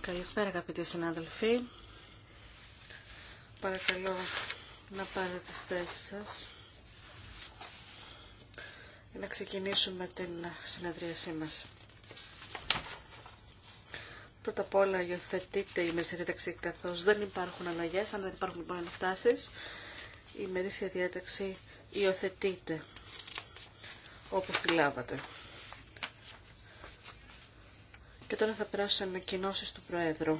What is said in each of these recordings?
Καλησπέρα αγαπητοί συνάδελφοι. Παρακαλώ να πάρετε τις θέσεις για Να ξεκινήσουμε την συνεδρίασή μας. Πρώτα απ' όλα υιοθετείτε η μεσαιρέταξη καθώς δεν υπάρχουν αλλαγές, αν δεν υπάρχουν λοιπόν η μερίσια διάταξη υιοθετείται όπως τη λάβατε. Και τώρα θα περάσω σε ανακοινώσει του Προέδρου.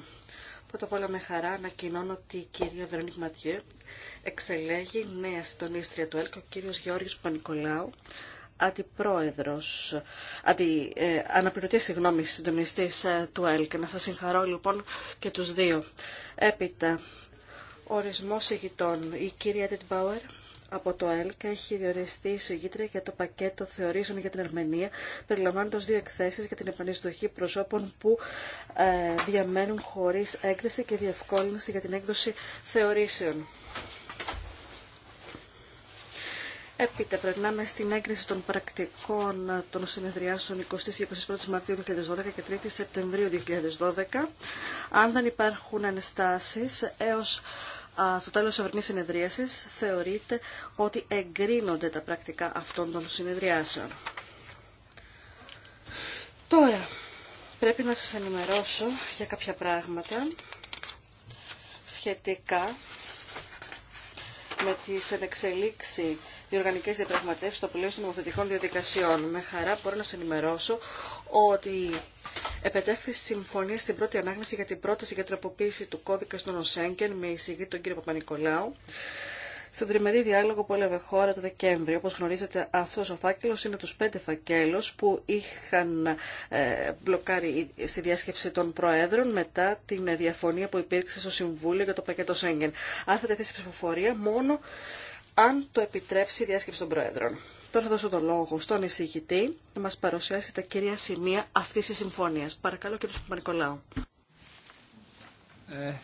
Πρώτα απ' όλα με χαρά ανακοινώνω ότι η κυρία Βερονίκ Ματιέ εξελέγει νέα συντονίστρια του ΕΛΚΑ, ο κύριος Γεώργιος Πανικολάου, αντιπρόεδρος, αντι, ε, αναπληρωτή συγγνώμη συντονιστής ε, του ΕΛΚΑ. Να σας συγχαρώ λοιπόν και τους δύο. Έπειτα Ορισμό ηγητών. Η κυρία Τιτμπάουερ από το ΕΛΚ έχει διοριστεί η για το πακέτο θεωρήσεων για την Αρμενία, περιλαμβάνοντα δύο εκθέσει για την επανειστοχή προσώπων που ε, διαμένουν χωρί έγκριση και διευκόλυνση για την έκδοση θεωρήσεων. Έπειτα περνάμε στην έγκριση των πρακτικών των συνεδριάσεων 20 και 21 Μαρτίου 2012 και 3 Σεπτεμβρίου 2012. Αν δεν υπάρχουν αναστάσεις έως στο τέλος της ευρύνη συνεδρίασης θεωρείται ότι εγκρίνονται τα πρακτικά αυτών των συνεδριάσεων. Τώρα, πρέπει να σας ενημερώσω για κάποια πράγματα σχετικά με τις ενεξελίξει διοργανικές διαπραγματεύσεις στο πλαίσιο των νομοθετικών διαδικασιών. Με χαρά μπορώ να σας ενημερώσω ότι Επετέχθη συμφωνία στην πρώτη ανάγνωση για την πρόταση για τροποποίηση του κώδικα στον Οσέγγεν με εισηγή τον κύριο Παπα-Νικολάου. Στον τριμερή διάλογο που έλαβε χώρα το Δεκέμβριο, όπως γνωρίζετε αυτός ο φάκελος είναι τους πέντε φακέλους που είχαν ε, μπλοκάρει στη διάσκεψη των Προέδρων μετά την διαφωνία που υπήρξε στο Συμβούλιο για το πακέτο Σέγγεν. Άρθατε θέση ψηφοφορία μόνο αν το επιτρέψει η διάσκεψη των Προέδρων. Τώρα θα δώσω το λόγο στον εισηγητή να μας παρουσιάσει τα κυρία σημεία αυτής της συμφωνίας. Παρακαλώ κύριε ε,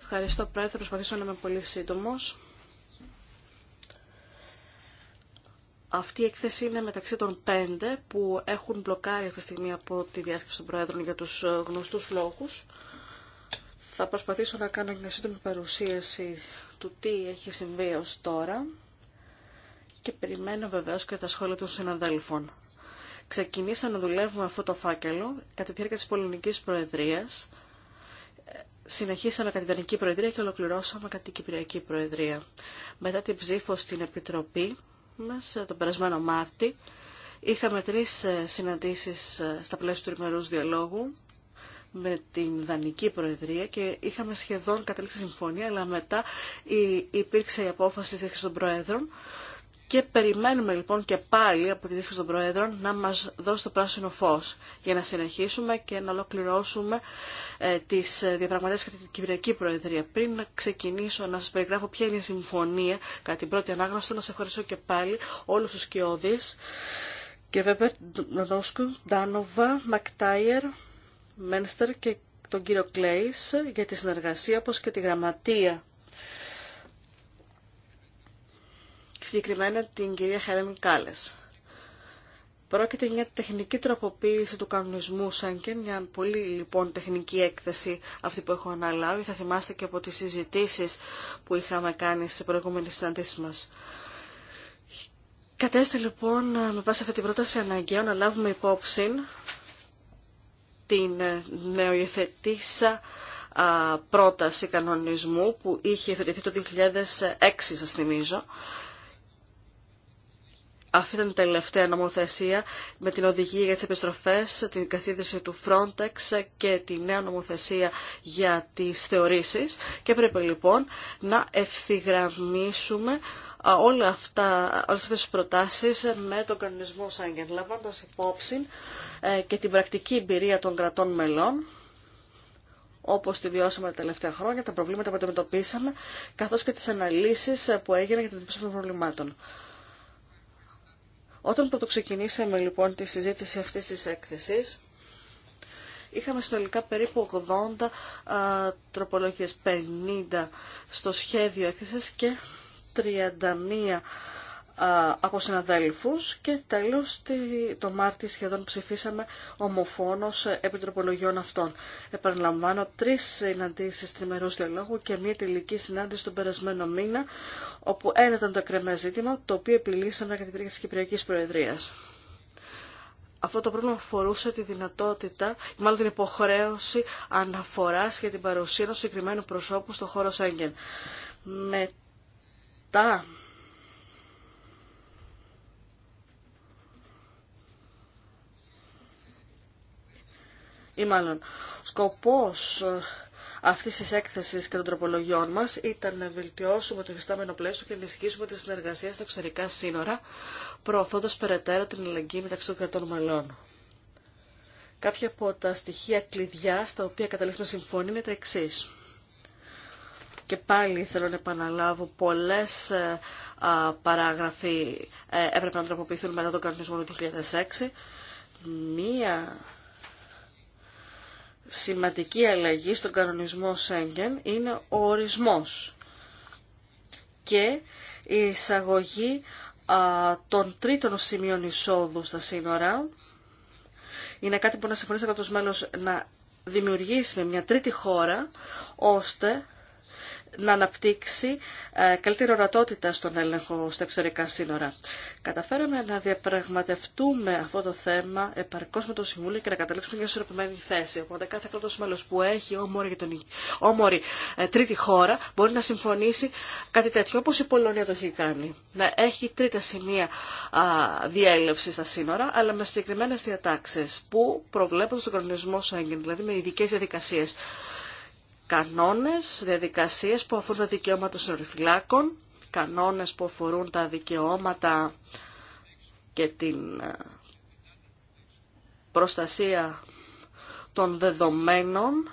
Ευχαριστώ πρόεδρε, θα προσπαθήσω να είμαι πολύ σύντομο. Αυτή η έκθεση είναι μεταξύ των πέντε που έχουν μπλοκάρει αυτή τη στιγμή από τη διάσκεψη των Προέδρων για τους ε, γνωστούς λόγους. Θα προσπαθήσω να κάνω μια σύντομη παρουσίαση του τι έχει συμβεί ως τώρα και περιμένω βεβαίω και τα σχόλια των συναδέλφων. Ξεκινήσαμε να δουλεύουμε αυτό το φάκελο κατά τη διάρκεια τη Πολωνική Προεδρία. Συνεχίσαμε κατά την Δανική Προεδρία και ολοκληρώσαμε κατά την Κυπριακή Προεδρία. Μετά την ψήφο στην Επιτροπή μα τον περασμένο Μάρτι, είχαμε τρει ε, συναντήσει ε, στα πλαίσια του τριμερού διαλόγου με την Δανική Προεδρία και είχαμε σχεδόν καταλήξει συμφωνία, αλλά μετά υπήρξε η απόφαση της των Προέδρων και περιμένουμε λοιπόν και πάλι από τη δίσκηση των Προέδρων να μας δώσει το πράσινο φως για να συνεχίσουμε και να ολοκληρώσουμε ε, τις διαπραγματεύσεις κατά την Κυπριακή Προεδρία. Πριν να ξεκινήσω να σας περιγράφω ποια είναι η συμφωνία κατά την πρώτη ανάγνωση, να σας ευχαριστώ και πάλι όλους τους κοιόδης. Και Βέμπερ, Νοδόσκου, Ντάνοβα, Μακτάιερ, Μένστερ και τον κύριο Κλέης για τη συνεργασία όπως και τη γραμματεία συγκεκριμένα την κυρία Χέλεμ Κάλε. Πρόκειται για τεχνική τροποποίηση του κανονισμού σαν και μια πολύ λοιπόν τεχνική έκθεση αυτή που έχω αναλάβει. Θα θυμάστε και από τις συζητήσεις που είχαμε κάνει σε προηγούμενες συναντήσει μας. Κατέστη λοιπόν με βάση αυτή την πρόταση αναγκαίο να λάβουμε υπόψη την ε, νεοϊθετήσα πρόταση κανονισμού που είχε εφηρεθεί το 2006 σας θυμίζω αυτή ήταν η τελευταία νομοθεσία με την οδηγία για τις επιστροφές, την καθίδρυση του Frontex και τη νέα νομοθεσία για τις θεωρήσεις και πρέπει λοιπόν να ευθυγραμμίσουμε όλα αυτά, όλες αυτές τις προτάσεις με τον κανονισμό Σάγκεν, λαμβάνοντας υπόψη ε, και την πρακτική εμπειρία των κρατών μελών όπω τη βιώσαμε τα τελευταία χρόνια, τα προβλήματα που αντιμετωπίσαμε, καθώ και τι αναλύσει που έγιναν για την αντιμετώπιση των προβλημάτων. Όταν πρωτοξεκινήσαμε λοιπόν τη συζήτηση αυτής της έκθεσης, είχαμε συνολικά περίπου 80 α, τροπολογίες, 50 στο σχέδιο έκθεσης και 31 από συναδέλφους και τέλος το Μάρτι σχεδόν ψηφίσαμε ομοφόνος επιτροπολογιών αυτών. Επαναλαμβάνω τρεις συναντήσεις τριμερούς διαλόγου και μία τελική συνάντηση τον περασμένο μήνα όπου ένα ήταν το ακρεμέ ζήτημα το οποίο επιλύσαμε κατά τη διάρκεια της Κυπριακής Προεδρίας. Αυτό το πρόβλημα αφορούσε τη δυνατότητα, μάλλον την υποχρέωση αναφοράς για την παρουσία ενός συγκεκριμένου προσώπου στο χώρο Σέγγεν. Μετά ή μάλλον σκοπός ε, αυτής της έκθεσης και των τροπολογιών μας ήταν να βελτιώσουμε το υφιστάμενο πλαίσιο και να ενισχύσουμε τη συνεργασία στα εξωτερικά σύνορα, προωθώντας περαιτέρω την αλληλεγγύη μεταξύ των κρατών μελών. Κάποια από τα στοιχεία κλειδιά στα οποία καταλήξουμε συμφωνία είναι τα εξή. Και πάλι θέλω να επαναλάβω, πολλές ε, α, παράγραφοι ε, έπρεπε να τροποποιηθούν μετά τον κανονισμό του 2006. Μία σημαντική αλλαγή στον κανονισμό Σέγγεν είναι ο ορισμός και η εισαγωγή των τρίτων σημείων εισόδου στα σύνορα. Είναι κάτι που να συμφωνήσει τους μέλος να δημιουργήσει με μια τρίτη χώρα, ώστε να αναπτύξει ε, καλύτερη ορατότητα στον έλεγχο στα εξωτερικά σύνορα. Καταφέραμε να διαπραγματευτούμε αυτό το θέμα επαρκώς με το Συμβούλιο και να καταλήξουμε μια ισορροπημένη θέση. Οπότε κάθε κράτος μέλος που έχει όμορη, τον... ε, τρίτη χώρα μπορεί να συμφωνήσει κάτι τέτοιο όπω η Πολωνία το έχει κάνει. Να έχει τρίτα σημεία διέλευση στα σύνορα αλλά με συγκεκριμένε διατάξεις που προβλέπουν στον κανονισμό Σέγγεν, δηλαδή με ειδικέ διαδικασίε κανόνες, διαδικασίες που αφορούν τα δικαιώματα των συνοριφυλάκων, κανόνες που αφορούν τα δικαιώματα και την ε, προστασία των δεδομένων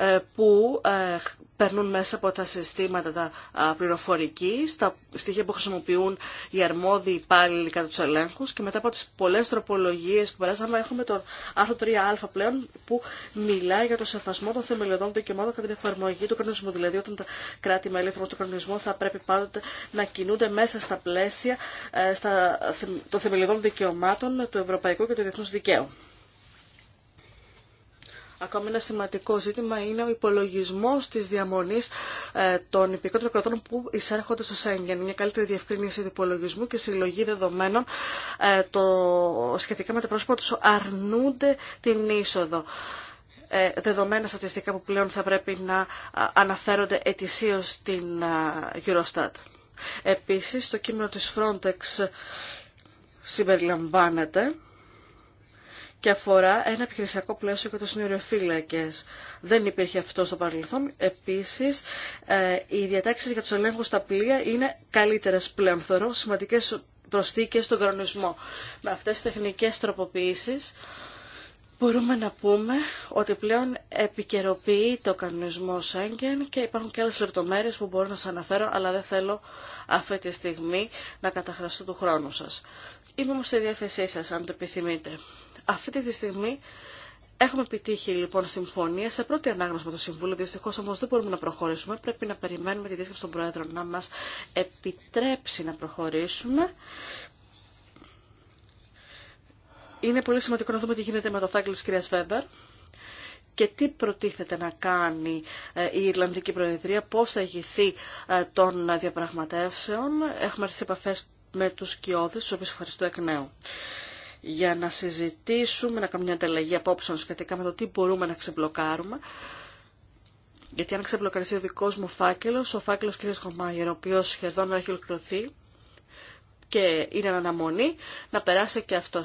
ε, που ε, περνούν μέσα από τα συστήματα τα πληροφορική, τα στοιχεία που χρησιμοποιούν οι αρμόδιοι υπάλληλοι κατά του ελέγχου και μετά από τι πολλέ τροπολογίε που περάσαμε, έχουμε τον άρθρο 3α πλέον που μιλάει για το σεβασμό των θεμελιωδών δικαιωμάτων κατά την εφαρμογή του κανονισμού. Δηλαδή, όταν τα κράτη-μέλη εφαρμόζουν τον κανονισμό, θα πρέπει πάντοτε να κινούνται μέσα στα πλαίσια ε, των θεμελιωδών δικαιωμάτων του ευρωπαϊκού και του διεθνού δικαίου. Ακόμη ένα σημαντικό ζήτημα είναι ο υπολογισμό τη διαμονή ε, των υπηκότερων κρατών που εισέρχονται στο Σέγγεν. Μια καλύτερη διευκρίνηση του υπολογισμού και συλλογή δεδομένων ε, το, σχετικά με τα πρόσωπα του αρνούνται την είσοδο ε, δεδομένα στατιστικά που πλέον θα πρέπει να αναφέρονται ετησίως στην Eurostat. Επίσης, το κείμενο της Frontex συμπεριλαμβάνεται και αφορά ένα επιχειρησιακό πλαίσιο για τους συνοριοφύλακες. Δεν υπήρχε αυτό στο παρελθόν. Επίσης, ε, οι διατάξεις για τους ελέγχους στα πλοία είναι καλύτερες πλέον. Θεωρώ σημαντικές προσθήκες στον κανονισμό. Με αυτές τις τεχνικές τροποποιήσεις μπορούμε να πούμε ότι πλέον επικαιροποιεί το κανονισμό Σέγγεν και υπάρχουν και άλλε λεπτομέρειες που μπορώ να σας αναφέρω, αλλά δεν θέλω αυτή τη στιγμή να καταχραστώ του χρόνου σας. Είμαι όμως στη διάθεσή σας, αν το επιθυμείτε. Αυτή τη στιγμή έχουμε επιτύχει λοιπόν συμφωνία σε πρώτη ανάγνωση με το Συμβούλιο. Δυστυχώ όμω δεν μπορούμε να προχωρήσουμε. Πρέπει να περιμένουμε τη δίσκεψη των Προέδρων να μα επιτρέψει να προχωρήσουμε. Είναι πολύ σημαντικό να δούμε τι γίνεται με το φάκελο τη κυρία Βέμπερ και τι προτίθεται να κάνει ε, η Ιρλανδική Προεδρία, πώς θα ηγηθεί ε, των διαπραγματεύσεων. Έχουμε έρθει σε επαφές με τους κοιόδε, τους οποίους ευχαριστώ εκ νέου για να συζητήσουμε, να κάνουμε μια ανταλλαγή απόψεων σχετικά με το τι μπορούμε να ξεμπλοκάρουμε. Γιατί αν ξεμπλοκαριστεί ο δικό μου φάκελο, ο φάκελο κ. Χωμάγερ, ο οποίο σχεδόν έχει ολοκληρωθεί και είναι αναμονή, να περάσει και αυτό.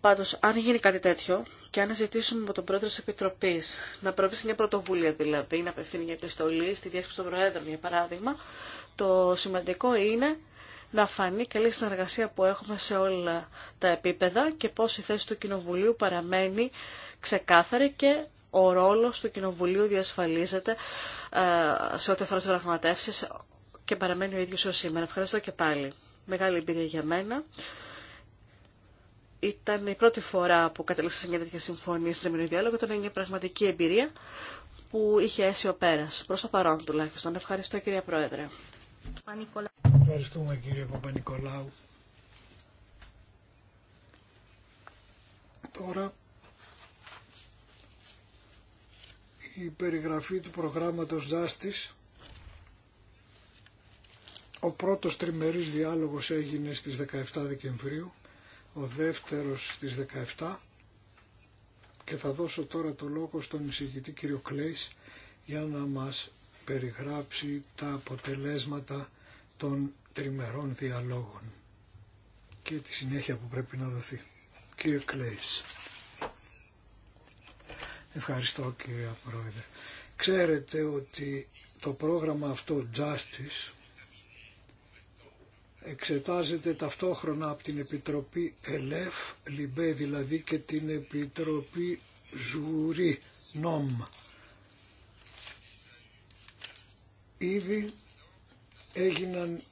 Πάντως, αν γίνει κάτι τέτοιο και αν ζητήσουμε από τον πρόεδρο τη Επιτροπή να προβεί μια πρωτοβουλία, δηλαδή να απευθύνει μια επιστολή στη διάσκεψη των Προέδρων, για παράδειγμα, το σημαντικό είναι να φανεί καλή συνεργασία που έχουμε σε όλα τα επίπεδα και πώς η θέση του Κοινοβουλίου παραμένει ξεκάθαρη και ο ρόλος του Κοινοβουλίου διασφαλίζεται ε, σε ό,τι αφορά τις πραγματεύσεις και παραμένει ο ίδιος ως σήμερα. Ευχαριστώ και πάλι. Μεγάλη εμπειρία για μένα. Ήταν η πρώτη φορά που κατέληξα σε μια τέτοια συμφωνία στην Διάλογο. Ήταν μια πραγματική εμπειρία που είχε αίσιο πέρα. Προ το παρόν τουλάχιστον. Ευχαριστώ κυρία Πρόεδρε. Ευχαριστούμε κύριε Παπα-Νικολάου. Τώρα η περιγραφή του προγράμματος Δάστης. Ο πρώτος τριμερής διάλογος έγινε στις 17 Δεκεμβρίου, ο δεύτερος στις 17 και θα δώσω τώρα το λόγο στον εισηγητή κύριο Κλέης για να μας περιγράψει τα αποτελέσματα των τριμερών διαλόγων και τη συνέχεια που πρέπει να δοθεί. Κύριε Κλέης. Ευχαριστώ κύριε Πρόεδρε. Ξέρετε ότι το πρόγραμμα αυτό Justice εξετάζεται ταυτόχρονα από την Επιτροπή ΕΛΕΦ, ΛΙΜΠΕ δηλαδή και την Επιτροπή Ζουρί Νόμ Ήδη έγιναν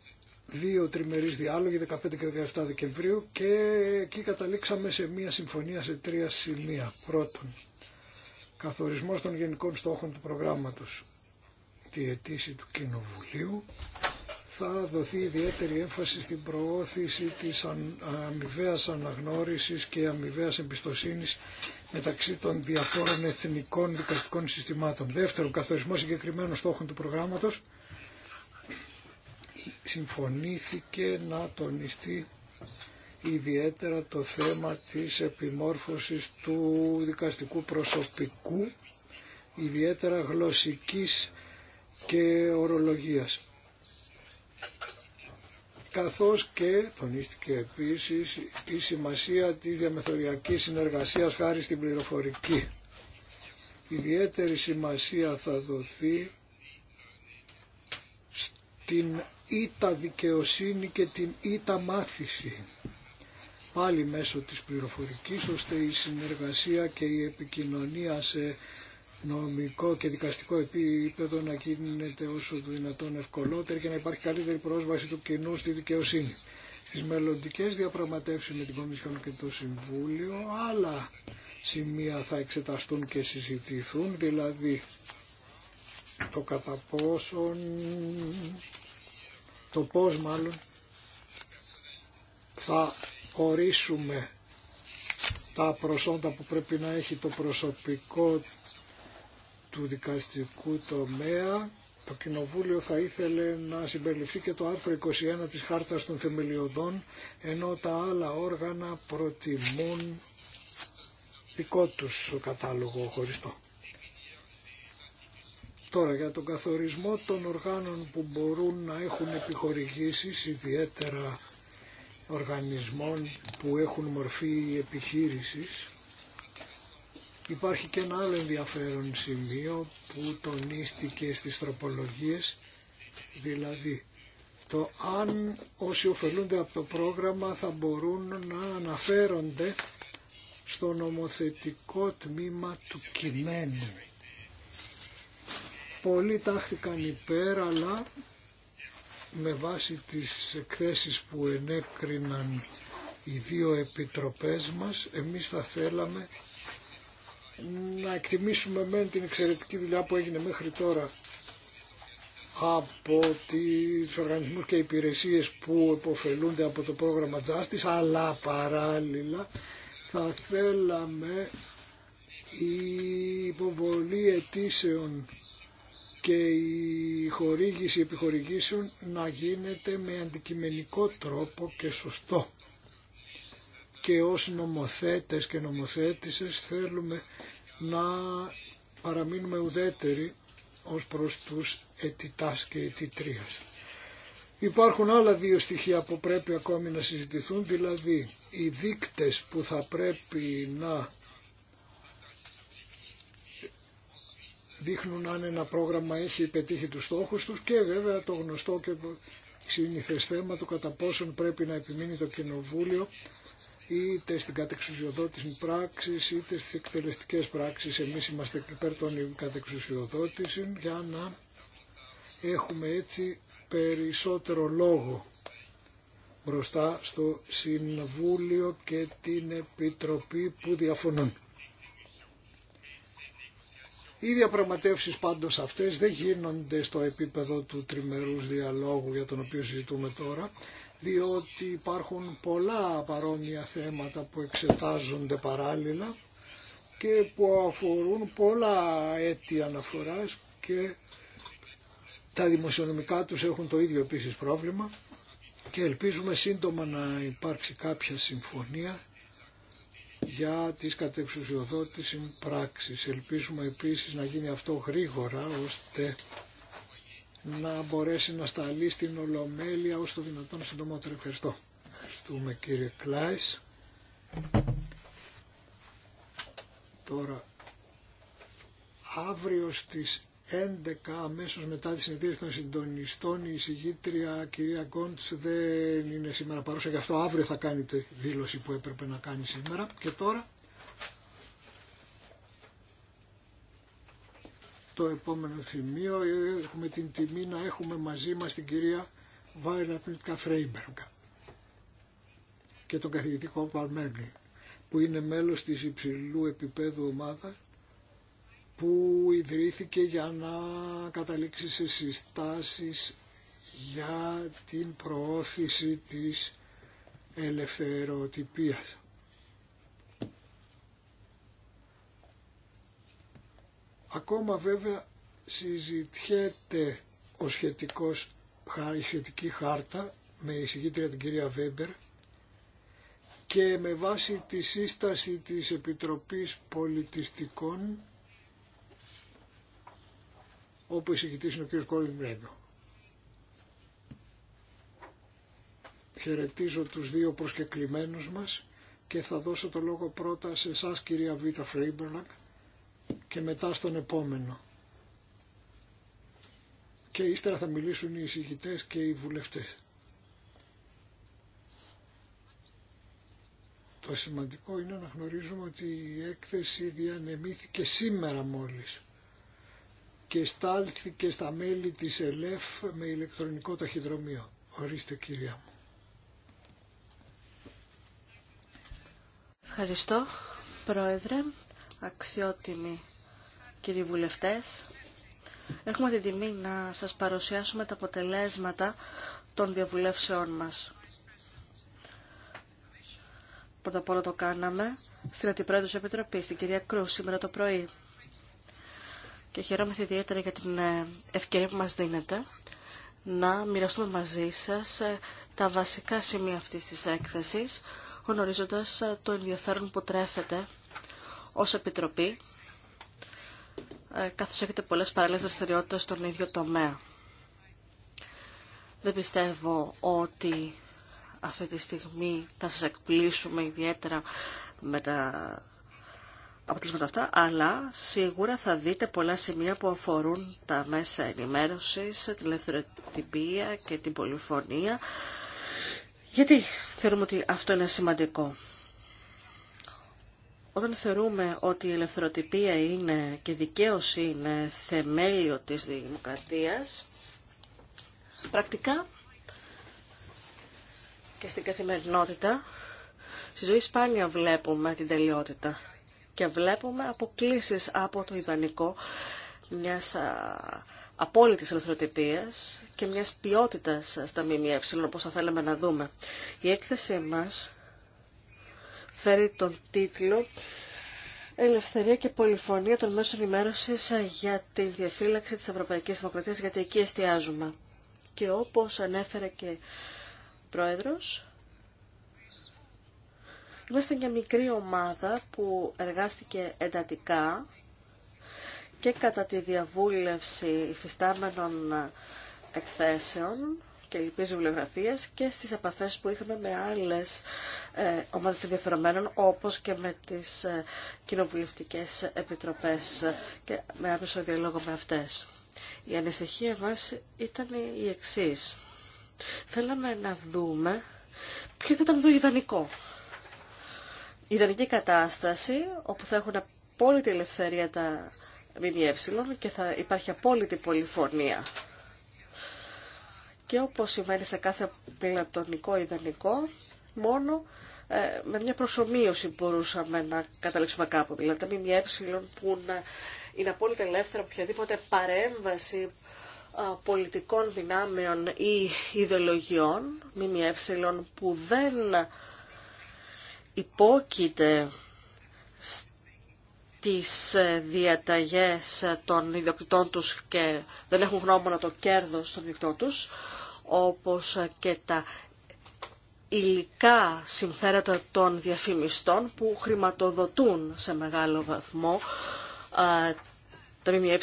δύο τριμερείς διάλογοι 15 και 17 Δεκεμβρίου και εκεί καταλήξαμε σε μία συμφωνία σε τρία σημεία. Πρώτον, καθορισμός των γενικών στόχων του προγράμματος, τη αιτήση του Κοινοβουλίου θα δοθεί ιδιαίτερη έμφαση στην προώθηση της αμοιβαία αναγνώρισης και αμοιβαία εμπιστοσύνης μεταξύ των διαφόρων εθνικών δικαστικών συστημάτων. Δεύτερον, καθορισμό συγκεκριμένων στόχων του προγράμματος συμφωνήθηκε να τονιστεί ιδιαίτερα το θέμα της επιμόρφωσης του δικαστικού προσωπικού, ιδιαίτερα γλωσσικής και ορολογίας καθώς και τονίστηκε επίσης η σημασία της διαμεθοριακής συνεργασίας χάρη στην πληροφορική. Ιδιαίτερη σημασία θα δοθεί στην ήττα δικαιοσύνη και την ήττα μάθηση πάλι μέσω της πληροφορικής ώστε η συνεργασία και η επικοινωνία σε νομικό και δικαστικό επίπεδο να γίνεται όσο το δυνατόν ευκολότερο και να υπάρχει καλύτερη πρόσβαση του κοινού στη δικαιοσύνη. Στις μελλοντικέ διαπραγματεύσει με την Κομισιόν και το Συμβούλιο άλλα σημεία θα εξεταστούν και συζητηθούν, δηλαδή το κατά πόσον, το πώς μάλλον θα ορίσουμε τα προσόντα που πρέπει να έχει το προσωπικό του δικαστικού τομέα το Κοινοβούλιο θα ήθελε να συμπεριληφθεί και το άρθρο 21 της Χάρτας των Θεμελιωδών, ενώ τα άλλα όργανα προτιμούν δικό τους κατάλογο χωριστό. Τώρα για τον καθορισμό των οργάνων που μπορούν να έχουν επιχορηγήσεις, ιδιαίτερα οργανισμών που έχουν μορφή επιχείρησης, Υπάρχει και ένα άλλο ενδιαφέρον σημείο που τονίστηκε στις τροπολογίες, δηλαδή το αν όσοι ωφελούνται από το πρόγραμμα θα μπορούν να αναφέρονται στο νομοθετικό τμήμα του κειμένου. Πολλοί τάχθηκαν υπέρ, αλλά με βάση τις εκθέσεις που ενέκριναν οι δύο επιτροπές μας, εμείς θα θέλαμε να εκτιμήσουμε μεν την εξαιρετική δουλειά που έγινε μέχρι τώρα από τις οργανισμούς και υπηρεσίες που υποφελούνται από το πρόγραμμα Justice, αλλά παράλληλα θα θέλαμε η υποβολή αιτήσεων και η χορήγηση επιχορηγήσεων να γίνεται με αντικειμενικό τρόπο και σωστό και ως νομοθέτες και νομοθέτησες θέλουμε να παραμείνουμε ουδέτεροι ως προς τους αιτητάς και ετητρία. Υπάρχουν άλλα δύο στοιχεία που πρέπει ακόμη να συζητηθούν, δηλαδή οι δείκτες που θα πρέπει να δείχνουν αν ένα πρόγραμμα έχει πετύχει τους στόχους τους και βέβαια το γνωστό και σύνηθες θέμα του κατά πόσον πρέπει να επιμείνει το Κοινοβούλιο είτε στην κατεξουσιοδότηση πράξη είτε στι εκτελεστικέ πράξει. Εμείς είμαστε υπέρ των κατεξουσιοδότηση για να έχουμε έτσι περισσότερο λόγο μπροστά στο Συμβούλιο και την Επιτροπή που διαφωνούν. Οι διαπραγματεύσεις πάντως αυτές δεν γίνονται στο επίπεδο του τριμερούς διαλόγου για τον οποίο συζητούμε τώρα, διότι υπάρχουν πολλά παρόμοια θέματα που εξετάζονται παράλληλα και που αφορούν πολλά έτη αναφοράς και τα δημοσιονομικά τους έχουν το ίδιο επίσης πρόβλημα και ελπίζουμε σύντομα να υπάρξει κάποια συμφωνία για τις κατεξουσιοδότηση πράξης. Ελπίζουμε επίσης να γίνει αυτό γρήγορα ώστε να μπορέσει να σταλεί στην Ολομέλεια όσο το δυνατόν συντομότερο. Ευχαριστώ. Ευχαριστούμε κύριε Κλάις. Τώρα, αύριο στις 11 αμέσως μετά τη συνεδρίαση των συντονιστών η εισηγήτρια κυρία Γκόντς δεν είναι σήμερα παρούσα γι' αυτό αύριο θα κάνει τη δήλωση που έπρεπε να κάνει σήμερα και τώρα το επόμενο θημείο έχουμε την τιμή να έχουμε μαζί μας την κυρία Βάιλα Πλίτκα Φρέιμπεργκα και τον καθηγητή Κόμπαρ που είναι μέλος της υψηλού επίπεδου ομάδας που ιδρύθηκε για να καταλήξει σε συστάσεις για την προώθηση της ελευθεροτυπίας. Ακόμα βέβαια συζητιέται ο σχετικός, η σχετική χάρτα με εισηγήτρια την κυρία Βέμπερ και με βάση τη σύσταση της Επιτροπής Πολιτιστικών όπου εισηγητής είναι ο κύριος Κόλλιν Χαιρετίζω τους δύο προσκεκλημένους μας και θα δώσω το λόγο πρώτα σε εσά κυρία Βίτα Φρέιμπερνακ και μετά στον επόμενο. Και ύστερα θα μιλήσουν οι εισηγητές και οι βουλευτές. Το σημαντικό είναι να γνωρίζουμε ότι η έκθεση διανεμήθηκε σήμερα μόλις και στάλθηκε στα μέλη της ΕΛΕΦ με ηλεκτρονικό ταχυδρομείο. Ορίστε κυρία μου. Ευχαριστώ, Πρόεδρε αξιότιμοι κύριοι βουλευτές. Έχουμε την τιμή να σας παρουσιάσουμε τα αποτελέσματα των διαβουλεύσεών μας. Πρώτα απ' όλα το κάναμε στην Αντιπρόεδρος Επιτροπή, στην κυρία Κρού, σήμερα το πρωί. Και χαιρόμαστε ιδιαίτερα για την ε, ευκαιρία που μας δίνεται να μοιραστούμε μαζί σας ε, τα βασικά σημεία αυτής της έκθεσης, γνωρίζοντας ε, το ενδιαφέρον που τρέφεται ως Επιτροπή, ε, καθώς έχετε πολλές παράλληλες δραστηριότητε στον ίδιο τομέα. Δεν πιστεύω ότι αυτή τη στιγμή θα σας εκπλήσουμε ιδιαίτερα με τα αποτελέσματα αυτά, αλλά σίγουρα θα δείτε πολλά σημεία που αφορούν τα μέσα ενημέρωσης, την ελευθεροτυπία και την πολυφωνία, γιατί θεωρούμε ότι αυτό είναι σημαντικό. Όταν θεωρούμε ότι η ελευθεροτυπία είναι και δικαίωση είναι θεμέλιο της δημοκρατίας, πρακτικά και στην καθημερινότητα, στη ζωή σπάνια βλέπουμε την τελειότητα και βλέπουμε αποκλίσεις από το ιδανικό μιας απόλυτης ελευθεροτυπίας και μιας ποιότητας στα ΜΜΕ, όπως θα θέλαμε να δούμε. Η έκθεση μας φέρει τον τίτλο Ελευθερία και πολυφωνία των μέσων ενημέρωση για τη διαφύλαξη της Ευρωπαϊκή Δημοκρατία γιατί εκεί εστιάζουμε. Και όπως ανέφερε και πρόεδρος, είμαστε μια μικρή ομάδα που εργάστηκε εντατικά και κατά τη διαβούλευση υφιστάμενων εκθέσεων και λοιπής βιβλιογραφίας και στις επαφές που είχαμε με άλλες ε, ομάδες ενδιαφερομένων όπως και με τις ε, κοινοβουλευτικές επιτροπές και με άμεσο διαλόγο με αυτές. Η ανησυχία μας ήταν η εξής. Θέλαμε να δούμε ποιο θα ήταν το ιδανικό. Η ιδανική κατάσταση όπου θα έχουν απόλυτη ελευθερία τα ΜΜΕ και θα υπάρχει απόλυτη πολυφωνία και όπως συμβαίνει σε κάθε πλατωνικό ιδανικό, μόνο ε, με μια προσωμείωση μπορούσαμε να καταλήξουμε κάπου. Δηλαδή τα έψιλον που να είναι απόλυτα ελεύθερα από οποιαδήποτε παρέμβαση ε, πολιτικών δυνάμεων ή ιδεολογιών, έψιλον που δεν υπόκειται τις ε, διαταγές των ιδιοκτητών τους και δεν έχουν γνώμονα το κέρδος των ιδιοκτητών τους, όπως και τα υλικά συμφέροντα των διαφημιστών που χρηματοδοτούν σε μεγάλο βαθμό τα ΜΜΕ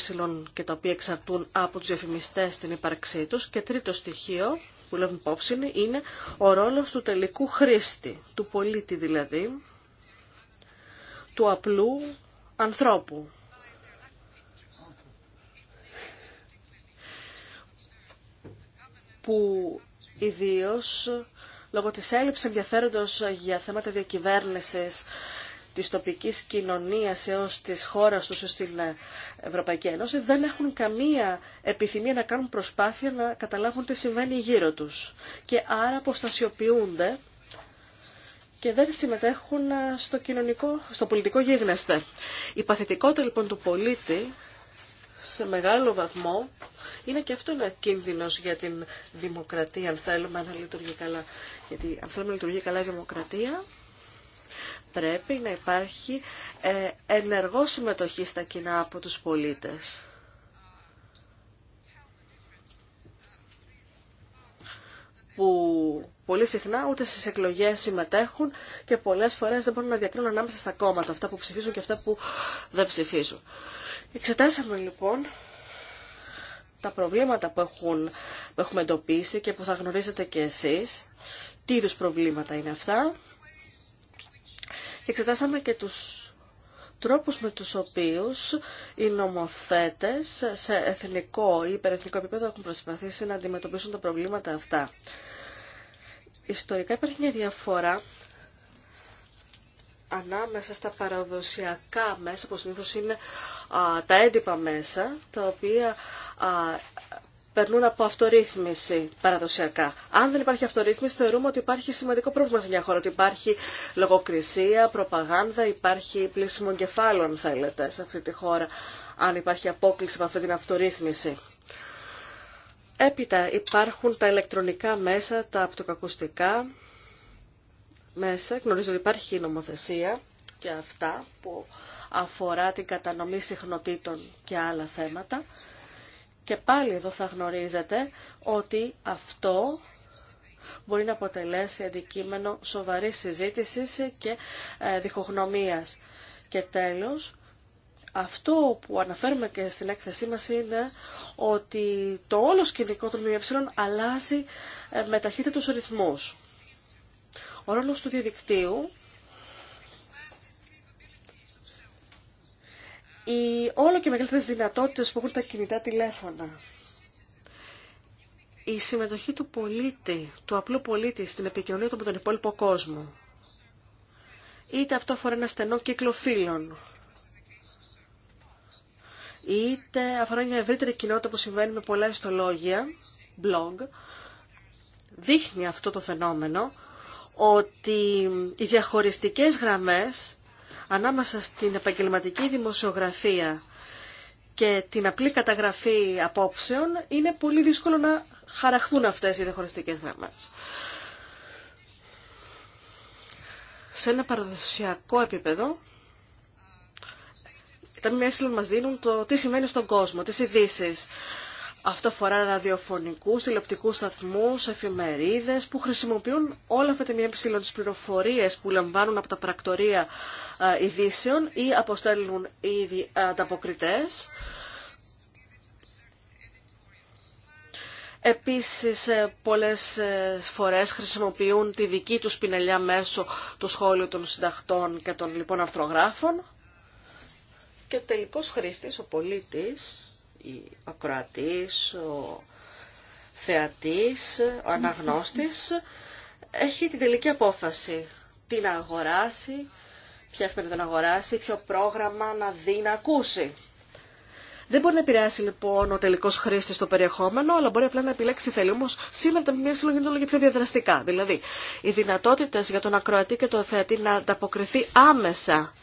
και τα οποία εξαρτούν από τους διαφημιστές την ύπαρξή τους. Και τρίτο στοιχείο που λέμε υπόψη είναι ο ρόλος του τελικού χρήστη, του πολίτη δηλαδή, του απλού ανθρώπου που ιδίω λόγω της έλλειψης ενδιαφέροντος για θέματα διακυβέρνησης της τοπικής κοινωνίας έως της χώρας τους στην ε, Ευρωπαϊκή Ένωση δεν έχουν καμία επιθυμία να κάνουν προσπάθεια να καταλάβουν τι συμβαίνει γύρω τους και άρα αποστασιοποιούνται και δεν συμμετέχουν ε, στο, κοινωνικό, στο πολιτικό γίγνεσθε. Η παθητικότητα λοιπόν του πολίτη σε μεγάλο βαθμό είναι και αυτό ένα κίνδυνο για την δημοκρατία, αν θέλουμε να λειτουργεί καλά. Γιατί αν θέλουμε να λειτουργεί καλά η δημοκρατία, πρέπει να υπάρχει ε, ενεργό συμμετοχή στα κοινά από τους πολίτες. που πολύ συχνά ούτε στις εκλογές συμμετέχουν και πολλές φορές δεν μπορούν να διακρίνουν ανάμεσα στα κόμματα, αυτά που ψηφίζουν και αυτά που δεν ψηφίζουν. Εξετάσαμε λοιπόν τα προβλήματα που, έχουν, που έχουμε εντοπίσει και που θα γνωρίζετε και εσείς, τι είδους προβλήματα είναι αυτά. Και εξετάσαμε και τους τρόπους με τους οποίους οι νομοθέτες σε εθνικό ή υπερεθνικό επίπεδο έχουν προσπαθήσει να αντιμετωπίσουν τα προβλήματα αυτά. Ιστορικά υπάρχει μια διαφορά ανάμεσα στα παραδοσιακά μέσα, που συνήθω είναι α, τα έντυπα μέσα, τα οποία α, περνούν από αυτορύθμιση παραδοσιακά. Αν δεν υπάρχει αυτορύθμιση, θεωρούμε ότι υπάρχει σημαντικό πρόβλημα σε μια χώρα, ότι υπάρχει λογοκρισία, προπαγάνδα, υπάρχει πλήσιμο αν θέλετε, σε αυτή τη χώρα, αν υπάρχει απόκληση από αυτή την αυτορύθμιση. Έπειτα υπάρχουν τα ηλεκτρονικά μέσα, τα απτοκακουστικά, μέσα. Γνωρίζω ότι υπάρχει νομοθεσία και αυτά που αφορά την κατανομή συχνοτήτων και άλλα θέματα. Και πάλι εδώ θα γνωρίζετε ότι αυτό μπορεί να αποτελέσει αντικείμενο σοβαρής συζήτησης και ε, διχογνωμίας. Και τέλος, αυτό που αναφέρουμε και στην έκθεσή μας είναι ότι το όλο σκηνικό των ε, ΜΕ αλλάζει με τους ρυθμούς. Ο ρόλος του διαδικτύου οι όλο και μεγαλύτερες δυνατότητες που έχουν τα κινητά τηλέφωνα. Η συμμετοχή του πολίτη, του απλού πολίτη στην επικοινωνία του με τον υπόλοιπο κόσμο. Είτε αυτό αφορά ένα στενό κύκλο φίλων, είτε αφορά μια ευρύτερη κοινότητα που συμβαίνει με πολλά ιστολόγια, blog, δείχνει αυτό το φαινόμενο ότι οι διαχωριστικές γραμμές ανάμεσα στην επαγγελματική δημοσιογραφία και την απλή καταγραφή απόψεων είναι πολύ δύσκολο να χαραχθούν αυτές οι διαχωριστικές γραμμές. Σε ένα παραδοσιακό επίπεδο, τα μέσα μας δίνουν το τι σημαίνει στον κόσμο, τις ειδήσει. Αυτό αφορά ραδιοφωνικού, τηλεοπτικού σταθμού, εφημερίδες που χρησιμοποιούν όλα αυτά τα μία ψηλών τις πληροφορίες που λαμβάνουν από τα πρακτορία ειδήσεων ή αποστέλνουν ήδη ανταποκριτέ. Επίσης, ε, πολλές ε, φορές χρησιμοποιούν τη δική τους πινελιά μέσω του σχόλου των συνταχτών και των λοιπόν αρθρογράφων. Και ο τελικός χρήστης, ο πολίτης, ο ακροατής, ο θεατής, ο αναγνώστης έχει την τελική απόφαση. Τι να αγοράσει, ποια εφημερίδα να αγοράσει, ποιο πρόγραμμα να δει να ακούσει. Δεν μπορεί να επηρεάσει λοιπόν ο τελικό χρήστη το περιεχόμενο, αλλά μπορεί απλά να επιλέξει τι θέλει. Όμω σήμερα τα μία συλλογή είναι πιο διαδραστικά. Δηλαδή, οι δυνατότητε για τον ακροατή και τον θεατή να ανταποκριθεί άμεσα,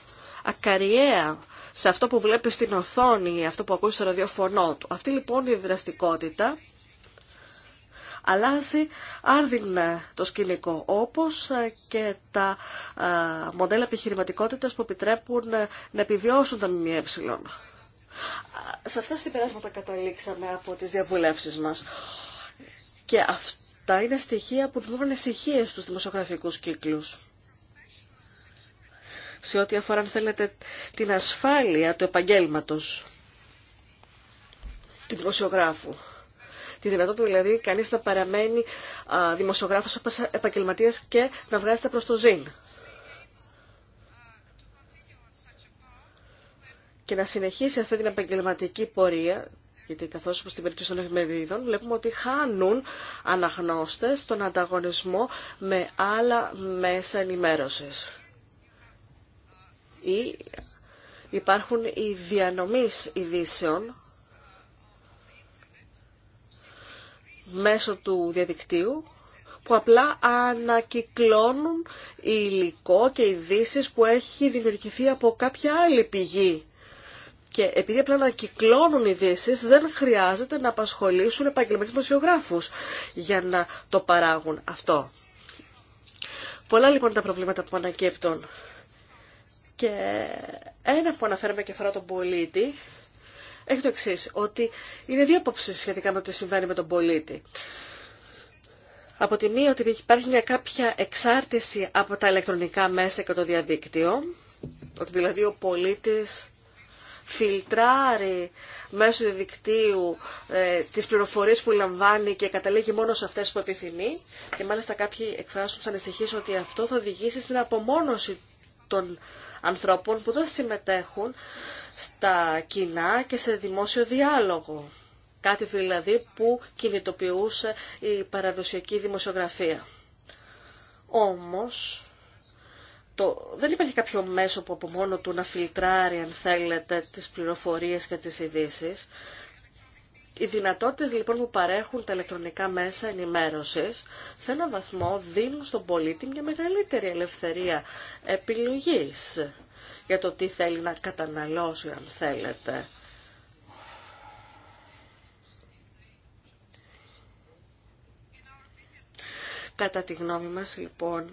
ακαριέα, σε αυτό που βλέπεις στην οθόνη, αυτό που ακούει στο ραδιοφωνό του. Αυτή λοιπόν η δραστικότητα αλλάζει άρδιν το σκηνικό, όπως ε, και τα ε, μοντέλα επιχειρηματικότητας που επιτρέπουν ε, να επιβιώσουν τα ΜΜΕ. Σε αυτά τα συμπεράσματα καταλήξαμε από τις διαβουλεύσεις μας. Και αυτά είναι στοιχεία που δημιουργούν ανησυχίε στους δημοσιογραφικούς κύκλους σε ό,τι αφορά, αν θέλετε, την ασφάλεια του επαγγέλματος του δημοσιογράφου. Τη δυνατότητα δηλαδή κανείς να παραμένει α, δημοσιογράφος επαγγελματίας και να βγάζεται προς το ζήν. Και να συνεχίσει αυτή την επαγγελματική πορεία, γιατί καθώς όπως στην περίπτωση των εφημερίδων βλέπουμε ότι χάνουν αναγνώστες τον ανταγωνισμό με άλλα μέσα ενημέρωσης ή υπάρχουν οι διανομής ειδήσεων μέσω του διαδικτύου που απλά ανακυκλώνουν υλικό και ειδήσει που έχει δημιουργηθεί από κάποια άλλη πηγή. Και επειδή απλά ανακυκλώνουν ειδήσει, δεν χρειάζεται να απασχολήσουν επαγγελματίε δημοσιογράφου για να το παράγουν αυτό. Πολλά λοιπόν τα προβλήματα που ανακύπτουν και ένα που αναφέρουμε και αφορά τον πολίτη, έχει το εξή, ότι είναι δύο απόψει σχετικά με το τι συμβαίνει με τον πολίτη. Από τη μία ότι υπάρχει μια κάποια εξάρτηση από τα ηλεκτρονικά μέσα και το διαδίκτυο, ότι δηλαδή ο πολίτης φιλτράρει μέσω του δικτύου ε, τις πληροφορίες που λαμβάνει και καταλήγει μόνο σε αυτές που επιθυμεί και μάλιστα κάποιοι εκφράσουν σαν ότι αυτό θα οδηγήσει στην απομόνωση των ανθρώπων που δεν συμμετέχουν στα κοινά και σε δημόσιο διάλογο. Κάτι δηλαδή που κινητοποιούσε η παραδοσιακή δημοσιογραφία. Όμως, το, δεν υπάρχει κάποιο μέσο που από μόνο του να φιλτράρει, αν θέλετε, τις πληροφορίες και τις ειδήσει. Οι δυνατότητες λοιπόν που παρέχουν τα ηλεκτρονικά μέσα ενημέρωσης σε έναν βαθμό δίνουν στον πολίτη μια μεγαλύτερη ελευθερία επιλογής για το τι θέλει να καταναλώσει αν θέλετε. Κατά τη γνώμη μας λοιπόν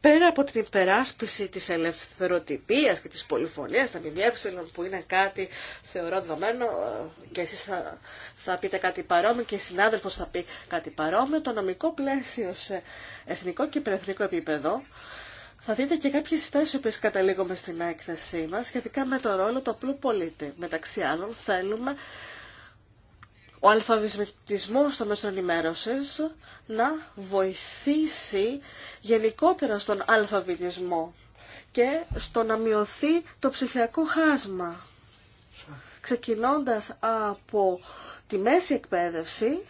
πέρα από την υπεράσπιση της ελευθεροτυπίας και της πολυφωνίας στα ΜΜΕ που είναι κάτι θεωρώ δεδομένο και εσείς θα, θα πείτε κάτι παρόμοιο και η συνάδελφος θα πει κάτι παρόμοιο, το νομικό πλαίσιο σε εθνικό και υπερεθνικό επίπεδο θα δείτε και κάποιες θέσει που καταλήγουμε στην έκθεσή μας σχετικά με το ρόλο του απλού πολίτη. Μεταξύ άλλων θέλουμε ο αλφαβητισμός των μέσων ενημέρωση να βοηθήσει γενικότερα στον αλφαβητισμό και στο να μειωθεί το ψηφιακό χάσμα. Ξεκινώντας από τη μέση εκπαίδευση,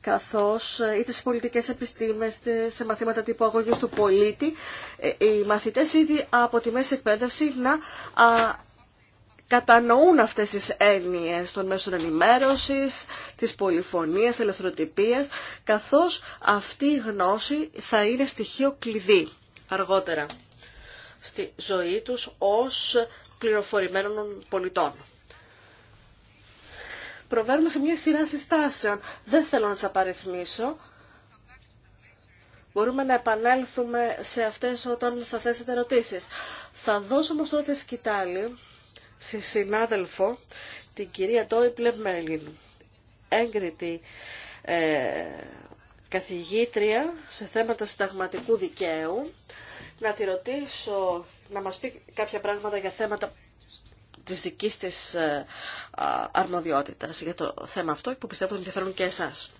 καθώς είτε σε πολιτικές επιστήμες, είτε σε μαθήματα τύπου αγωγής του πολίτη, ε, οι μαθητές ήδη από τη μέση εκπαίδευση να κατανοούν αυτές τις έννοιες των μέσων ενημέρωσης, της πολυφωνίας, ελευθεροτυπίας, καθώς αυτή η γνώση θα είναι στοιχείο κλειδί αργότερα στη ζωή τους ως πληροφορημένων πολιτών. Προβάλλουμε σε μια σειρά συστάσεων. Δεν θέλω να τι απαριθμίσω. Μπορούμε να επανέλθουμε σε αυτές όταν θα θέσετε ερωτήσεις. Θα δώσω όμως τώρα τη σκητάλη στη συνάδελφο, την κυρία Τόιπλε Μέλιν. έγκριτη ε, καθηγήτρια σε θέματα συνταγματικού δικαίου, να τη ρωτήσω, να μας πει κάποια πράγματα για θέματα της δικής της ε, αρμοδιότητας για το θέμα αυτό που πιστεύω θα ενδιαφέρουν και εσάς.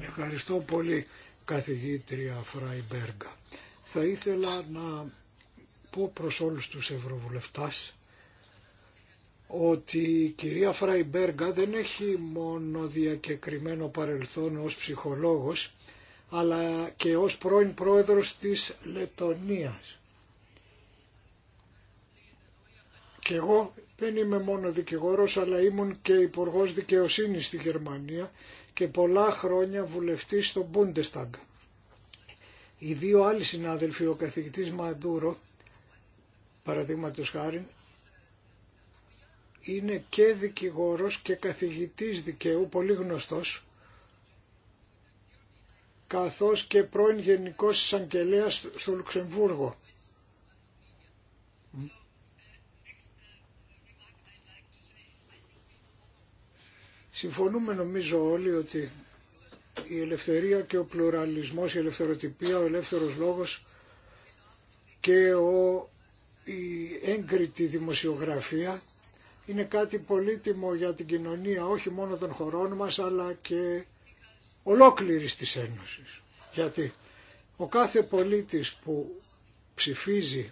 Ευχαριστώ πολύ καθηγήτρια Φράιμπεργκα. Θα ήθελα να πω προς όλους τους ευρωβουλευτάς ότι η κυρία Φραϊμπέργκα δεν έχει μόνο διακεκριμένο παρελθόν ως ψυχολόγος, αλλά και ως πρώην πρόεδρος της Λετωνίας. Και εγώ δεν είμαι μόνο δικηγόρος, αλλά ήμουν και υπουργό δικαιοσύνης στη Γερμανία και πολλά χρόνια βουλευτής στο Bundestag. Οι δύο άλλοι συνάδελφοι, ο καθηγητής Μαντούρο, παραδείγματο χάρη, είναι και δικηγόρος και καθηγητής δικαίου, πολύ γνωστός, καθώς και πρώην Γενικός Εισαγγελέας στο Λουξεμβούργο. Συμφωνούμε νομίζω όλοι ότι η ελευθερία και ο πλουραλισμός, η ελευθεροτυπία, ο ελεύθερος λόγος και ο, η έγκριτη δημοσιογραφία είναι κάτι πολύτιμο για την κοινωνία όχι μόνο των χωρών μας αλλά και ολόκληρης της Ένωσης. Γιατί ο κάθε πολίτης που ψηφίζει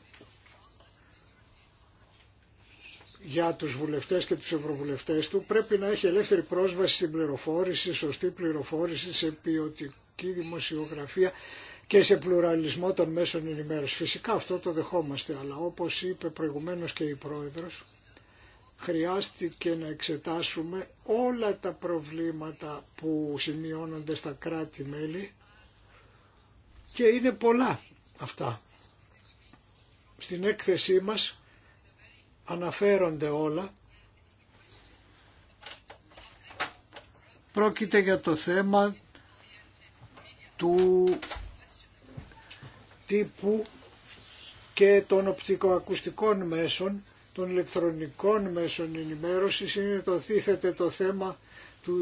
για τους βουλευτές και τους ευρωβουλευτές του πρέπει να έχει ελεύθερη πρόσβαση στην πληροφόρηση, σωστή πληροφόρηση, σε ποιοτική δημοσιογραφία και σε πλουραλισμό των μέσων ενημέρωσης. Φυσικά αυτό το δεχόμαστε, αλλά όπως είπε προηγουμένως και η Πρόεδρος, χρειάστηκε να εξετάσουμε όλα τα προβλήματα που σημειώνονται στα κράτη-μέλη και είναι πολλά αυτά. Στην έκθεσή μας αναφέρονται όλα. Πρόκειται για το θέμα του τύπου και των οπτικοακουστικών μέσων των ηλεκτρονικών μέσων ενημέρωσης είναι το θίθεται το θέμα του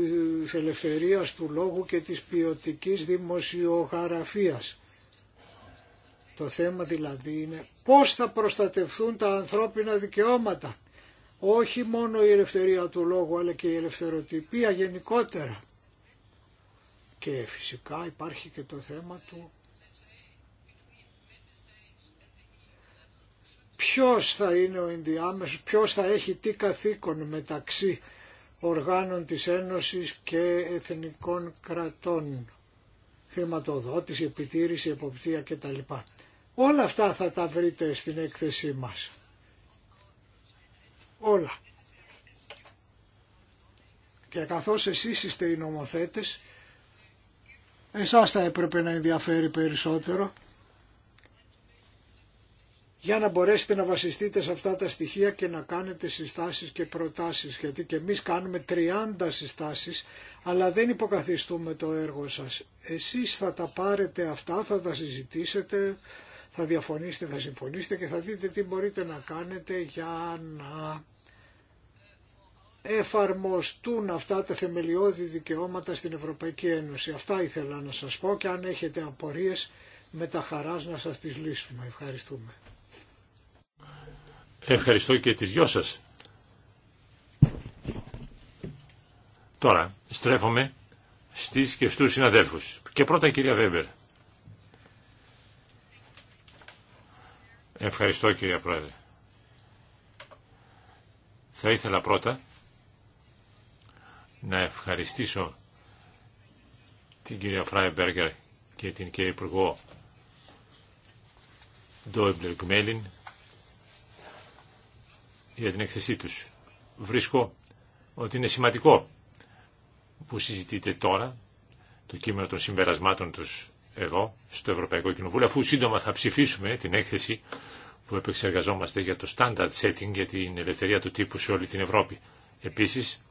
ελευθερίας του λόγου και της ποιοτικής δημοσιογραφίας. Το θέμα δηλαδή είναι πώς θα προστατευθούν τα ανθρώπινα δικαιώματα. Όχι μόνο η ελευθερία του λόγου αλλά και η ελευθεροτυπία γενικότερα. Και φυσικά υπάρχει και το θέμα του ποιος θα είναι ο ενδιάμεσος, ποιος θα έχει τι καθήκον μεταξύ οργάνων της Ένωσης και εθνικών κρατών. Χρηματοδότηση, επιτήρηση, εποπτεία κτλ. Όλα αυτά θα τα βρείτε στην έκθεσή μας. Όλα. Και καθώς εσείς είστε οι νομοθέτες, εσάς θα έπρεπε να ενδιαφέρει περισσότερο για να μπορέσετε να βασιστείτε σε αυτά τα στοιχεία και να κάνετε συστάσεις και προτάσεις, γιατί και εμείς κάνουμε 30 συστάσεις, αλλά δεν υποκαθιστούμε το έργο σας. Εσείς θα τα πάρετε αυτά, θα τα συζητήσετε, θα διαφωνήσετε, θα συμφωνήσετε και θα δείτε τι μπορείτε να κάνετε για να εφαρμοστούν αυτά τα θεμελιώδη δικαιώματα στην Ευρωπαϊκή Ένωση. Αυτά ήθελα να σας πω και αν έχετε απορίες με τα χαράς να σας τις λύσουμε. Ευχαριστούμε. Ευχαριστώ και τις δυο σας. Τώρα, στρέφομαι στις και στους συναδέλφους. Και πρώτα η κυρία Βέμπερ. Ευχαριστώ κυρία Πρόεδρε. Θα ήθελα πρώτα να ευχαριστήσω την κυρία Φράιμπεργκερ και την κυρία Υπουργό Ντόιμπλερ Γκμέλιν για την εκθεσή τους. Βρίσκω ότι είναι σημαντικό που συζητείτε τώρα το κείμενο των συμπερασμάτων τους εδώ στο Ευρωπαϊκό Κοινοβούλιο αφού σύντομα θα ψηφίσουμε την έκθεση που επεξεργαζόμαστε για το standard setting για την ελευθερία του τύπου σε όλη την Ευρώπη. Επίσης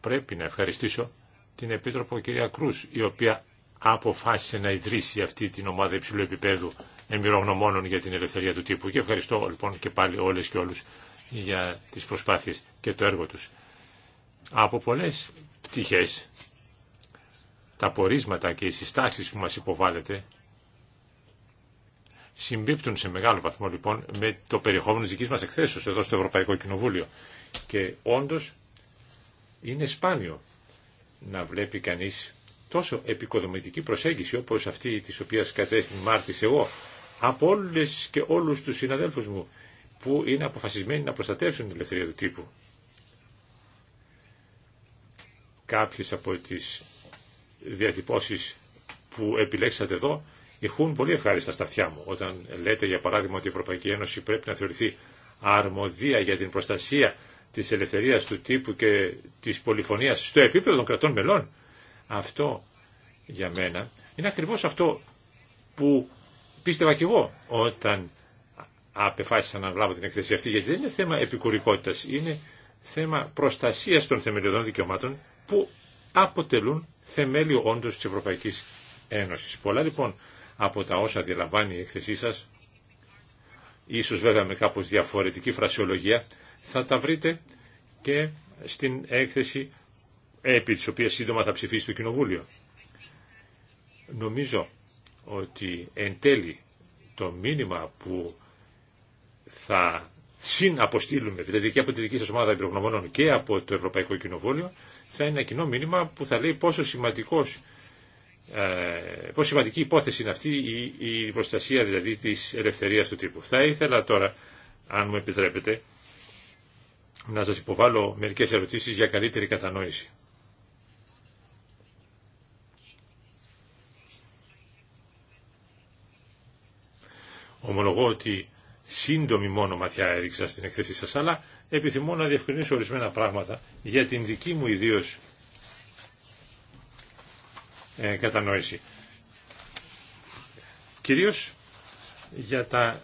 πρέπει να ευχαριστήσω την Επίτροπο κυρία Κρούς η οποία αποφάσισε να ιδρύσει αυτή την ομάδα υψηλού επίπεδου εμπειρογνωμόνων για την ελευθερία του τύπου. Και ευχαριστώ λοιπόν και πάλι όλες και όλους για τις προσπάθειες και το έργο τους. Από πολλές πτυχές, τα πορίσματα και οι συστάσεις που μας υποβάλλεται συμπίπτουν σε μεγάλο βαθμό λοιπόν με το περιεχόμενο της δικής μας εκθέσεως εδώ στο Ευρωπαϊκό Κοινοβούλιο. Και όντως είναι σπάνιο να βλέπει κανείς τόσο επικοδομητική προσέγγιση όπως αυτή της οποίας κατέστην μάρτης εγώ από όλες και όλους τους συναδέλφους μου που είναι αποφασισμένοι να προστατεύσουν την ελευθερία του τύπου. Κάποιες από τις διατυπώσεις που επιλέξατε εδώ ηχούν πολύ ευχάριστα στα αυτιά μου. Όταν λέτε για παράδειγμα ότι η Ευρωπαϊκή Ένωση πρέπει να θεωρηθεί αρμοδία για την προστασία της ελευθερίας του τύπου και της πολυφωνίας στο επίπεδο των κρατών μελών, αυτό για μένα είναι ακριβώς αυτό που πίστευα και εγώ όταν απεφάσισα να βλάβω την εκθέση αυτή, γιατί δεν είναι θέμα επικουρικότητας, είναι θέμα προστασίας των θεμελιωδών δικαιωμάτων που αποτελούν θεμέλιο όντω της Ευρωπαϊκής Ένωσης. Πολλά λοιπόν από τα όσα διαλαμβάνει η εκθεσή σας, ίσως βέβαια με κάπως διαφορετική φρασιολογία, θα τα βρείτε και στην έκθεση επί της οποίας σύντομα θα ψηφίσει το Κοινοβούλιο. Νομίζω ότι εν τέλει το μήνυμα που θα συναποστείλουμε, δηλαδή και από τη δική σας ομάδα εμπειρογνωμόνων και από το Ευρωπαϊκό Κοινοβούλιο, θα είναι ένα κοινό μήνυμα που θα λέει πόσο σημαντικός ε, πόσο σημαντική υπόθεση είναι αυτή η, προστασία δηλαδή της ελευθερίας του τύπου. Θα ήθελα τώρα, αν μου επιτρέπετε, να σας υποβάλω μερικές ερωτήσεις για καλύτερη κατανόηση. Ομολογώ ότι σύντομη μόνο ματιά έριξα στην εκθέσή σας, αλλά επιθυμώ να διευκρινίσω ορισμένα πράγματα για την δική μου ιδίω ε, κατανόηση. Κυρίως για τα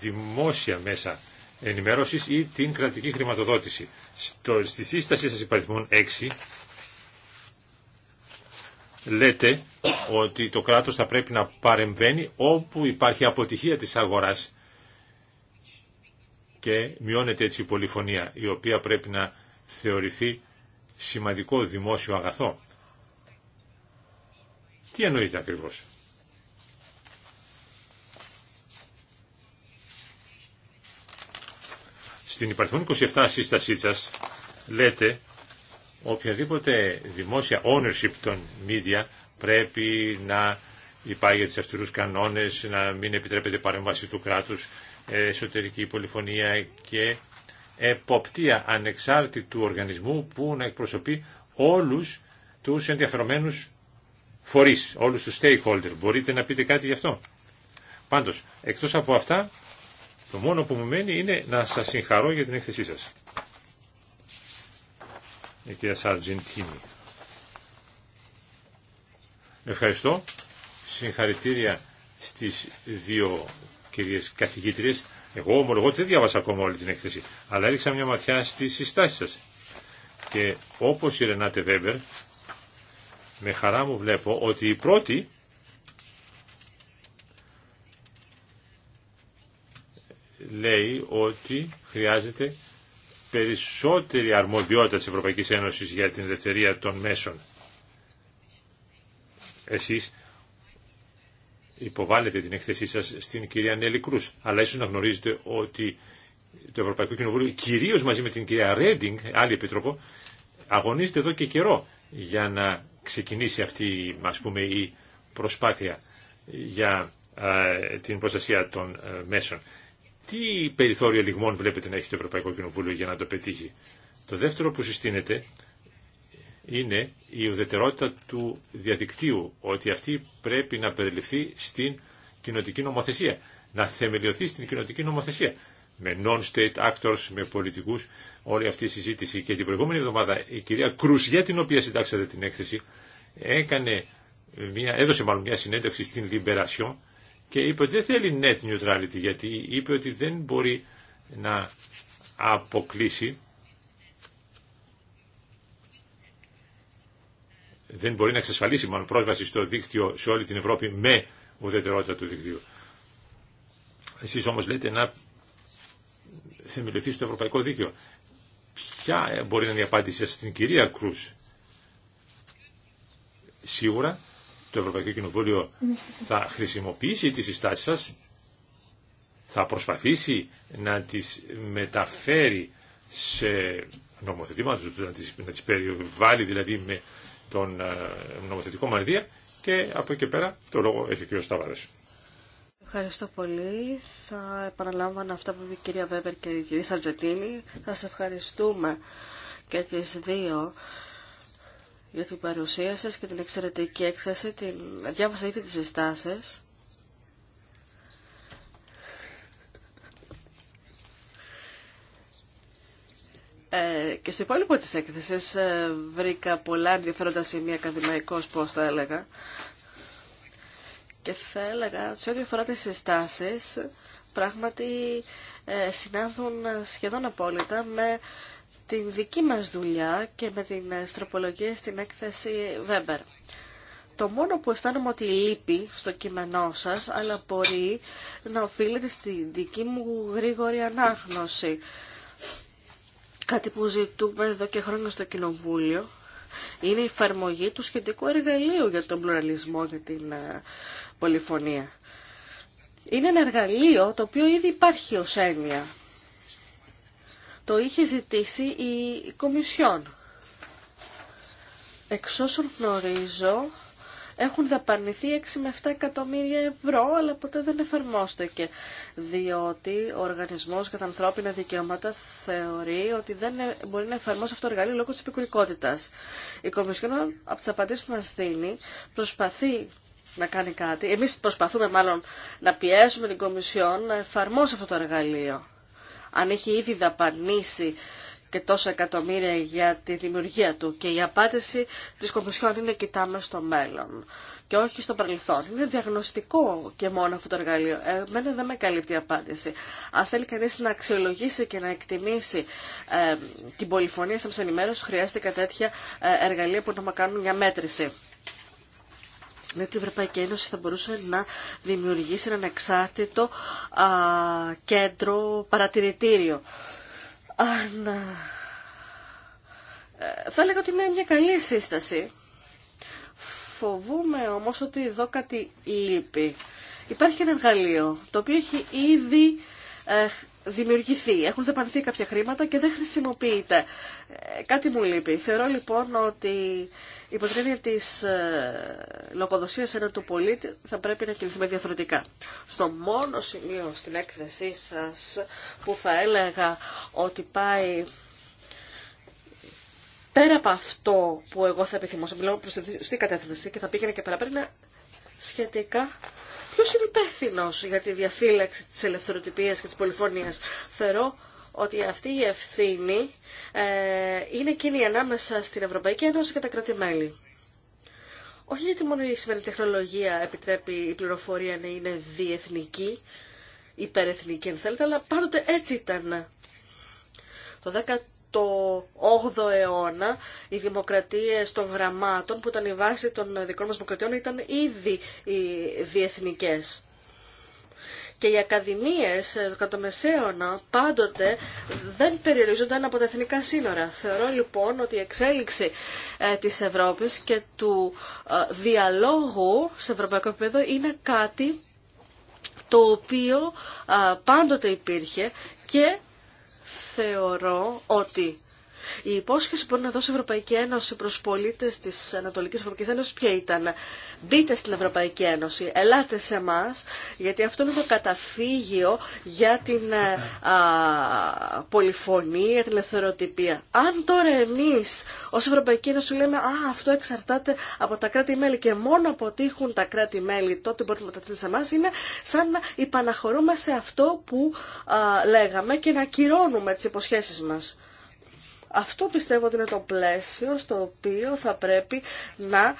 δημόσια μέσα ενημέρωσης ή την κρατική χρηματοδότηση. Στο, στη σύσταση σας υπαριθμούν 6 λέτε ότι το κράτος θα πρέπει να παρεμβαίνει όπου υπάρχει αποτυχία της αγοράς και μειώνεται έτσι η πολυφωνία, η οποία πρέπει να θεωρηθεί σημαντικό δημόσιο αγαθό. Τι εννοείται ακριβώς. Στην υπαρθμόν 27 σύστασή σας λέτε οποιαδήποτε δημόσια ownership των media πρέπει να για τις αυστηρούς κανόνες, να μην επιτρέπεται παρέμβαση του κράτους, ε, εσωτερική πολυφωνία και εποπτεία ανεξάρτητου οργανισμού που να εκπροσωπεί όλους τους ενδιαφερομένους φορείς, όλους τους stakeholder. Μπορείτε να πείτε κάτι γι' αυτό. Πάντως, εκτός από αυτά, το μόνο που μου μένει είναι να σας συγχαρώ για την έκθεσή σας η κυρία Ευχαριστώ. Συγχαρητήρια στις δύο κυρίες καθηγήτριες. Εγώ ομολογώ ότι δεν διάβασα ακόμα όλη την έκθεση, αλλά έριξα μια ματιά στις συστάσεις σας. Και όπως η Ρενάτε Βέμπερ, με χαρά μου βλέπω ότι η πρώτη λέει ότι χρειάζεται περισσότερη αρμοδιότητα της Ευρωπαϊκής Ένωσης για την ελευθερία των μέσων. Εσείς υποβάλλετε την έκθεσή σας στην κυρία Νέλη Κρούς, αλλά ίσως να γνωρίζετε ότι το Ευρωπαϊκό Κοινοβούλιο, κυρίως μαζί με την κυρία Ρέντινγκ, άλλη επιτροπό, αγωνίζεται εδώ και καιρό για να ξεκινήσει αυτή ας πούμε, η προσπάθεια για ε, την προστασία των ε, μέσων. Τι περιθώριο λιγμών βλέπετε να έχει το Ευρωπαϊκό Κοινοβούλιο για να το πετύχει. Το δεύτερο που συστήνεται είναι η ουδετερότητα του διαδικτύου, ότι αυτή πρέπει να περιληφθεί στην κοινοτική νομοθεσία, να θεμελιωθεί στην κοινοτική νομοθεσία. Με non-state actors, με πολιτικούς, όλη αυτή η συζήτηση. Και την προηγούμενη εβδομάδα η κυρία Κρούς, για την οποία συντάξατε την έκθεση, έκανε έδωσε μάλλον μια συνέντευξη στην Liberation και είπε ότι δεν θέλει net neutrality γιατί είπε ότι δεν μπορεί να αποκλείσει δεν μπορεί να εξασφαλίσει μάλλον πρόσβαση στο δίκτυο σε όλη την Ευρώπη με ουδετερότητα του δικτύου. Εσείς όμως λέτε να θεμελιωθεί στο ευρωπαϊκό δίκαιο. Ποια μπορεί να είναι η απάντηση στην κυρία Κρούς. Σίγουρα το Ευρωπαϊκό Κοινοβούλιο θα χρησιμοποιήσει τις συστάσεις σας, θα προσπαθήσει να τις μεταφέρει σε νομοθετήματα, να τις, να τις περιβάλλει δηλαδή με τον ε, νομοθετικό μανδύα και από εκεί και πέρα το λόγο έχει ο κ. Σταβάρες. Ευχαριστώ πολύ. Θα επαναλάμβανα αυτά που είπε η κυρία Βέμπερ και η κυρία Σαρτζετίνη. Θα σας ευχαριστούμε και τις δύο για την παρουσία σας και την εξαιρετική έκθεση. Την... Διάβασα ήδη τις συστάσεις. Ε, και στο υπόλοιπο της έκθεσης ε, βρήκα πολλά ενδιαφέροντα σημεία ακαδημαϊκός, πώς θα έλεγα. Και θα έλεγα, σε ό,τι αφορά τις συστάσεις, πράγματι ε, συνάδουν σχεδόν απόλυτα με την δική μας δουλειά και με την στροπολογία στην έκθεση Weber. Το μόνο που αισθάνομαι ότι λείπει στο κείμενό σας, αλλά μπορεί να οφείλεται στη δική μου γρήγορη ανάγνωση. Κάτι που ζητούμε εδώ και χρόνια στο Κοινοβούλιο είναι η εφαρμογή του σχετικού εργαλείου για τον πλουραλισμό και την ε, πολυφωνία. Είναι ένα εργαλείο το οποίο ήδη υπάρχει ως έννοια το είχε ζητήσει η Κομισιόν. Εξ όσων γνωρίζω, έχουν δαπανηθεί 6 με 7 εκατομμύρια ευρώ, αλλά ποτέ δεν εφαρμόστηκε. Διότι ο οργανισμός για τα Ανθρώπινα Δικαιώματα θεωρεί ότι δεν ε, μπορεί να εφαρμόσει αυτό το εργαλείο λόγω της επικουρικότητας. Η Κομισιόν, από τι απαντήσεις που μας δίνει, προσπαθεί να κάνει κάτι. Εμείς προσπαθούμε μάλλον να πιέσουμε την Κομισιόν να εφαρμόσει αυτό το εργαλείο αν έχει ήδη δαπανίσει και τόσα εκατομμύρια για τη δημιουργία του. Και η απάντηση της Κομισιόν είναι κοιτάμε στο μέλλον και όχι στο παρελθόν. Είναι διαγνωστικό και μόνο αυτό το εργαλείο. Εμένα δεν με καλύπτει η απάντηση. Αν θέλει κανείς να αξιολογήσει και να εκτιμήσει ε, την πολυφωνία σε ενημέρωση, χρειάζεται τέτοια ε, εργαλεία που να κάνουν μια μέτρηση. Με ότι η Ευρωπαϊκή Ένωση θα μπορούσε να δημιουργήσει έναν εξάρτητο κέντρο παρατηρητήριο. Ε, θα έλεγα ότι είναι μια καλή σύσταση. Φοβούμαι όμως ότι εδώ κάτι λείπει. Υπάρχει ένα εργαλείο το οποίο έχει ήδη ε, δημιουργηθεί. Έχουν δεπανηθεί κάποια χρήματα και δεν χρησιμοποιείται. Ε, κάτι μου λείπει. Θεωρώ λοιπόν ότι η υποτρένεια της ε, λογοδοσία ένα του πολίτη θα πρέπει να κινηθούμε διαφορετικά. Στο μόνο σημείο στην έκθεσή σας που θα έλεγα ότι πάει πέρα από αυτό που εγώ θα επιθυμούσα, μιλάω προ τη κατεύθυνση και θα πήγαινε και πέρα, σχετικά Ποιο είναι υπεύθυνο για τη διαφύλαξη της ελευθεροτυπίας και της πολυφωνία, Θεωρώ ότι αυτή η ευθύνη ε, είναι κοινή ανάμεσα στην Ευρωπαϊκή Ένωση και τα κράτη-μέλη. Όχι γιατί μόνο η σημερινή τεχνολογία επιτρέπει η πληροφορία να είναι διεθνική, υπερεθνική αν θέλετε, αλλά πάντοτε έτσι ήταν. Το το 8ο αιώνα οι δημοκρατίες των γραμμάτων που ήταν η βάση των δικών μας δημοκρατιών ήταν ήδη οι διεθνικές. Και οι ακαδημίες κατά μεσαίωνα πάντοτε δεν περιορίζονταν από τα εθνικά σύνορα. Θεωρώ λοιπόν ότι η εξέλιξη ε, της Ευρώπης και του ε, διαλόγου σε ευρωπαϊκό επίπεδο είναι κάτι το οποίο ε, πάντοτε υπήρχε και θεωρώ ότι η υπόσχεση που μπορεί να δώσει η Ευρωπαϊκή Ένωση προ πολίτε τη Ανατολική Ευρωπαϊκή Ένωση ποια ήταν. Μπείτε στην Ευρωπαϊκή Ένωση, ελάτε σε εμά, γιατί αυτό είναι το καταφύγιο για την ε, α, πολυφωνία, για την ελευθεροτυπία. Αν τώρα εμεί ω Ευρωπαϊκή Ένωση λέμε Α, αυτό εξαρτάται από τα κράτη-μέλη και μόνο αποτύχουν τα κράτη-μέλη, τότε μπορεί να μετατεθεί σε εμά, είναι σαν να υπαναχωρούμε σε αυτό που α, λέγαμε και να κυρώνουμε τι υποσχέσει μα. Αυτό πιστεύω ότι είναι το πλαίσιο στο οποίο θα πρέπει να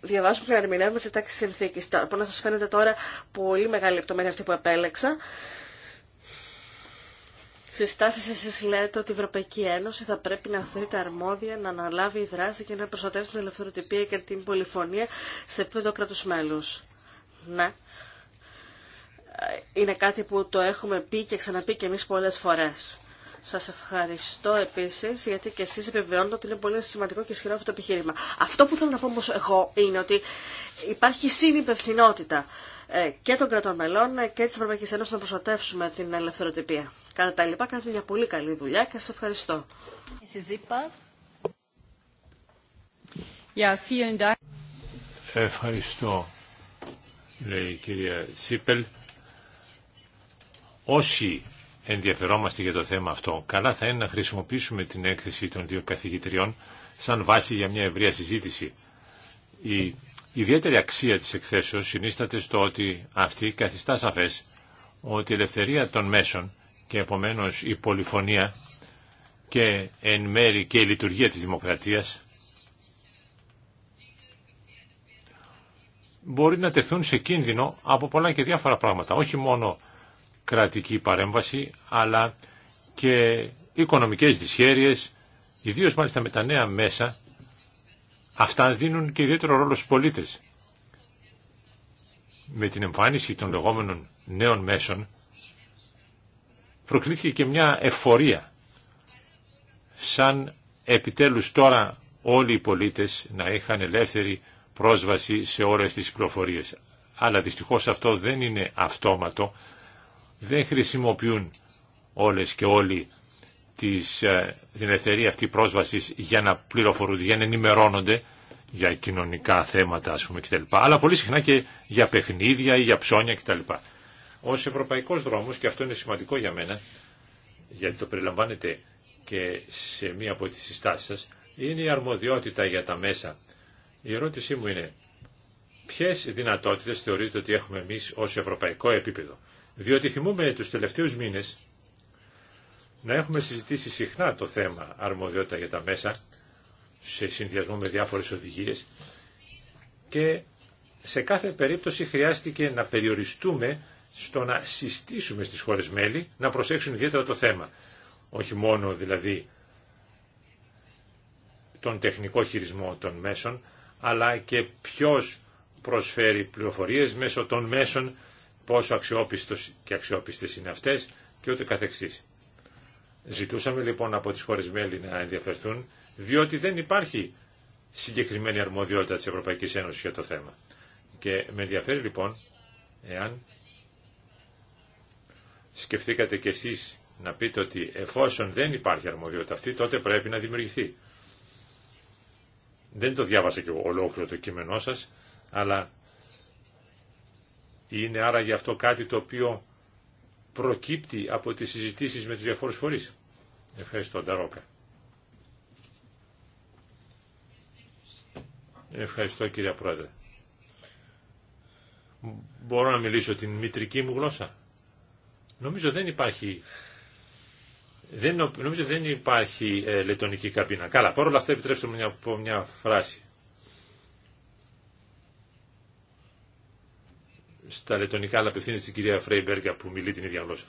διαβάσουμε και να ερμηνεύουμε τι τάξει συνθήκη. Λοιπόν, να σα φαίνεται τώρα πολύ μεγάλη λεπτομέρεια αυτή που επέλεξα. Στι τάσει εσεί λέτε ότι η Ευρωπαϊκή Ένωση θα πρέπει να τα αρμόδια, να αναλάβει δράση και να προστατεύσει την ελευθεροτυπία και την πολυφωνία σε επίπεδο κράτου μέλου. Ναι. Ε, είναι κάτι που το έχουμε πει και ξαναπεί και εμεί πολλέ φορέ. Σας ευχαριστώ επίσης γιατί και εσείς επιβεβαιώνετε ότι είναι πολύ σημαντικό και ισχυρό αυτό το επιχείρημα. Αυτό που θέλω να πω όμως εγώ είναι ότι υπάρχει συνυπευθυνότητα ε, και των κρατών μελών ε, και της Ευρωπαϊκής Ένωσης να προστατεύσουμε την ελευθεροτυπία. Κατά τα λοιπά κάνετε μια πολύ καλή δουλειά και σας ευχαριστώ. Ευχαριστώ, λέει η κυρία Σίπελ. Όσοι ενδιαφερόμαστε για το θέμα αυτό, καλά θα είναι να χρησιμοποιήσουμε την έκθεση των δύο καθηγητριών σαν βάση για μια ευρεία συζήτηση. Η ιδιαίτερη αξία της εκθέσεως συνίσταται στο ότι αυτή καθιστά σαφές ότι η ελευθερία των μέσων και επομένως η πολυφωνία και εν μέρη και η λειτουργία της δημοκρατίας μπορεί να τεθούν σε κίνδυνο από πολλά και διάφορα πράγματα, όχι μόνο κρατική παρέμβαση, αλλά και οικονομικές δυσχέρειες, ιδίως μάλιστα με τα νέα μέσα, αυτά δίνουν και ιδιαίτερο ρόλο στους πολίτες. Με την εμφάνιση των λεγόμενων νέων μέσων, προκλήθηκε και μια εφορία, σαν επιτέλους τώρα όλοι οι πολίτες να είχαν ελεύθερη πρόσβαση σε όλες τις πληροφορίε. Αλλά δυστυχώς αυτό δεν είναι αυτόματο, δεν χρησιμοποιούν όλες και όλοι τις, ε, την ελευθερία αυτή πρόσβασης για να πληροφορούνται, για να ενημερώνονται για κοινωνικά θέματα ας πούμε κτλ. Αλλά πολύ συχνά και για παιχνίδια ή για ψώνια κτλ. Ω ευρωπαϊκός δρόμος, και αυτό είναι σημαντικό για μένα, γιατί το περιλαμβάνεται και σε μία από τις συστάσεις σας, είναι η αρμοδιότητα για τα μέσα. Η ερώτησή μου είναι, ποιες δυνατότητες θεωρείτε ότι έχουμε εμείς ως ευρωπαϊκό επίπεδο. Διότι θυμούμε τους τελευταίους μήνες να έχουμε συζητήσει συχνά το θέμα αρμοδιότητα για τα μέσα σε συνδυασμό με διάφορες οδηγίες και σε κάθε περίπτωση χρειάστηκε να περιοριστούμε στο να συστήσουμε στις χώρες μέλη να προσέξουν ιδιαίτερα το θέμα. Όχι μόνο δηλαδή τον τεχνικό χειρισμό των μέσων, αλλά και ποιος προσφέρει πληροφορίες μέσω των μέσων πόσο αξιόπιστος και αξιόπιστες είναι αυτές και ούτε καθεξής. Ζητούσαμε λοιπόν από τις χώρες μέλη να ενδιαφερθούν, διότι δεν υπάρχει συγκεκριμένη αρμοδιότητα της Ευρωπαϊκής Ένωσης για το θέμα. Και με ενδιαφέρει λοιπόν, εάν σκεφτήκατε κι εσείς να πείτε ότι εφόσον δεν υπάρχει αρμοδιότητα αυτή, τότε πρέπει να δημιουργηθεί. Δεν το διάβασα και ολόκληρο το κείμενό σας, αλλά είναι άρα γι' αυτό κάτι το οποίο προκύπτει από τις συζητήσεις με τους διαφόρους φορείς. Ευχαριστώ, Νταρόκα. Ευχαριστώ, κύριε Πρόεδρε. Μπορώ να μιλήσω την μητρική μου γλώσσα. Νομίζω δεν υπάρχει δεν, νομίζω δεν υπάρχει ε, λετωνική καμπίνα. Καλά, παρόλα αυτά επιτρέψτε μου μια, πω μια φράση. στα λετωνικά, αλλά απευθύνεται στην κυρία Φρέιμπεργα που μιλεί την ίδια γλώσσα.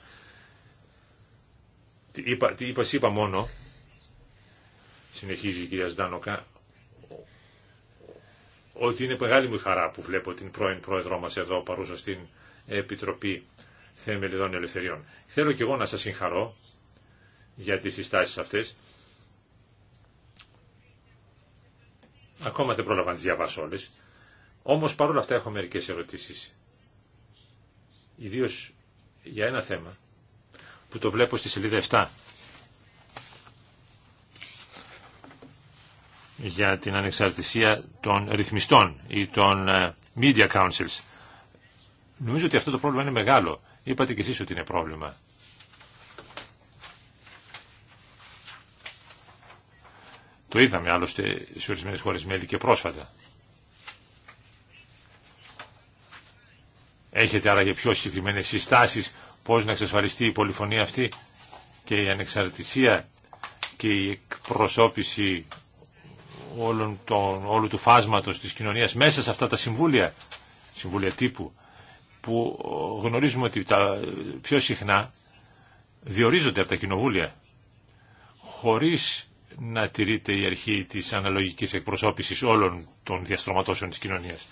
Τι είπα, τι είπα, μόνο, συνεχίζει η κυρία Σδάνοκα, ότι είναι μεγάλη μου χαρά που βλέπω την πρώην πρόεδρό μας εδώ παρούσα στην Επιτροπή Θεμελιδών Ελευθεριών. Θέλω και εγώ να σας συγχαρώ για τις συστάσεις αυτές. Ακόμα δεν πρόλαβα να τις διαβάσω όλες. Όμως παρόλα αυτά έχω μερικές ερωτήσεις. Ιδίω για ένα θέμα που το βλέπω στη σελίδα 7 για την ανεξαρτησία των ρυθμιστών ή των ε, media councils. Νομίζω ότι αυτό το πρόβλημα είναι μεγάλο. Είπατε και εσείς ότι είναι πρόβλημα. Το είδαμε άλλωστε σε ορισμένες χώρες μέλη και πρόσφατα. Έχετε άραγε πιο συγκεκριμένε συστάσει, πώς να εξασφαλιστεί η πολυφωνία αυτή και η ανεξαρτησία και η εκπροσώπηση όλων των, όλου του φάσματος της κοινωνίας μέσα σε αυτά τα συμβούλια, συμβούλια τύπου, που γνωρίζουμε ότι τα πιο συχνά διορίζονται από τα κοινοβούλια, χωρίς να τηρείται η αρχή της αναλογικής εκπροσώπησης όλων των διαστρωματώσεων της κοινωνίας.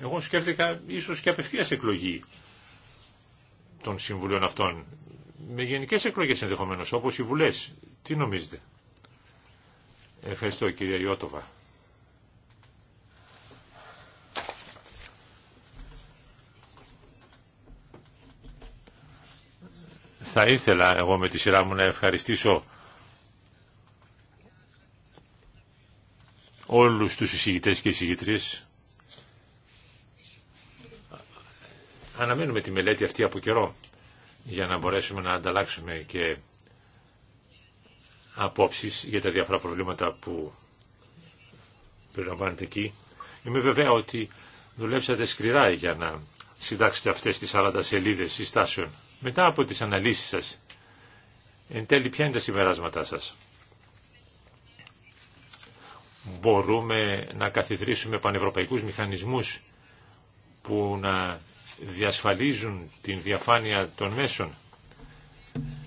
Εγώ σκέφτηκα ίσως και απευθείας εκλογή των συμβουλίων αυτών. Με γενικές εκλογές ενδεχομένως, όπως οι βουλές. Τι νομίζετε. Ευχαριστώ κυρία Ιώτοβα. Θα ήθελα εγώ με τη σειρά μου να ευχαριστήσω όλους τους εισηγητές και εισηγητρίες Αναμένουμε τη μελέτη αυτή από καιρό για να μπορέσουμε να ανταλλάξουμε και απόψεις για τα διάφορα προβλήματα που περιλαμβάνεται εκεί. Είμαι βεβαία ότι δουλέψατε σκληρά για να συντάξετε αυτές τις 40 σελίδες συστάσεων. Μετά από τις αναλύσεις σας, εν τέλει ποια είναι τα συμπεράσματά σας. Μπορούμε να καθιδρύσουμε πανευρωπαϊκούς μηχανισμούς που να διασφαλίζουν την διαφάνεια των μέσων.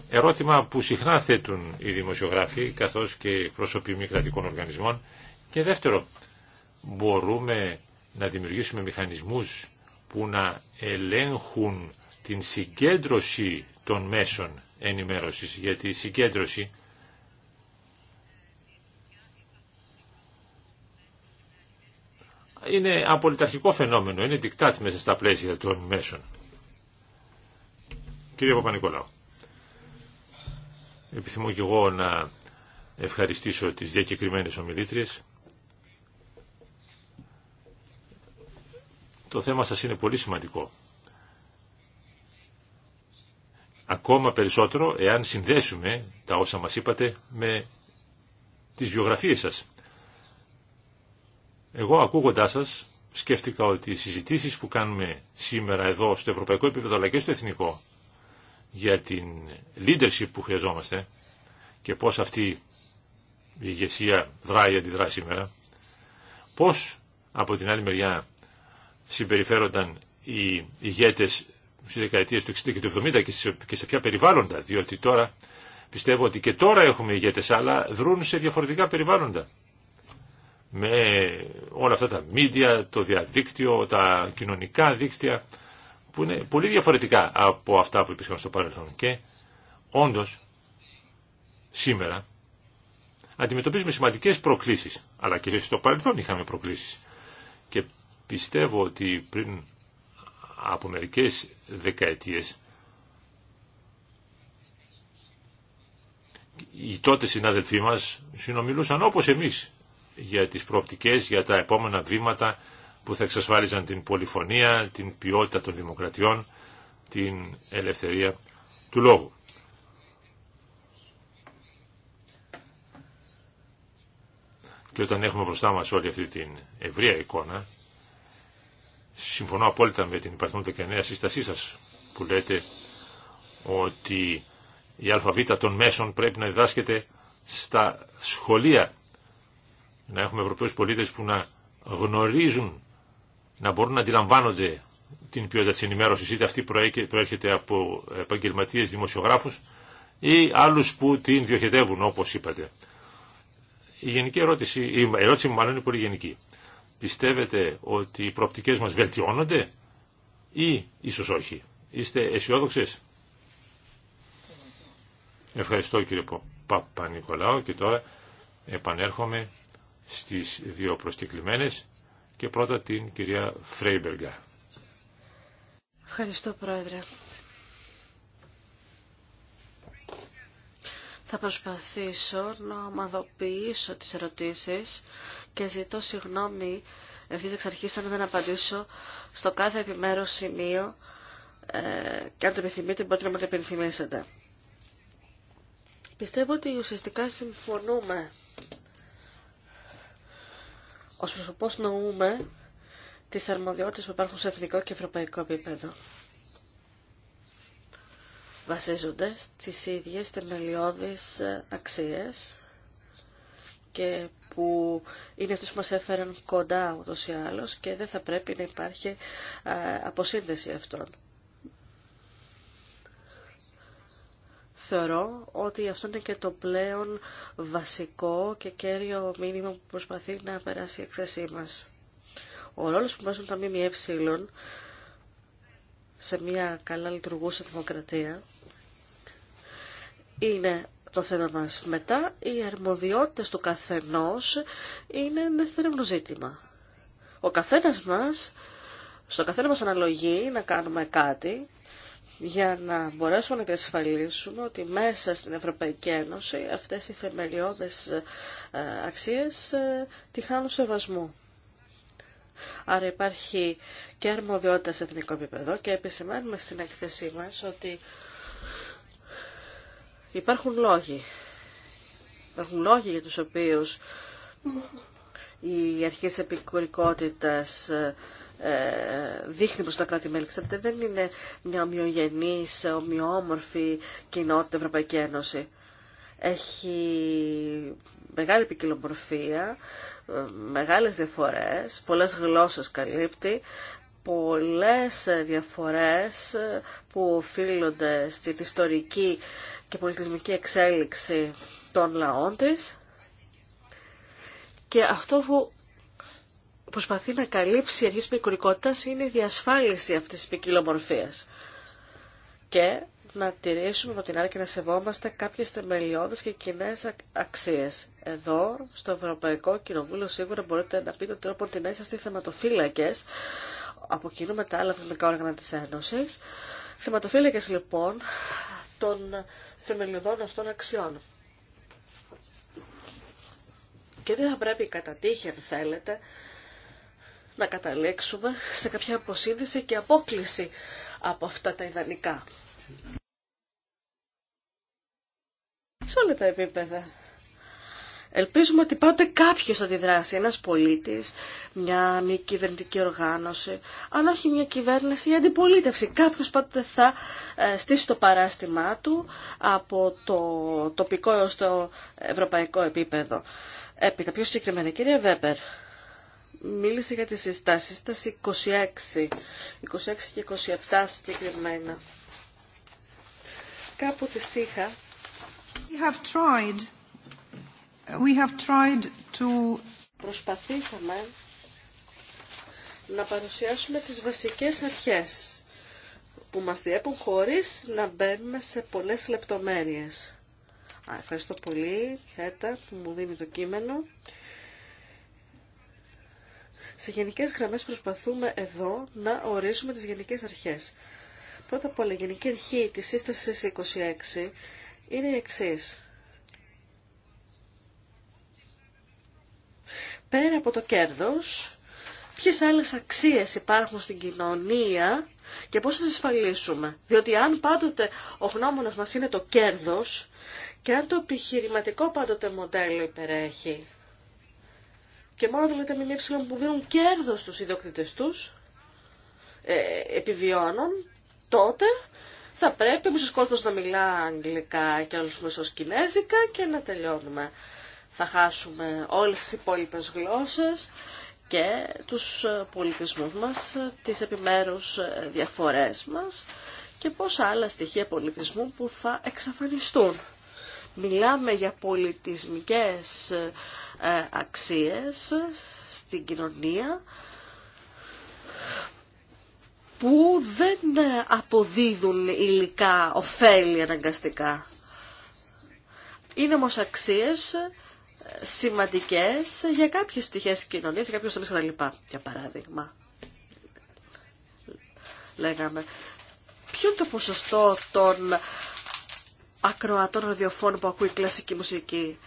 Ερώτημα που συχνά θέτουν οι δημοσιογράφοι καθώς και προσωποι μη κρατικών οργανισμών. Και δεύτερο, μπορούμε να δημιουργήσουμε μηχανισμούς που να ελέγχουν την συγκέντρωση των μέσων ενημέρωσης, γιατί η συγκέντρωση είναι απολυταρχικό φαινόμενο, είναι δικτάτη μέσα στα πλαίσια των μέσων. Κύριε Παπα-Νικολάου, επιθυμώ και εγώ να ευχαριστήσω τις διακεκριμένες ομιλήτριες. Το θέμα σας είναι πολύ σημαντικό. Ακόμα περισσότερο εάν συνδέσουμε τα όσα μας είπατε με τις βιογραφίες σας. Εγώ ακούγοντά σα, σκέφτηκα ότι οι συζητήσει που κάνουμε σήμερα εδώ στο ευρωπαϊκό επίπεδο αλλά και στο εθνικό για την leadership που χρειαζόμαστε και πώς αυτή η ηγεσία δράει αντιδρά σήμερα, πώς από την άλλη μεριά συμπεριφέρονταν οι ηγέτες στι δεκαετίε του 60 και του 70 και σε ποια περιβάλλοντα, διότι τώρα πιστεύω ότι και τώρα έχουμε ηγέτες, αλλά δρούν σε διαφορετικά περιβάλλοντα με όλα αυτά τα media, το διαδίκτυο, τα κοινωνικά δίκτυα που είναι πολύ διαφορετικά από αυτά που υπήρχαν στο παρελθόν και όντως σήμερα αντιμετωπίζουμε σημαντικές προκλήσεις αλλά και στο παρελθόν είχαμε προκλήσεις και πιστεύω ότι πριν από μερικές δεκαετίες οι τότε συνάδελφοί μας συνομιλούσαν όπως εμείς για τις προοπτικές, για τα επόμενα βήματα που θα εξασφάλιζαν την πολυφωνία, την ποιότητα των δημοκρατιών, την ελευθερία του λόγου. Και όταν έχουμε μπροστά μας όλη αυτή την ευρεία εικόνα, συμφωνώ απόλυτα με την υπαρθμότητα και νέα σύστασή σας που λέτε ότι η αλφαβήτα των μέσων πρέπει να διδάσκεται στα σχολεία να έχουμε Ευρωπαίους πολίτες που να γνωρίζουν, να μπορούν να αντιλαμβάνονται την ποιότητα της ενημέρωσης, είτε αυτή προέρχεται από επαγγελματίες δημοσιογράφους ή άλλους που την διοχετεύουν, όπως είπατε. Η γενική ερώτηση, η ερώτηση μου μάλλον είναι πολύ γενική. Πιστεύετε ότι οι προοπτικές μας βελτιώνονται ή ίσως όχι. Είστε αισιόδοξε. Ευχαριστώ κύριε Παπα-Νικολάου και τώρα επανέρχομαι στις δύο προσκεκλημένες και πρώτα την κυρία Φρέιμπεργκα. Ευχαριστώ Πρόεδρε. Θα προσπαθήσω να ομαδοποιήσω τις ερωτήσεις και ζητώ συγγνώμη ευθύς εξ αρχής αν δεν απαντήσω στο κάθε επιμέρους σημείο ε, και αν το επιθυμείτε μπορείτε να μου το επιθυμήσετε. Πιστεύω ότι ουσιαστικά συμφωνούμε Ω προσωπός νοούμε τι αρμοδιότητε που υπάρχουν σε εθνικό και ευρωπαϊκό επίπεδο. Βασίζονται στις ίδιες θεμελιώδεις ε, αξίες και που είναι αυτές που μας έφεραν κοντά ούτως ή άλλως και δεν θα πρέπει να υπάρχει ε, αποσύνδεση αυτών. θεωρώ ότι αυτό είναι και το πλέον βασικό και κέριο μήνυμα που προσπαθεί να περάσει η εκθεσή μας. Ο ρόλος που παίζουν τα ΜΜΕ σε μια καλά λειτουργούσα δημοκρατία είναι το θέμα μας. Μετά, οι αρμοδιότητες του καθενός είναι ένα θερμό ζήτημα. Ο καθένας μας, στο καθένα μας αναλογεί να κάνουμε κάτι για να μπορέσουμε να εξασφαλίσουμε ότι μέσα στην Ευρωπαϊκή Ένωση αυτές οι θεμελιώδες ε, αξίες ε, τη χάνουν σεβασμού. Άρα υπάρχει και αρμοδιότητα σε εθνικό επίπεδο και επισημαίνουμε στην εκθεσή μας ότι υπάρχουν λόγοι. Υπάρχουν λόγοι για τους οποίους οι της επικουρικότητας ε, ε, δείχνει προς τα κράτη-μέλη. Ξέρετε, δεν είναι μια ομοιογενής, ομοιόμορφη κοινότητα Ευρωπαϊκή Ένωση. Έχει μεγάλη ποικιλομορφία, ε, μεγάλες διαφορές, πολλές γλώσσες καλύπτει, πολλές διαφορές ε, που οφείλονται στην ιστορική και πολιτισμική εξέλιξη των λαών της. Και αυτό που προσπαθεί να καλύψει η αρχή της είναι η διασφάλιση αυτής της ποικιλομορφία. Και να τηρήσουμε από την άλλη να σεβόμαστε κάποιες θεμελιώδεις και κοινέ αξίες. Εδώ, στο Ευρωπαϊκό Κοινοβούλιο, σίγουρα μπορείτε να πείτε τρόπο την είστε θεματοφύλακε από κοινού με τα άλλα θεσμικά όργανα της Ένωσης, θεματοφύλακες λοιπόν των θεμελιωδών αυτών αξιών. Και δεν θα πρέπει κατά τύχη, αν θέλετε, να καταλήξουμε σε κάποια αποσύνδεση και απόκληση από αυτά τα ιδανικά. Σε όλα τα επίπεδα. Ελπίζουμε ότι πάντοτε κάποιος θα τη δράσει, ένας πολίτης, μια μη κυβερνητική οργάνωση, αν όχι μια κυβέρνηση ή αντιπολίτευση. Κάποιος πάντοτε θα ε, στήσει το παράστημά του από το τοπικό έως το ευρωπαϊκό επίπεδο. Έπειτα, πιο συγκεκριμένα, κυρία Βέμπερ, μίλησε για τις συστάσεις. Σύσταση 26. 26 και 27 συγκεκριμένα. Κάπου τις είχα. We have tried. We have tried to... Προσπαθήσαμε να παρουσιάσουμε τις βασικές αρχές που μας διέπουν χωρίς να μπαίνουμε σε πολλές λεπτομέρειες. ευχαριστώ πολύ, Χέτα, που μου δίνει το κείμενο. Σε γενικέ γραμμές προσπαθούμε εδώ να ορίσουμε τις γενικές αρχές. Πρώτα απ' όλα, η γενική αρχή τη σύσταση 26 είναι η εξή. Πέρα από το κέρδος, ποιες άλλες αξίες υπάρχουν στην κοινωνία και πώς θα τις ασφαλίσουμε. Διότι αν πάντοτε ο γνώμονας μας είναι το κέρδος και αν το επιχειρηματικό πάντοτε μοντέλο υπερέχει, και μόνο τα ΜΜΕ που δίνουν κέρδος στους ιδιοκτήτες τους ε, επιβιώνουν, τότε θα πρέπει ο μισός κόσμο να μιλά αγγλικά και μας ως κινέζικα και να τελειώνουμε. Θα χάσουμε όλες τις υπόλοιπε γλώσσες και τους ε, πολιτισμούς μας, ε, τις επιμέρους ε, διαφορές μας και πόσα άλλα στοιχεία πολιτισμού που θα εξαφανιστούν. Μιλάμε για πολιτισμικές ε, αξίες στην κοινωνία που δεν ε, αποδίδουν υλικά ωφέλη αναγκαστικά. Είναι όμως αξίες ε, σημαντικές για κάποιες πτυχές κοινωνίας, για κάποιους τομείς κτλ. Για παράδειγμα, λέγαμε, ποιο είναι το ποσοστό των ακροατών ραδιοφώνου που ακούει κλασική μουσική.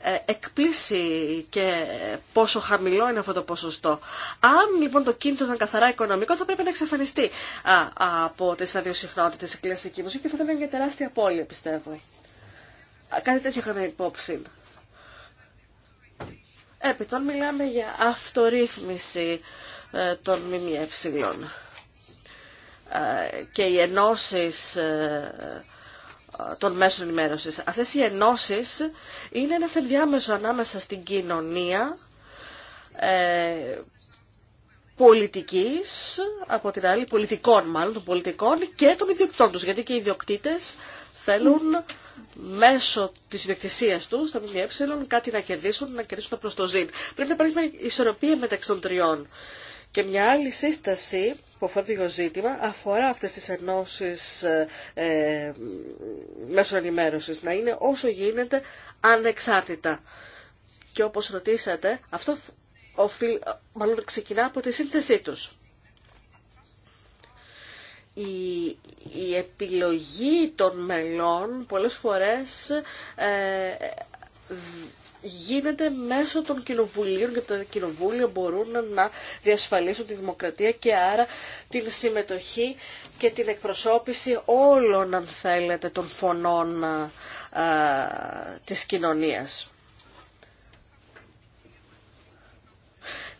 Ε, εκπλήσει και πόσο χαμηλό είναι αυτό το ποσοστό. Αν λοιπόν το κίνητο ήταν καθαρά οικονομικό θα πρέπει να εξαφανιστεί από τις αδειοσυχνότητε η κλασική μουσική και θα ήταν μια τεράστια απώλεια πιστεύω. Κάτι τέτοιο είχαμε υπόψη. Επιτών μιλάμε για αυτορύθμιση ε, των ΜΜΕ ε, και οι ενώσεις των μέσων ενημέρωσης. Αυτές οι ενώσεις είναι ένας ενδιάμεσο ανάμεσα στην κοινωνία ε, πολιτικής, από την άλλη πολιτικών μάλλον, των πολιτικών και των ιδιοκτητών τους, γιατί και οι ιδιοκτήτες θέλουν μέσω της ιδιοκτησίας τους, τα ΜΜΕ, κάτι να κερδίσουν, να κερδίσουν προς το Πρέπει να υπάρχει μια ισορροπία μεταξύ των τριών. Και μια άλλη σύσταση που αφορά το ζήτημα αφορά αυτές τις ενώσεις ε, ε να είναι όσο γίνεται ανεξάρτητα. Και όπως ρωτήσατε, αυτό οφείλ, μάλλον ξεκινά από τη σύνθεσή τους. Η, επιλογή των μελών πολλές φορές ε, γίνεται μέσω των κοινοβουλίων και τα κοινοβούλια μπορούν να διασφαλίσουν τη δημοκρατία και άρα την συμμετοχή και την εκπροσώπηση όλων, αν θέλετε, των φωνών α, της κοινωνίας.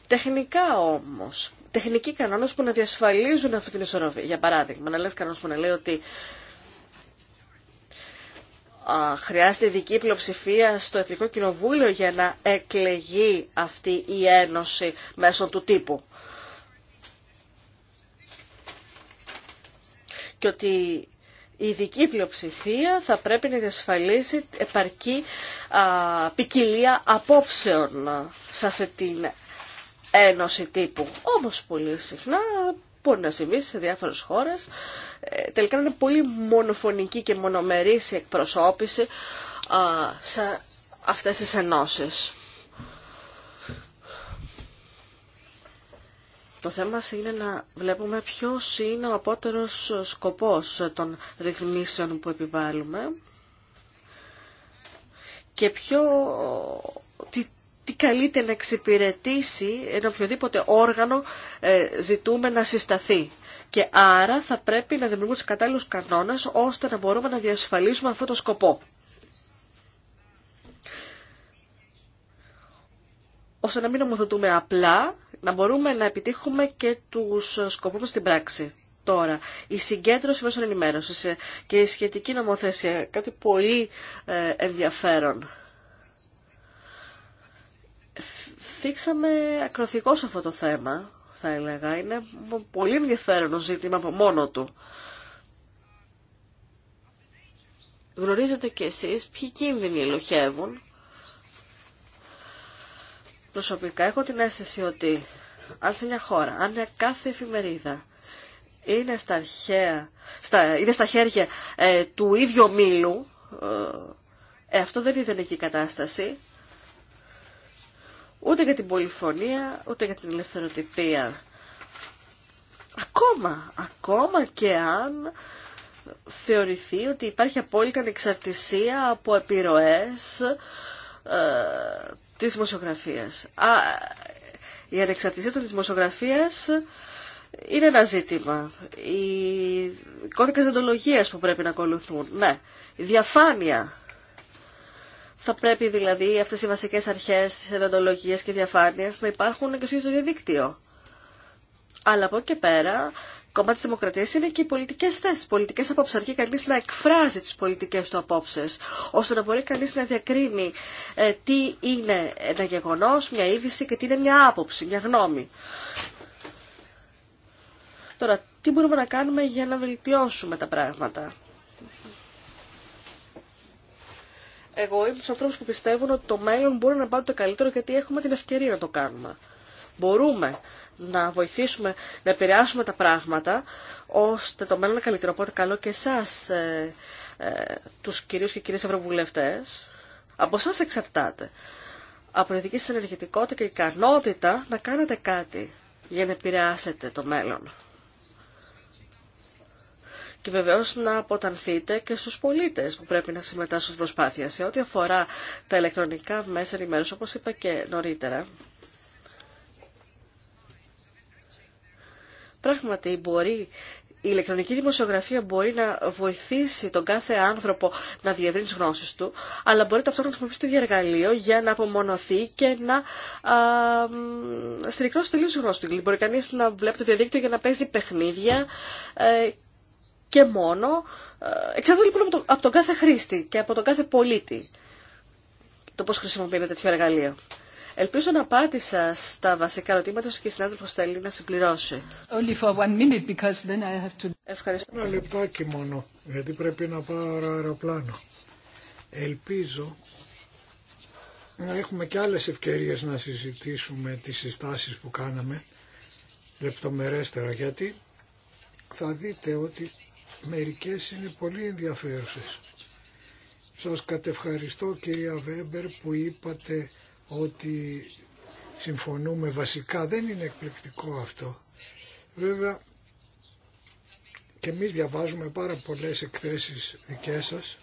Τεχνικά όμως, τεχνικοί κανόνες που να διασφαλίζουν αυτή την ισορροπία. Για παράδειγμα, να λες κανόνες που να λέει ότι χρειάζεται ειδική πλειοψηφία στο Εθνικό Κοινοβούλιο για να εκλεγεί αυτή η ένωση μέσω του τύπου. Και ότι η ειδική πλειοψηφία θα πρέπει να διασφαλίσει επαρκή ποικιλία απόψεων σε αυτή την ένωση τύπου. Όμως πολύ συχνά μπορεί να συμβεί σε διάφορες χώρες. Ε, τελικά είναι πολύ μονοφωνική και μονομερή η εκπροσώπηση σε αυτές τις ενώσεις. Το θέμα είναι να βλέπουμε ποιος είναι ο απότερος σκοπός των ρυθμίσεων που επιβάλλουμε και ποιο, τι καλύτερα να εξυπηρετήσει ένα οποιοδήποτε όργανο ε, ζητούμε να συσταθεί. Και άρα θα πρέπει να δημιουργούν του κατάλληλους κανόνες, ώστε να μπορούμε να διασφαλίσουμε αυτό το σκοπό. ώστε να μην νομοθετούμε απλά, να μπορούμε να επιτύχουμε και τους σκοπούς μας στην πράξη. Τώρα, η συγκέντρωση μέσω ενημέρωσης ε, και η σχετική νομοθεσία, κάτι πολύ ε, ενδιαφέρον. θίξαμε σε αυτό το θέμα, θα έλεγα. Είναι πολύ ενδιαφέρον ζήτημα από μόνο του. Γνωρίζετε κι εσείς ποιοι κίνδυνοι ελοχεύουν. Προσωπικά έχω την αίσθηση ότι αν σε μια χώρα, αν κάθε εφημερίδα είναι στα, αρχαία, στα, είναι στα χέρια ε, του ίδιου μήλου, ε, ε, αυτό δεν είναι η κατάσταση ούτε για την πολυφωνία, ούτε για την ελευθεροτυπία. Ακόμα, ακόμα και αν θεωρηθεί ότι υπάρχει απόλυτη ανεξαρτησία από επιρροές ε, της δημοσιογραφίας. Α, η ανεξαρτησία της δημοσιογραφίας είναι ένα ζήτημα. Οι κώδικες δεντολογίας που πρέπει να ακολουθούν, ναι. Η διαφάνεια θα πρέπει δηλαδή αυτέ οι βασικέ αρχέ, της εντοντολογίας και διαφάνεια να υπάρχουν και στο διαδίκτυο. Αλλά από εκεί και πέρα, κομμάτι τη δημοκρατία είναι και οι πολιτικές θέσεις, Πολιτικέ απόψει. Αρκεί κανεί να εκφράζει τι πολιτικέ του απόψει, ώστε να μπορεί κανεί να διακρίνει ε, τι είναι ένα γεγονό, μια είδηση και τι είναι μια άποψη, μια γνώμη. Τώρα, τι μπορούμε να κάνουμε για να βελτιώσουμε τα πράγματα. Εγώ είμαι στους ανθρώπους που πιστεύουν ότι το μέλλον μπορεί να πάει το καλύτερο γιατί έχουμε την ευκαιρία να το κάνουμε. Μπορούμε να βοηθήσουμε, να επηρεάσουμε τα πράγματα ώστε το μέλλον να καλύτερο. Οπότε καλό και εσά, ε, ε, τους κυρίους και κυρίες ευρωβουλευτές. Από εσά εξαρτάται. Από την δική σας ενεργητικότητα και ικανότητα να κάνετε κάτι για να επηρεάσετε το μέλλον και βεβαίω να αποτανθείτε και στου πολίτε που πρέπει να συμμετάσχουν στην προσπάθεια. Σε ό,τι αφορά τα ηλεκτρονικά μέσα ενημέρωση, όπω είπα και νωρίτερα, πράγματι μπορεί η ηλεκτρονική δημοσιογραφία μπορεί να βοηθήσει τον κάθε άνθρωπο να διευρύνει τι γνώσει του, αλλά μπορεί ταυτόχρονα να χρησιμοποιήσει το ίδιο εργαλείο για να απομονωθεί και να συρρυκνώσει τελείω τι γνώσει του. Δηλαδή, μπορεί κανεί να βλέπει το διαδίκτυο για να παίζει παιχνίδια ε, και μόνο. Ε, εξαρτάται λοιπόν από, το, από τον κάθε χρήστη και από τον κάθε πολίτη το πώς χρησιμοποιεί ένα τέτοιο εργαλείο. Ελπίζω να απάντησα στα βασικά ερωτήματα και η συνάδελφο θέλει να συμπληρώσει. Only for one minute, because then I have to... Ευχαριστώ. Ένα λεπτάκι μόνο, γιατί πρέπει να πάω αεροπλάνο. Ελπίζω να έχουμε και άλλες ευκαιρίες να συζητήσουμε τις συστάσεις που κάναμε λεπτομερέστερα, γιατί θα δείτε ότι Μερικές είναι πολύ ενδιαφέρουσες. Σας κατευχαριστώ κυρία Βέμπερ που είπατε ότι συμφωνούμε βασικά. Δεν είναι εκπληκτικό αυτό. Βέβαια και εμείς διαβάζουμε πάρα πολλές εκθέσεις δικές σας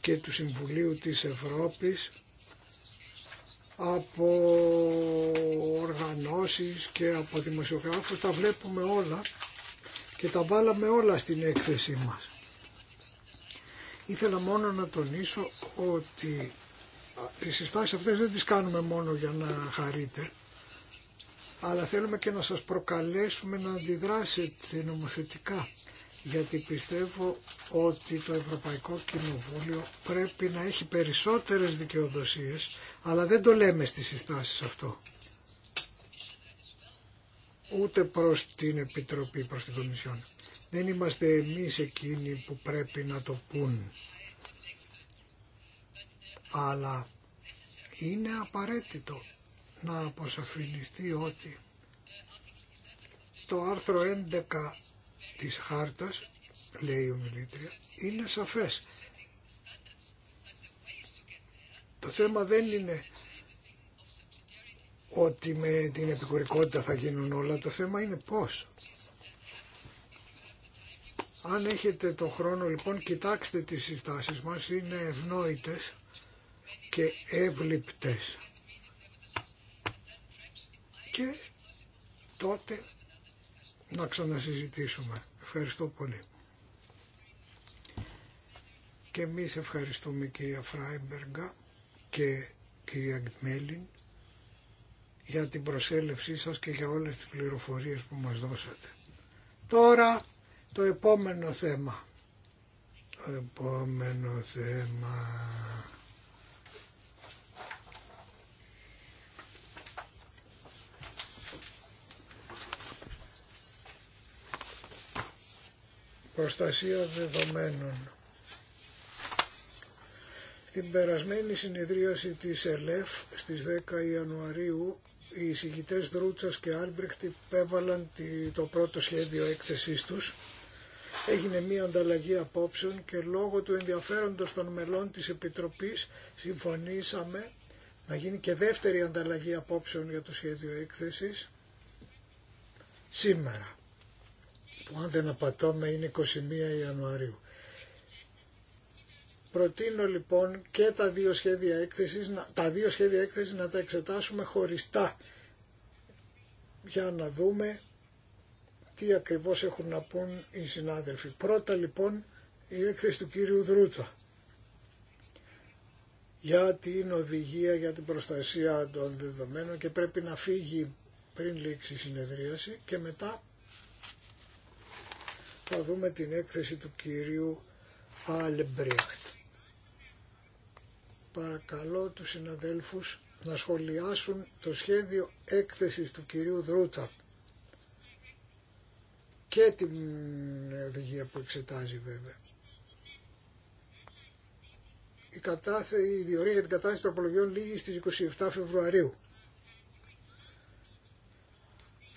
και του Συμβουλίου της Ευρώπης από οργανώσεις και από δημοσιογράφους τα βλέπουμε όλα και τα βάλαμε όλα στην έκθεσή μας. Ήθελα μόνο να τονίσω ότι τις συστάσεις αυτές δεν τις κάνουμε μόνο για να χαρείτε, αλλά θέλουμε και να σας προκαλέσουμε να αντιδράσετε νομοθετικά, γιατί πιστεύω ότι το Ευρωπαϊκό Κοινοβούλιο πρέπει να έχει περισσότερες δικαιοδοσίες, αλλά δεν το λέμε στις συστάσεις αυτό ούτε προς την Επιτροπή, προς την Κομισιόν. Δεν είμαστε εμείς εκείνοι που πρέπει να το πούν. Αλλά είναι απαραίτητο να αποσαφινιστεί ότι το άρθρο 11 της χάρτας, λέει ο ομιλήτρια, είναι σαφές. Το θέμα δεν είναι ότι με την επικουρικότητα θα γίνουν όλα. Το θέμα είναι πώς. Αν έχετε το χρόνο λοιπόν κοιτάξτε τις συστάσεις μας, είναι ευνόητες και εύληπτες. Και τότε να ξανασυζητήσουμε. Ευχαριστώ πολύ. Και εμείς ευχαριστούμε κυρία Φράιμπεργα και κυρία Γκμέλιν για την προσέλευσή σας και για όλες τις πληροφορίες που μας δώσατε. Τώρα το επόμενο θέμα. Το επόμενο θέμα. Προστασία δεδομένων. Στην περασμένη συνεδρίαση της ΕΛΕΦ στις 10 Ιανουαρίου οι εισηγητές Δρούτσας και Άλμπρεχτ υπέβαλαν το πρώτο σχέδιο έκθεσής τους. Έγινε μία ανταλλαγή απόψεων και λόγω του ενδιαφέροντος των μελών της Επιτροπής συμφωνήσαμε να γίνει και δεύτερη ανταλλαγή απόψεων για το σχέδιο έκθεσης σήμερα, που αν δεν απατώμε είναι 21 Ιανουαρίου. Προτείνω λοιπόν και τα δύο σχέδια έκθεσης, τα δύο σχέδια έκθεσης να τα εξετάσουμε χωριστά για να δούμε τι ακριβώς έχουν να πούν οι συνάδελφοι. Πρώτα λοιπόν η έκθεση του κύριου Δρούτσα για την οδηγία για την προστασία των δεδομένων και πρέπει να φύγει πριν λήξει η συνεδρίαση και μετά θα δούμε την έκθεση του κυρίου Αλμπρίχτ παρακαλώ τους συναδέλφους να σχολιάσουν το σχέδιο έκθεσης του κυρίου Δρούτσα και την οδηγία που εξετάζει βέβαια. Η, κατάθε, η διορία για την κατάσταση των απολογιών λήγει στις 27 Φεβρουαρίου.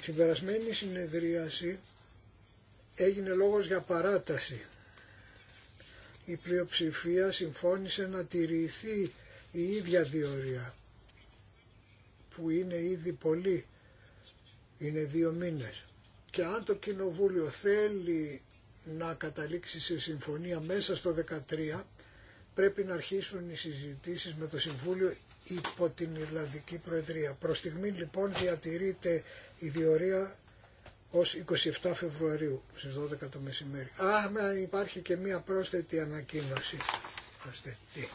Στην περασμένη συνεδρίαση έγινε λόγος για παράταση η πλειοψηφία συμφώνησε να τηρηθεί η ίδια διορία που είναι ήδη πολύ, είναι δύο μήνες. Και αν το Κοινοβούλιο θέλει να καταλήξει σε συμφωνία μέσα στο 2013 πρέπει να αρχίσουν οι συζητήσεις με το Συμβούλιο υπό την Ιρλανδική Προεδρία. Προς στιγμή λοιπόν διατηρείται η διορία ως 27 Φεβρουαρίου στις 12 το μεσημέρι. Α, υπάρχει και μία πρόσθετη ανακοίνωση. Προσθετή.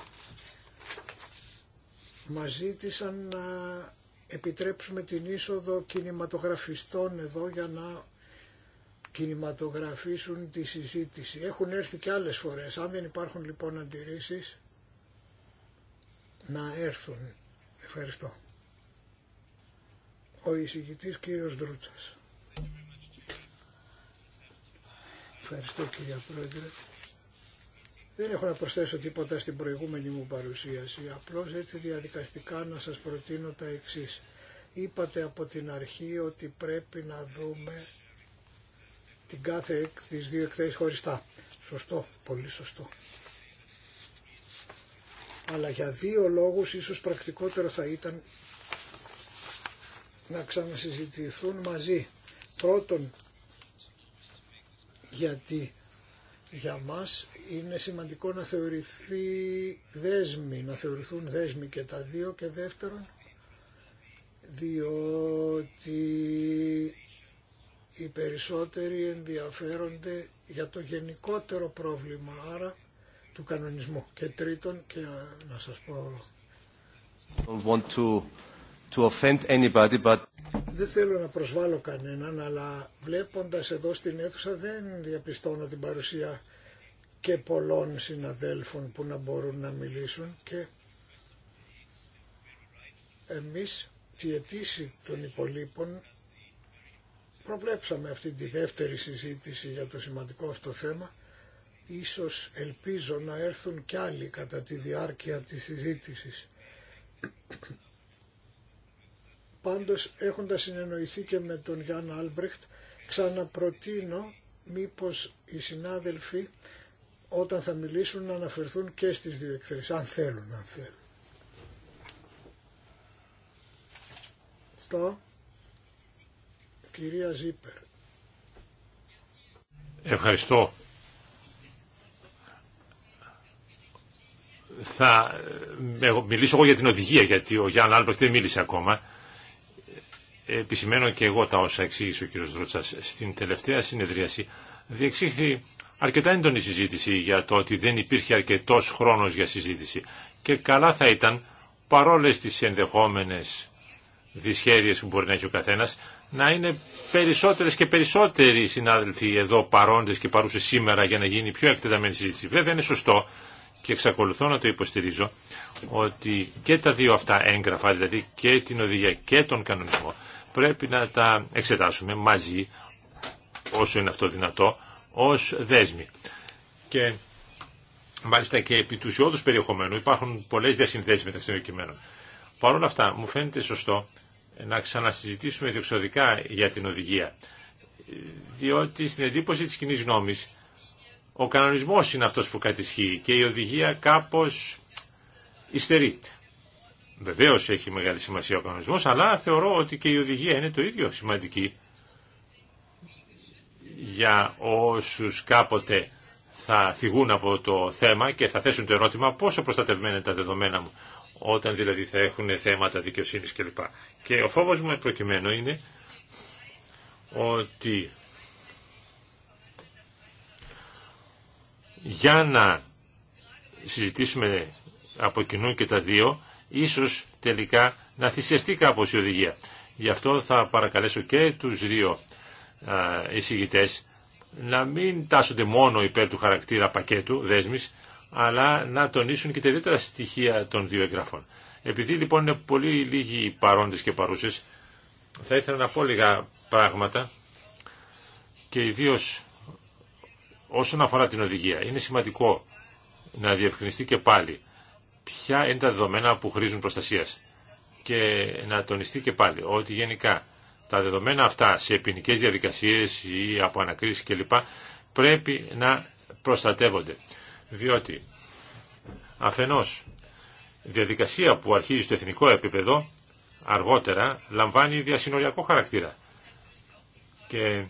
Μας ζήτησαν να επιτρέψουμε την είσοδο κινηματογραφιστών εδώ για να κινηματογραφήσουν τη συζήτηση. Έχουν έρθει και άλλες φορές. Αν δεν υπάρχουν λοιπόν αντιρρήσεις, να έρθουν. Ευχαριστώ. Ο εισηγητή κύριος Δρούτσας. Ευχαριστώ κύριε Πρόεδρε. Δεν έχω να προσθέσω τίποτα στην προηγούμενη μου παρουσίαση, απλώς έτσι διαδικαστικά να σας προτείνω τα εξής. Είπατε από την αρχή ότι πρέπει να δούμε την κάθε τις δύο εκθέσεις χωριστά. Σωστό, πολύ σωστό. Αλλά για δύο λόγους ίσως πρακτικότερο θα ήταν να ξανασυζητηθούν μαζί. Πρώτον, γιατί για μας είναι σημαντικό να θεωρηθεί δέσμοι, να θεωρηθούν δέσμοι και τα δύο και δεύτερον διότι οι περισσότεροι ενδιαφέρονται για το γενικότερο πρόβλημα άρα του κανονισμού και τρίτον και να σας πω to Δεν θέλω να προσβάλλω κανέναν, αλλά βλέποντας εδώ στην αίθουσα δεν διαπιστώνω την παρουσία και πολλών συναδέλφων που να μπορούν να μιλήσουν και εμείς τη αιτήση των υπολείπων προβλέψαμε αυτή τη δεύτερη συζήτηση για το σημαντικό αυτό θέμα. Ίσως ελπίζω να έρθουν κι άλλοι κατά τη διάρκεια της συζήτησης. Πάντως έχοντας συνεννοηθεί και με τον Γιάννα Άλμπρεχτ ξαναπροτείνω μήπως οι συνάδελφοι όταν θα μιλήσουν να αναφερθούν και στις δύο εκθέσεις, αν θέλουν, αν θέλουν. Στο κυρία Ζήπερ. Ευχαριστώ. Θα ε, μιλήσω εγώ για την οδηγία, γιατί ο Γιάννα Άλμπρεχτ δεν μίλησε ακόμα επισημαίνω και εγώ τα όσα εξήγησε ο κύριος Δρούτσας στην τελευταία συνεδρίαση, διεξήχθη αρκετά έντονη συζήτηση για το ότι δεν υπήρχε αρκετός χρόνος για συζήτηση και καλά θα ήταν παρόλες τις ενδεχόμενες δυσχέρειες που μπορεί να έχει ο καθένας να είναι περισσότερες και περισσότεροι συνάδελφοι εδώ παρόντες και παρούσε σήμερα για να γίνει πιο εκτεταμένη συζήτηση. Βέβαια είναι σωστό και εξακολουθώ να το υποστηρίζω ότι και τα δύο αυτά έγγραφα, δηλαδή και την οδηγία και τον κανονισμό, πρέπει να τα εξετάσουμε μαζί, όσο είναι αυτό δυνατό, ως δέσμοι. Και μάλιστα και επί του ουσιώδους περιεχομένου υπάρχουν πολλές διασυνδέσεις μεταξύ των κειμένων. Παρ' όλα αυτά, μου φαίνεται σωστό να ξανασυζητήσουμε διεξοδικά για την οδηγία. Διότι στην εντύπωση της κοινή γνώμης, ο κανονισμός είναι αυτός που κατησχύει και η οδηγία κάπως υστερεί. Βεβαίω έχει μεγάλη σημασία ο κανονισμό, αλλά θεωρώ ότι και η οδηγία είναι το ίδιο σημαντική για όσους κάποτε θα φυγούν από το θέμα και θα θέσουν το ερώτημα πόσο προστατευμένα είναι τα δεδομένα μου όταν δηλαδή θα έχουν θέματα δικαιοσύνης κλπ. Και ο φόβος μου προκειμένου είναι ότι για να συζητήσουμε από κοινού και τα δύο ίσως τελικά να θυσιαστεί κάπως η οδηγία. Γι' αυτό θα παρακαλέσω και τους δύο εισηγητές να μην τάσσονται μόνο υπέρ του χαρακτήρα πακέτου δέσμης, αλλά να τονίσουν και τα ιδιαίτερα στοιχεία των δύο εγγραφών. Επειδή λοιπόν είναι πολύ λίγοι οι παρόντες και παρούσες, θα ήθελα να πω λίγα πράγματα και ιδίω όσον αφορά την οδηγία. Είναι σημαντικό να διευκρινιστεί και πάλι ποια είναι τα δεδομένα που χρήζουν προστασίας. Και να τονιστεί και πάλι ότι γενικά τα δεδομένα αυτά σε ποινικέ διαδικασίες ή από ανακρίσεις κλπ. πρέπει να προστατεύονται. Διότι αφενός διαδικασία που αρχίζει στο εθνικό επίπεδο αργότερα λαμβάνει διασυνοριακό χαρακτήρα. Και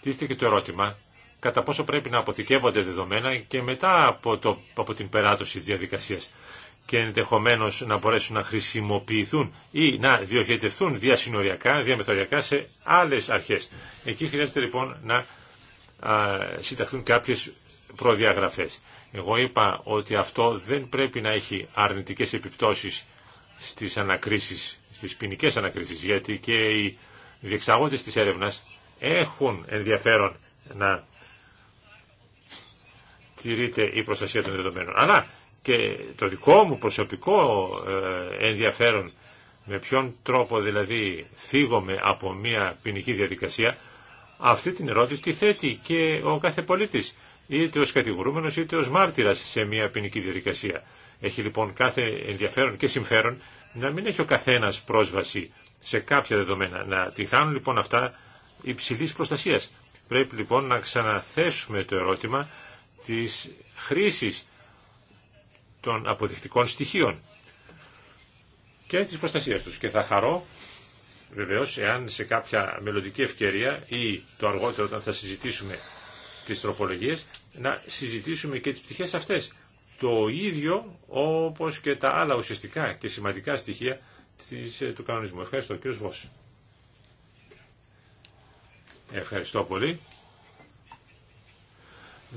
τίθεται και το ερώτημα κατά πόσο πρέπει να αποθηκεύονται δεδομένα και μετά από, το, από την περάτωση της διαδικασίας και ενδεχομένως να μπορέσουν να χρησιμοποιηθούν ή να διοχετευθούν διασυνοριακά, διαμεθοριακά σε άλλες αρχές. Εκεί χρειάζεται λοιπόν να συνταχθούν κάποιες προδιαγραφές. Εγώ είπα ότι αυτό δεν πρέπει να έχει αρνητικές επιπτώσεις στις ανακρίσεις, στις ποινικέ ανακρίσεις, γιατί και οι διεξαγόντες της έρευνας έχουν ενδιαφέρον να τηρείται η προστασία των δεδομένων. Αλλά και το δικό μου προσωπικό ε, ενδιαφέρον με ποιον τρόπο δηλαδή θίγομαι από μια ποινική διαδικασία, αυτή την ερώτηση τη θέτει και ο κάθε πολίτης, είτε ως κατηγορούμενος είτε ως μάρτυρας σε μια ποινική διαδικασία. Έχει λοιπόν κάθε ενδιαφέρον και συμφέρον να μην έχει ο καθένας πρόσβαση σε κάποια δεδομένα. Να τη χάνουν λοιπόν αυτά υψηλής προστασίας. Πρέπει λοιπόν να ξαναθέσουμε το ερώτημα της χρήσης των αποδεικτικών στοιχείων και της προστασίας τους. Και θα χαρώ βεβαίως εάν σε κάποια μελλοντική ευκαιρία ή το αργότερο όταν θα συζητήσουμε τις τροπολογίες να συζητήσουμε και τις πτυχές αυτές. Το ίδιο όπως και τα άλλα ουσιαστικά και σημαντικά στοιχεία της, ε, του κανονισμού. Ευχαριστώ κύριος Βόση. Ευχαριστώ πολύ.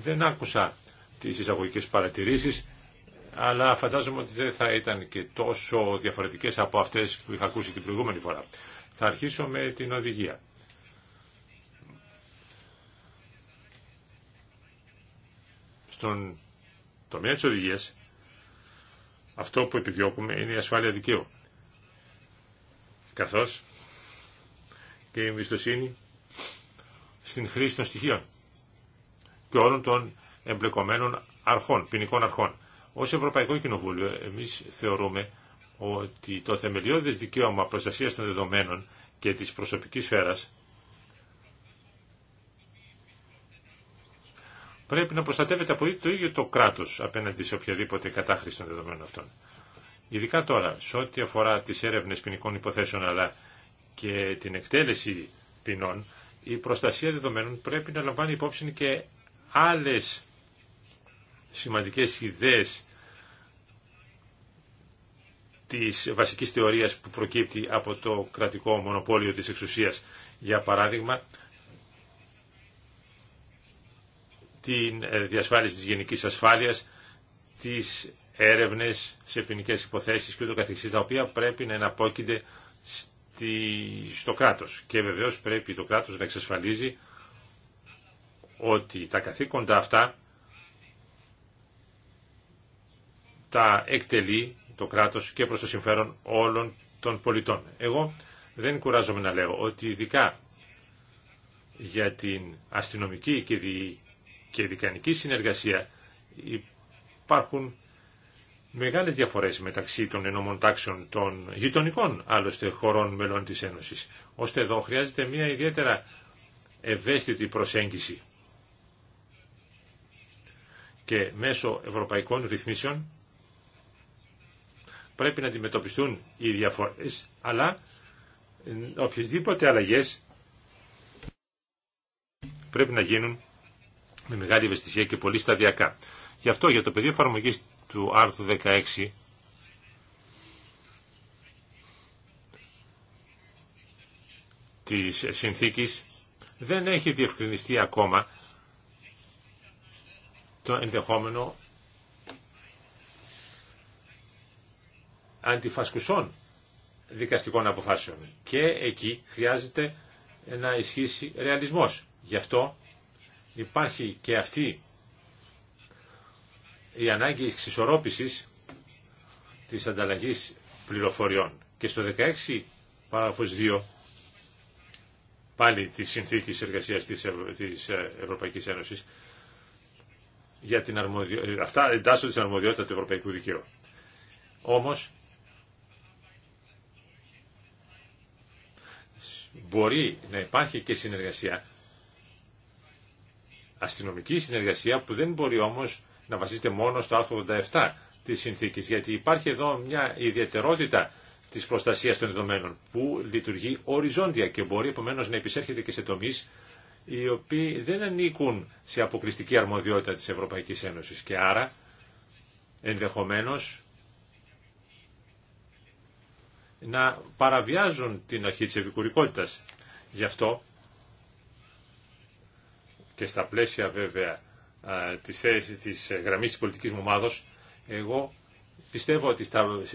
Δεν άκουσα τις εισαγωγικές παρατηρήσεις, αλλά φαντάζομαι ότι δεν θα ήταν και τόσο διαφορετικές από αυτές που είχα ακούσει την προηγούμενη φορά. Θα αρχίσω με την οδηγία. Στον τομέα της οδηγίας, αυτό που επιδιώκουμε είναι η ασφάλεια δικαίου. Καθώς και η εμπιστοσύνη στην χρήση των στοιχείων και όλων των εμπλεκομένων αρχών, ποινικών αρχών. Ως Ευρωπαϊκό Κοινοβούλιο εμείς θεωρούμε ότι το θεμελιώδε δικαίωμα προστασίας των δεδομένων και της προσωπικής σφαίρας πρέπει να προστατεύεται από το ίδιο το κράτος απέναντι σε οποιαδήποτε κατάχρηση των δεδομένων αυτών. Ειδικά τώρα, σε ό,τι αφορά τις έρευνες ποινικών υποθέσεων αλλά και την εκτέλεση ποινών, η προστασία δεδομένων πρέπει να λαμβάνει υπόψη και άλλες σημαντικές ιδέες της βασικής θεωρίας που προκύπτει από το κρατικό μονοπόλιο της εξουσίας. Για παράδειγμα, την ε, διασφάλιση της γενικής ασφάλειας, τις έρευνες σε ποινικέ υποθέσεις και ούτω καθεξής, τα οποία πρέπει να εναπόκεινται στο κράτος. Και βεβαίως πρέπει το κράτος να εξασφαλίζει ότι τα καθήκοντα αυτά τα εκτελεί το κράτος και προς το συμφέρον όλων των πολιτών. Εγώ δεν κουράζομαι να λέω ότι ειδικά για την αστυνομική και, δι... δικανική συνεργασία υπάρχουν μεγάλες διαφορές μεταξύ των ενόμων τάξεων των γειτονικών άλλωστε χωρών μελών της Ένωσης. Ώστε εδώ χρειάζεται μια ιδιαίτερα ευαίσθητη προσέγγιση και μέσω ευρωπαϊκών ρυθμίσεων πρέπει να αντιμετωπιστούν οι διαφορές, αλλά οποιασδήποτε αλλαγές πρέπει να γίνουν με μεγάλη ευαισθησία και πολύ σταδιακά. Γι' αυτό για το πεδίο εφαρμογή του άρθρου 16 της συνθήκης δεν έχει διευκρινιστεί ακόμα το ενδεχόμενο αντιφασκουσών δικαστικών αποφάσεων. Και εκεί χρειάζεται να ισχύσει ρεαλισμός. Γι' αυτό υπάρχει και αυτή η ανάγκη εξισορρόπησης της ανταλλαγής πληροφοριών. Και στο 16 παράγραφος 2 πάλι της συνθήκης εργασίας της, ε, Ευρωπαϊκής Ένωσης για την αρμοδιο... Ε, αυτά εντάσσονται στην αρμοδιότητα του Ευρωπαϊκού Δικαίου. Όμως, μπορεί να υπάρχει και συνεργασία, αστυνομική συνεργασία που δεν μπορεί όμως να βασίζεται μόνο στο άρθρο 87 της συνθήκης, γιατί υπάρχει εδώ μια ιδιαιτερότητα της προστασίας των δεδομένων που λειτουργεί οριζόντια και μπορεί επομένως να επισέρχεται και σε τομείς οι οποίοι δεν ανήκουν σε αποκλειστική αρμοδιότητα της Ευρωπαϊκής Ένωσης και άρα ενδεχομένως να παραβιάζουν την αρχή της ευικουρικότητας. Γι' αυτό και στα πλαίσια βέβαια της, θέσης, της ε, γραμμής της πολιτικής μου ομάδος, εγώ πιστεύω ότι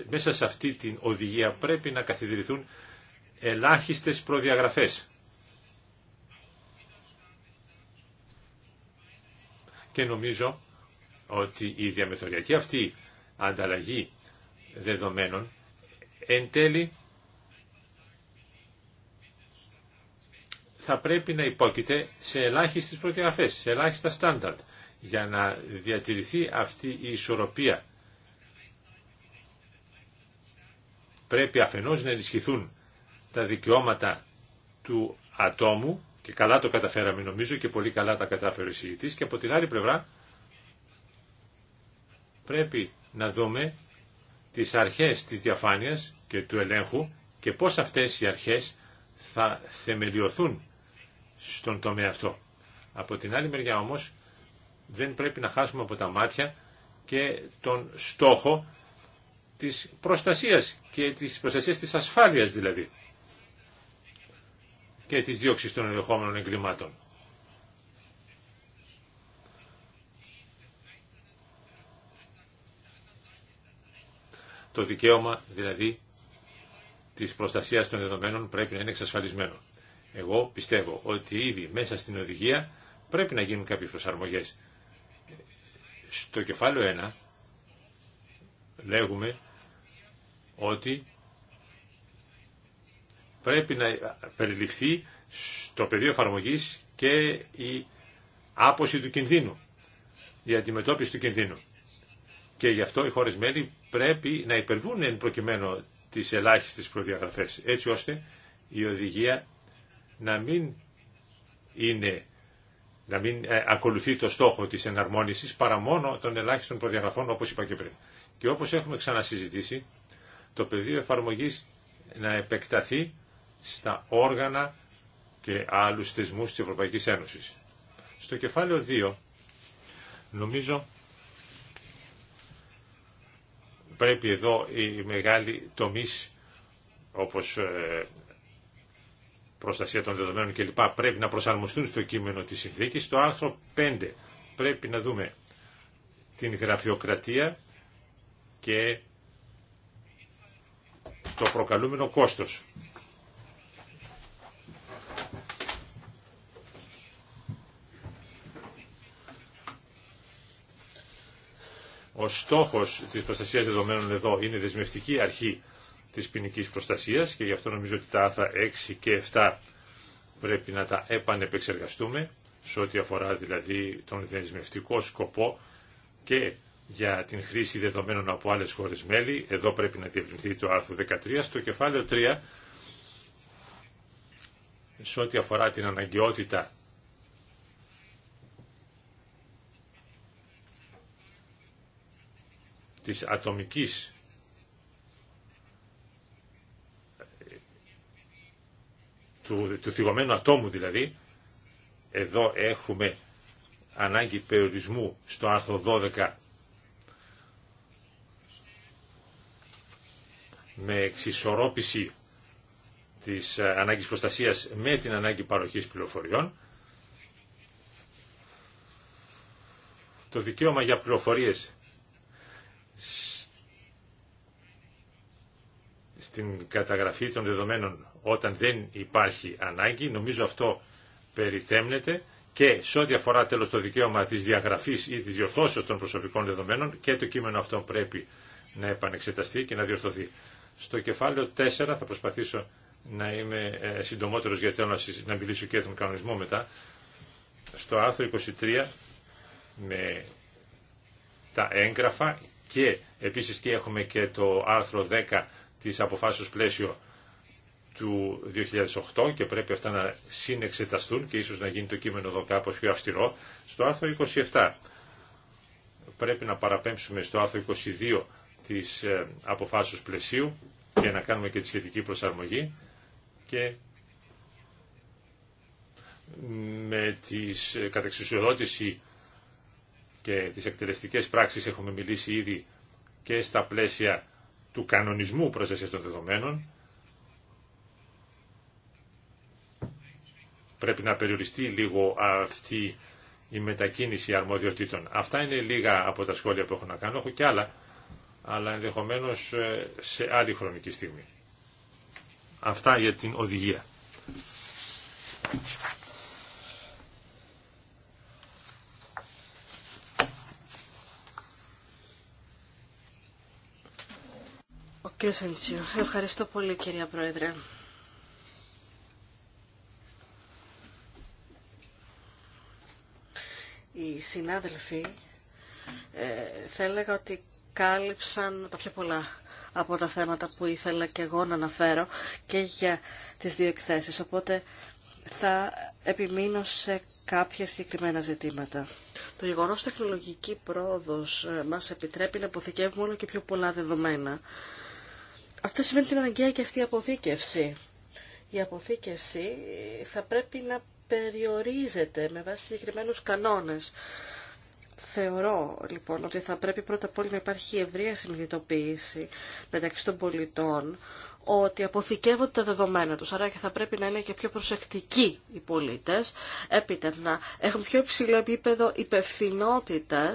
μέσα σε αυτή την οδηγία πρέπει να καθιδρυθούν ελάχιστες προδιαγραφές. και νομίζω ότι η διαμεθοριακή αυτή ανταλλαγή δεδομένων εν τέλει θα πρέπει να υπόκειται σε ελάχιστες προδιαγραφές, σε ελάχιστα στάνταρτ για να διατηρηθεί αυτή η ισορροπία. Πρέπει αφενός να ενισχυθούν τα δικαιώματα του ατόμου και καλά το καταφέραμε νομίζω και πολύ καλά τα κατάφερε ο εισηγητής και από την άλλη πλευρά πρέπει να δούμε τις αρχές της διαφάνειας και του ελέγχου και πώς αυτές οι αρχές θα θεμελιωθούν στον τομέα αυτό. Από την άλλη μεριά όμως δεν πρέπει να χάσουμε από τα μάτια και τον στόχο της προστασίας και της προστασίας της ασφάλειας δηλαδή και της δίωξης των ενδεχόμενων εγκλημάτων. Το δικαίωμα δηλαδή της προστασίας των δεδομένων πρέπει να είναι εξασφαλισμένο. Εγώ πιστεύω ότι ήδη μέσα στην οδηγία πρέπει να γίνουν κάποιες προσαρμογές. Στο κεφάλαιο 1 λέγουμε ότι πρέπει να περιληφθεί στο πεδίο εφαρμογή και η άποση του κινδύνου, η αντιμετώπιση του κινδύνου. Και γι' αυτό οι χώρες μέλη πρέπει να υπερβούν εν προκειμένου τις ελάχιστες προδιαγραφές, έτσι ώστε η οδηγία να μην είναι να μην ε, ακολουθεί το στόχο της εναρμόνισης παρά μόνο των ελάχιστων προδιαγραφών όπως είπα και πριν. Και όπως έχουμε ξανασυζητήσει, το πεδίο εφαρμογής να επεκταθεί στα όργανα και άλλους θεσμούς της Ευρωπαϊκής Ένωσης. Στο κεφάλαιο 2, νομίζω πρέπει εδώ οι μεγάλοι τομείς όπως ε, προστασία των δεδομένων κλπ. πρέπει να προσαρμοστούν στο κείμενο της συνθήκη. Το άρθρο 5 πρέπει να δούμε την γραφειοκρατία και το προκαλούμενο κόστος. Ο στόχος της προστασίας δεδομένων εδώ είναι δεσμευτική αρχή της ποινική προστασίας και γι' αυτό νομίζω ότι τα άρθρα 6 και 7 πρέπει να τα επανεπεξεργαστούμε σε ό,τι αφορά δηλαδή τον δεσμευτικό σκοπό και για την χρήση δεδομένων από άλλες χώρες μέλη. Εδώ πρέπει να διευρυνθεί το άρθρο 13. Στο κεφάλαιο 3, σε ό,τι αφορά την αναγκαιότητα της ατομικής του, του θυγωμένου ατόμου δηλαδή, εδώ έχουμε ανάγκη περιορισμού στο άρθρο 12 με εξισορρόπηση της ε, ανάγκης προστασίας με την ανάγκη παροχής πληροφοριών. Το δικαίωμα για πληροφορίες στην καταγραφή των δεδομένων όταν δεν υπάρχει ανάγκη. Νομίζω αυτό περιτέμνεται και σε ό,τι αφορά τέλο το δικαίωμα τη διαγραφή ή τη διορθώσεω των προσωπικών δεδομένων και το κείμενο αυτό πρέπει να επανεξεταστεί και να διορθωθεί. Στο κεφάλαιο 4 θα προσπαθήσω να είμαι ε, συντομότερο γιατί θέλω να μιλήσω και για τον κανονισμό μετά. Στο άρθρο 23 με τα έγγραφα και επίσης και έχουμε και το άρθρο 10 της αποφάσεως πλαίσιο του 2008 και πρέπει αυτά να συνεξεταστούν και ίσως να γίνει το κείμενο εδώ κάπως πιο αυστηρό. Στο άρθρο 27 πρέπει να παραπέμψουμε στο άρθρο 22 της ε, αποφάσεως πλαισίου και να κάνουμε και τη σχετική προσαρμογή και με τις ε, κατεξουσιοδότηση και τις εκτελεστικές πράξεις έχουμε μιλήσει ήδη και στα πλαίσια του κανονισμού προστασίας των δεδομένων. Πρέπει να περιοριστεί λίγο αυτή η μετακίνηση αρμοδιοτήτων. Αυτά είναι λίγα από τα σχόλια που έχω να κάνω. Έχω και άλλα, αλλά ενδεχομένως ε, σε άλλη χρονική στιγμή. Αυτά για την οδηγία. Κύριε Σαντσίου, ευχαριστώ πολύ κυρία Πρόεδρε. Οι συνάδελφοι ε, θα έλεγα ότι κάλυψαν τα πιο πολλά από τα θέματα που ήθελα και εγώ να αναφέρω και για τις δύο εκθέσεις. Οπότε θα επιμείνω σε κάποια συγκεκριμένα ζητήματα. Το γεγονό τεχνολογική πρόοδο ε, μας επιτρέπει να αποθηκεύουμε όλο και πιο πολλά δεδομένα. Αυτό σημαίνει την αναγκαία και αυτή η αποθήκευση. Η αποθήκευση θα πρέπει να περιορίζεται με βάση συγκεκριμένου κανόνες. Θεωρώ λοιπόν ότι θα πρέπει πρώτα απ' όλα να υπάρχει ευρεία συνειδητοποίηση μεταξύ των πολιτών ότι αποθηκεύονται τα δεδομένα τους, άρα και θα πρέπει να είναι και πιο προσεκτικοί οι πολίτες, επίτευνα να έχουν πιο υψηλό επίπεδο υπευθυνότητα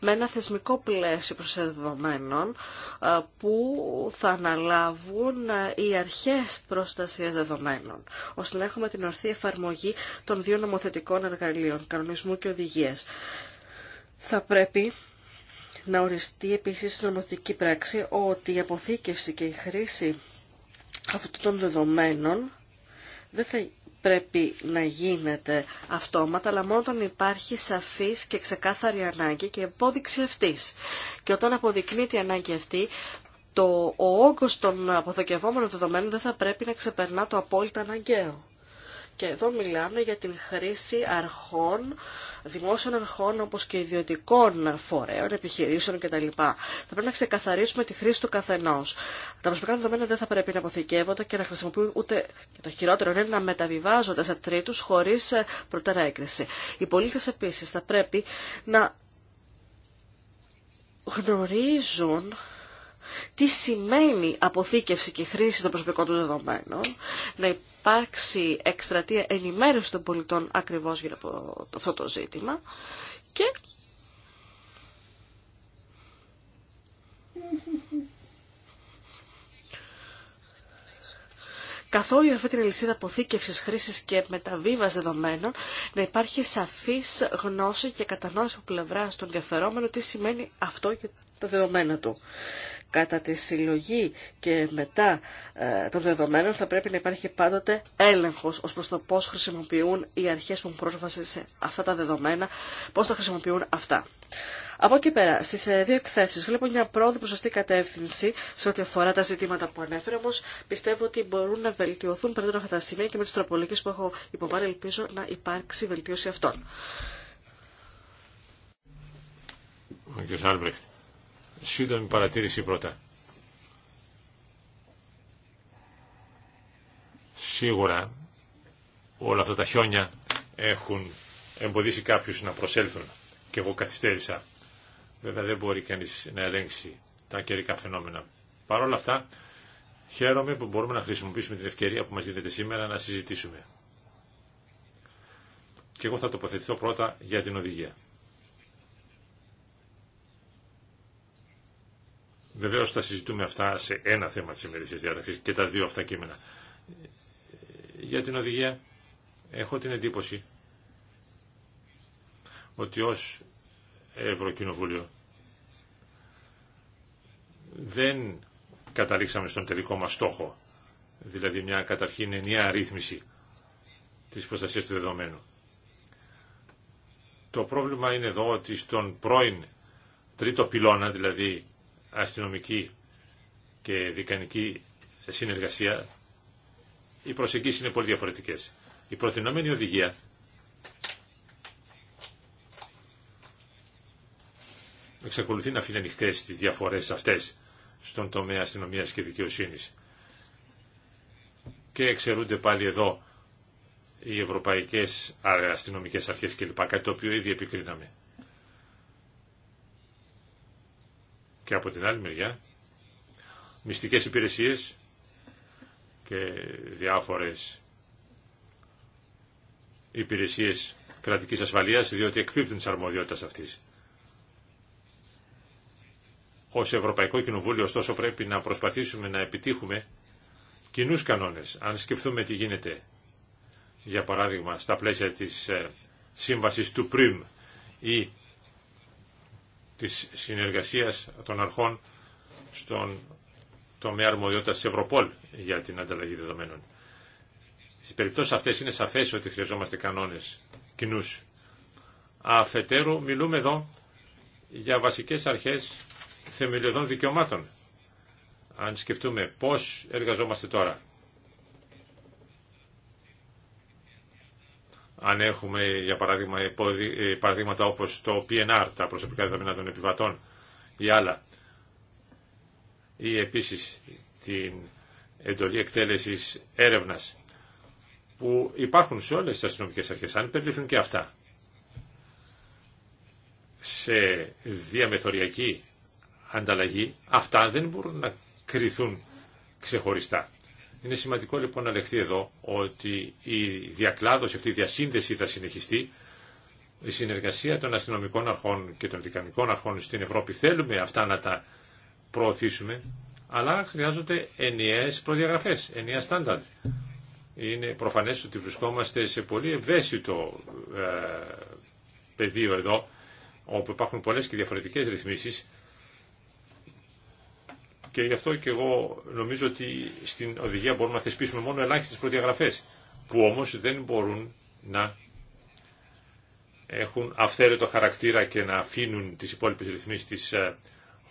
με ένα θεσμικό πλαίσιο προσεδεδομένων ε, που θα αναλάβουν ε, οι αρχές προστασίας δεδομένων, ώστε να έχουμε την ορθή εφαρμογή των δύο νομοθετικών εργαλείων, κανονισμού και οδηγίες. Θα πρέπει να οριστεί επίσης η νομοθετική πράξη ότι η αποθήκευση και η χρήση αυτών των δεδομένων δεν θα πρέπει να γίνεται αυτόματα, αλλά μόνο όταν υπάρχει σαφής και ξεκάθαρη ανάγκη και απόδειξη αυτής. Και όταν αποδεικνύεται η ανάγκη αυτή, το, ο όγκος των αποθηκευόμενων δεδομένων δεν θα πρέπει να ξεπερνά το απόλυτα αναγκαίο. Και εδώ μιλάμε για την χρήση αρχών, δημόσιων αρχών όπως και ιδιωτικών φορέων, επιχειρήσεων κτλ. Θα πρέπει να ξεκαθαρίσουμε τη χρήση του καθενός. Τα προσωπικά δεδομένα δεν θα πρέπει να αποθηκεύονται και να χρησιμοποιούν ούτε, και το χειρότερο είναι να μεταβιβάζονται σε τρίτους χωρίς ε, προτέρα έκριση. Οι πολίτες επίσης θα πρέπει να γνωρίζουν τι σημαίνει αποθήκευση και χρήση των προσωπικών του δεδομένων, να υπάρξει εκστρατεία ενημέρωση των πολιτών ακριβώς γύρω από αυτό το ζήτημα και καθόλου αυτή την αλυσίδα αποθήκευση, χρήση και μεταβίβαση δεδομένων, να υπάρχει σαφή γνώση και κατανόηση από πλευρά των διαφερόμενων τι σημαίνει αυτό για τα δεδομένα του κατά τη συλλογή και μετά ε, των δεδομένων θα πρέπει να υπάρχει πάντοτε έλεγχος ως προς το πώς χρησιμοποιούν οι αρχές που έχουν πρόσβαση σε αυτά τα δεδομένα, πώς τα χρησιμοποιούν αυτά. Από εκεί πέρα, στι ε, δύο εκθέσει, βλέπω μια πρόοδο προσωστή κατεύθυνση σε ό,τι αφορά τα ζητήματα που ανέφερε, όμω, πιστεύω ότι μπορούν να βελτιωθούν περισσότερο αυτά τα σημεία και με τι τροπολογίε που έχω υποβάλει ελπίζω να υπάρξει βελτίωση αυτών. Ο σύντομη παρατήρηση πρώτα. Σίγουρα όλα αυτά τα χιόνια έχουν εμποδίσει κάποιους να προσέλθουν και εγώ καθυστέρησα. Βέβαια δεν μπορεί κανείς να ελέγξει τα καιρικά φαινόμενα. Παρ' όλα αυτά χαίρομαι που μπορούμε να χρησιμοποιήσουμε την ευκαιρία που μας δίνεται σήμερα να συζητήσουμε. Και εγώ θα τοποθετηθώ πρώτα για την οδηγία. Βεβαίω θα συζητούμε αυτά σε ένα θέμα τη ημερήσια διάταξη και τα δύο αυτά κείμενα. Για την οδηγία έχω την εντύπωση ότι ω Ευρωκοινοβούλιο δεν καταλήξαμε στον τελικό μας στόχο, δηλαδή μια καταρχήν ενιαία αρρύθμιση της προστασία του δεδομένου. Το πρόβλημα είναι εδώ ότι στον πρώην τρίτο πυλώνα, δηλαδή αστυνομική και δικανική συνεργασία, οι προσεγγίσεις είναι πολύ διαφορετικές. Η προτινόμενη οδηγία εξακολουθεί να αφήνει ανοιχτέ τις διαφορές αυτές στον τομέα αστυνομίας και δικαιοσύνης. Και εξαιρούνται πάλι εδώ οι ευρωπαϊκές αστυνομικές αρχές κλπ. Κάτι το οποίο ήδη επικρίναμε. Και από την άλλη μεριά, μυστικές υπηρεσίες και διάφορες υπηρεσίες κρατικής ασφαλείας, διότι εκπίπτουν τις αρμοδιότητες αυτής. Ως Ευρωπαϊκό Κοινοβούλιο, ωστόσο, πρέπει να προσπαθήσουμε να επιτύχουμε κοινούς κανόνες. Αν σκεφτούμε τι γίνεται, για παράδειγμα, στα πλαίσια της ε, σύμβασης του ΠΡΙΜ ή της συνεργασίας των αρχών στον τομέα αρμοδιότητας της Ευρωπόλ για την ανταλλαγή δεδομένων. Στις περιπτώσεις αυτές είναι σαφές ότι χρειαζόμαστε κανόνες κοινού. Αφετέρου μιλούμε εδώ για βασικές αρχές θεμελιωδών δικαιωμάτων. Αν σκεφτούμε πώς εργαζόμαστε τώρα, αν έχουμε για παράδειγμα παραδείγματα όπως το PNR, τα προσωπικά δεδομένα των επιβατών ή άλλα, ή επίσης την εντολή εκτέλεσης έρευνας που υπάρχουν σε όλες τις αστυνομικές αρχές, αν περιληφθούν και αυτά, σε διαμεθοριακή ανταλλαγή, αυτά δεν μπορούν να κριθούν ξεχωριστά. Είναι σημαντικό λοιπόν να λεχθεί εδώ ότι η διακλάδωση, αυτή η διασύνδεση θα συνεχιστεί. Η συνεργασία των αστυνομικών αρχών και των δικανικών αρχών στην Ευρώπη θέλουμε αυτά να τα προωθήσουμε, αλλά χρειάζονται ενιαίες προδιαγραφές, ενιαία στάνταρ. Είναι προφανές ότι βρισκόμαστε σε πολύ ευαίσθητο ε, πεδίο εδώ, όπου υπάρχουν πολλές και διαφορετικές ρυθμίσεις και γι' αυτό και εγώ νομίζω ότι στην οδηγία μπορούμε να θεσπίσουμε μόνο ελάχιστε προδιαγραφέ, που όμω δεν μπορούν να έχουν αυθαίρετο χαρακτήρα και να αφήνουν τι υπόλοιπε ρυθμίσει τη ε,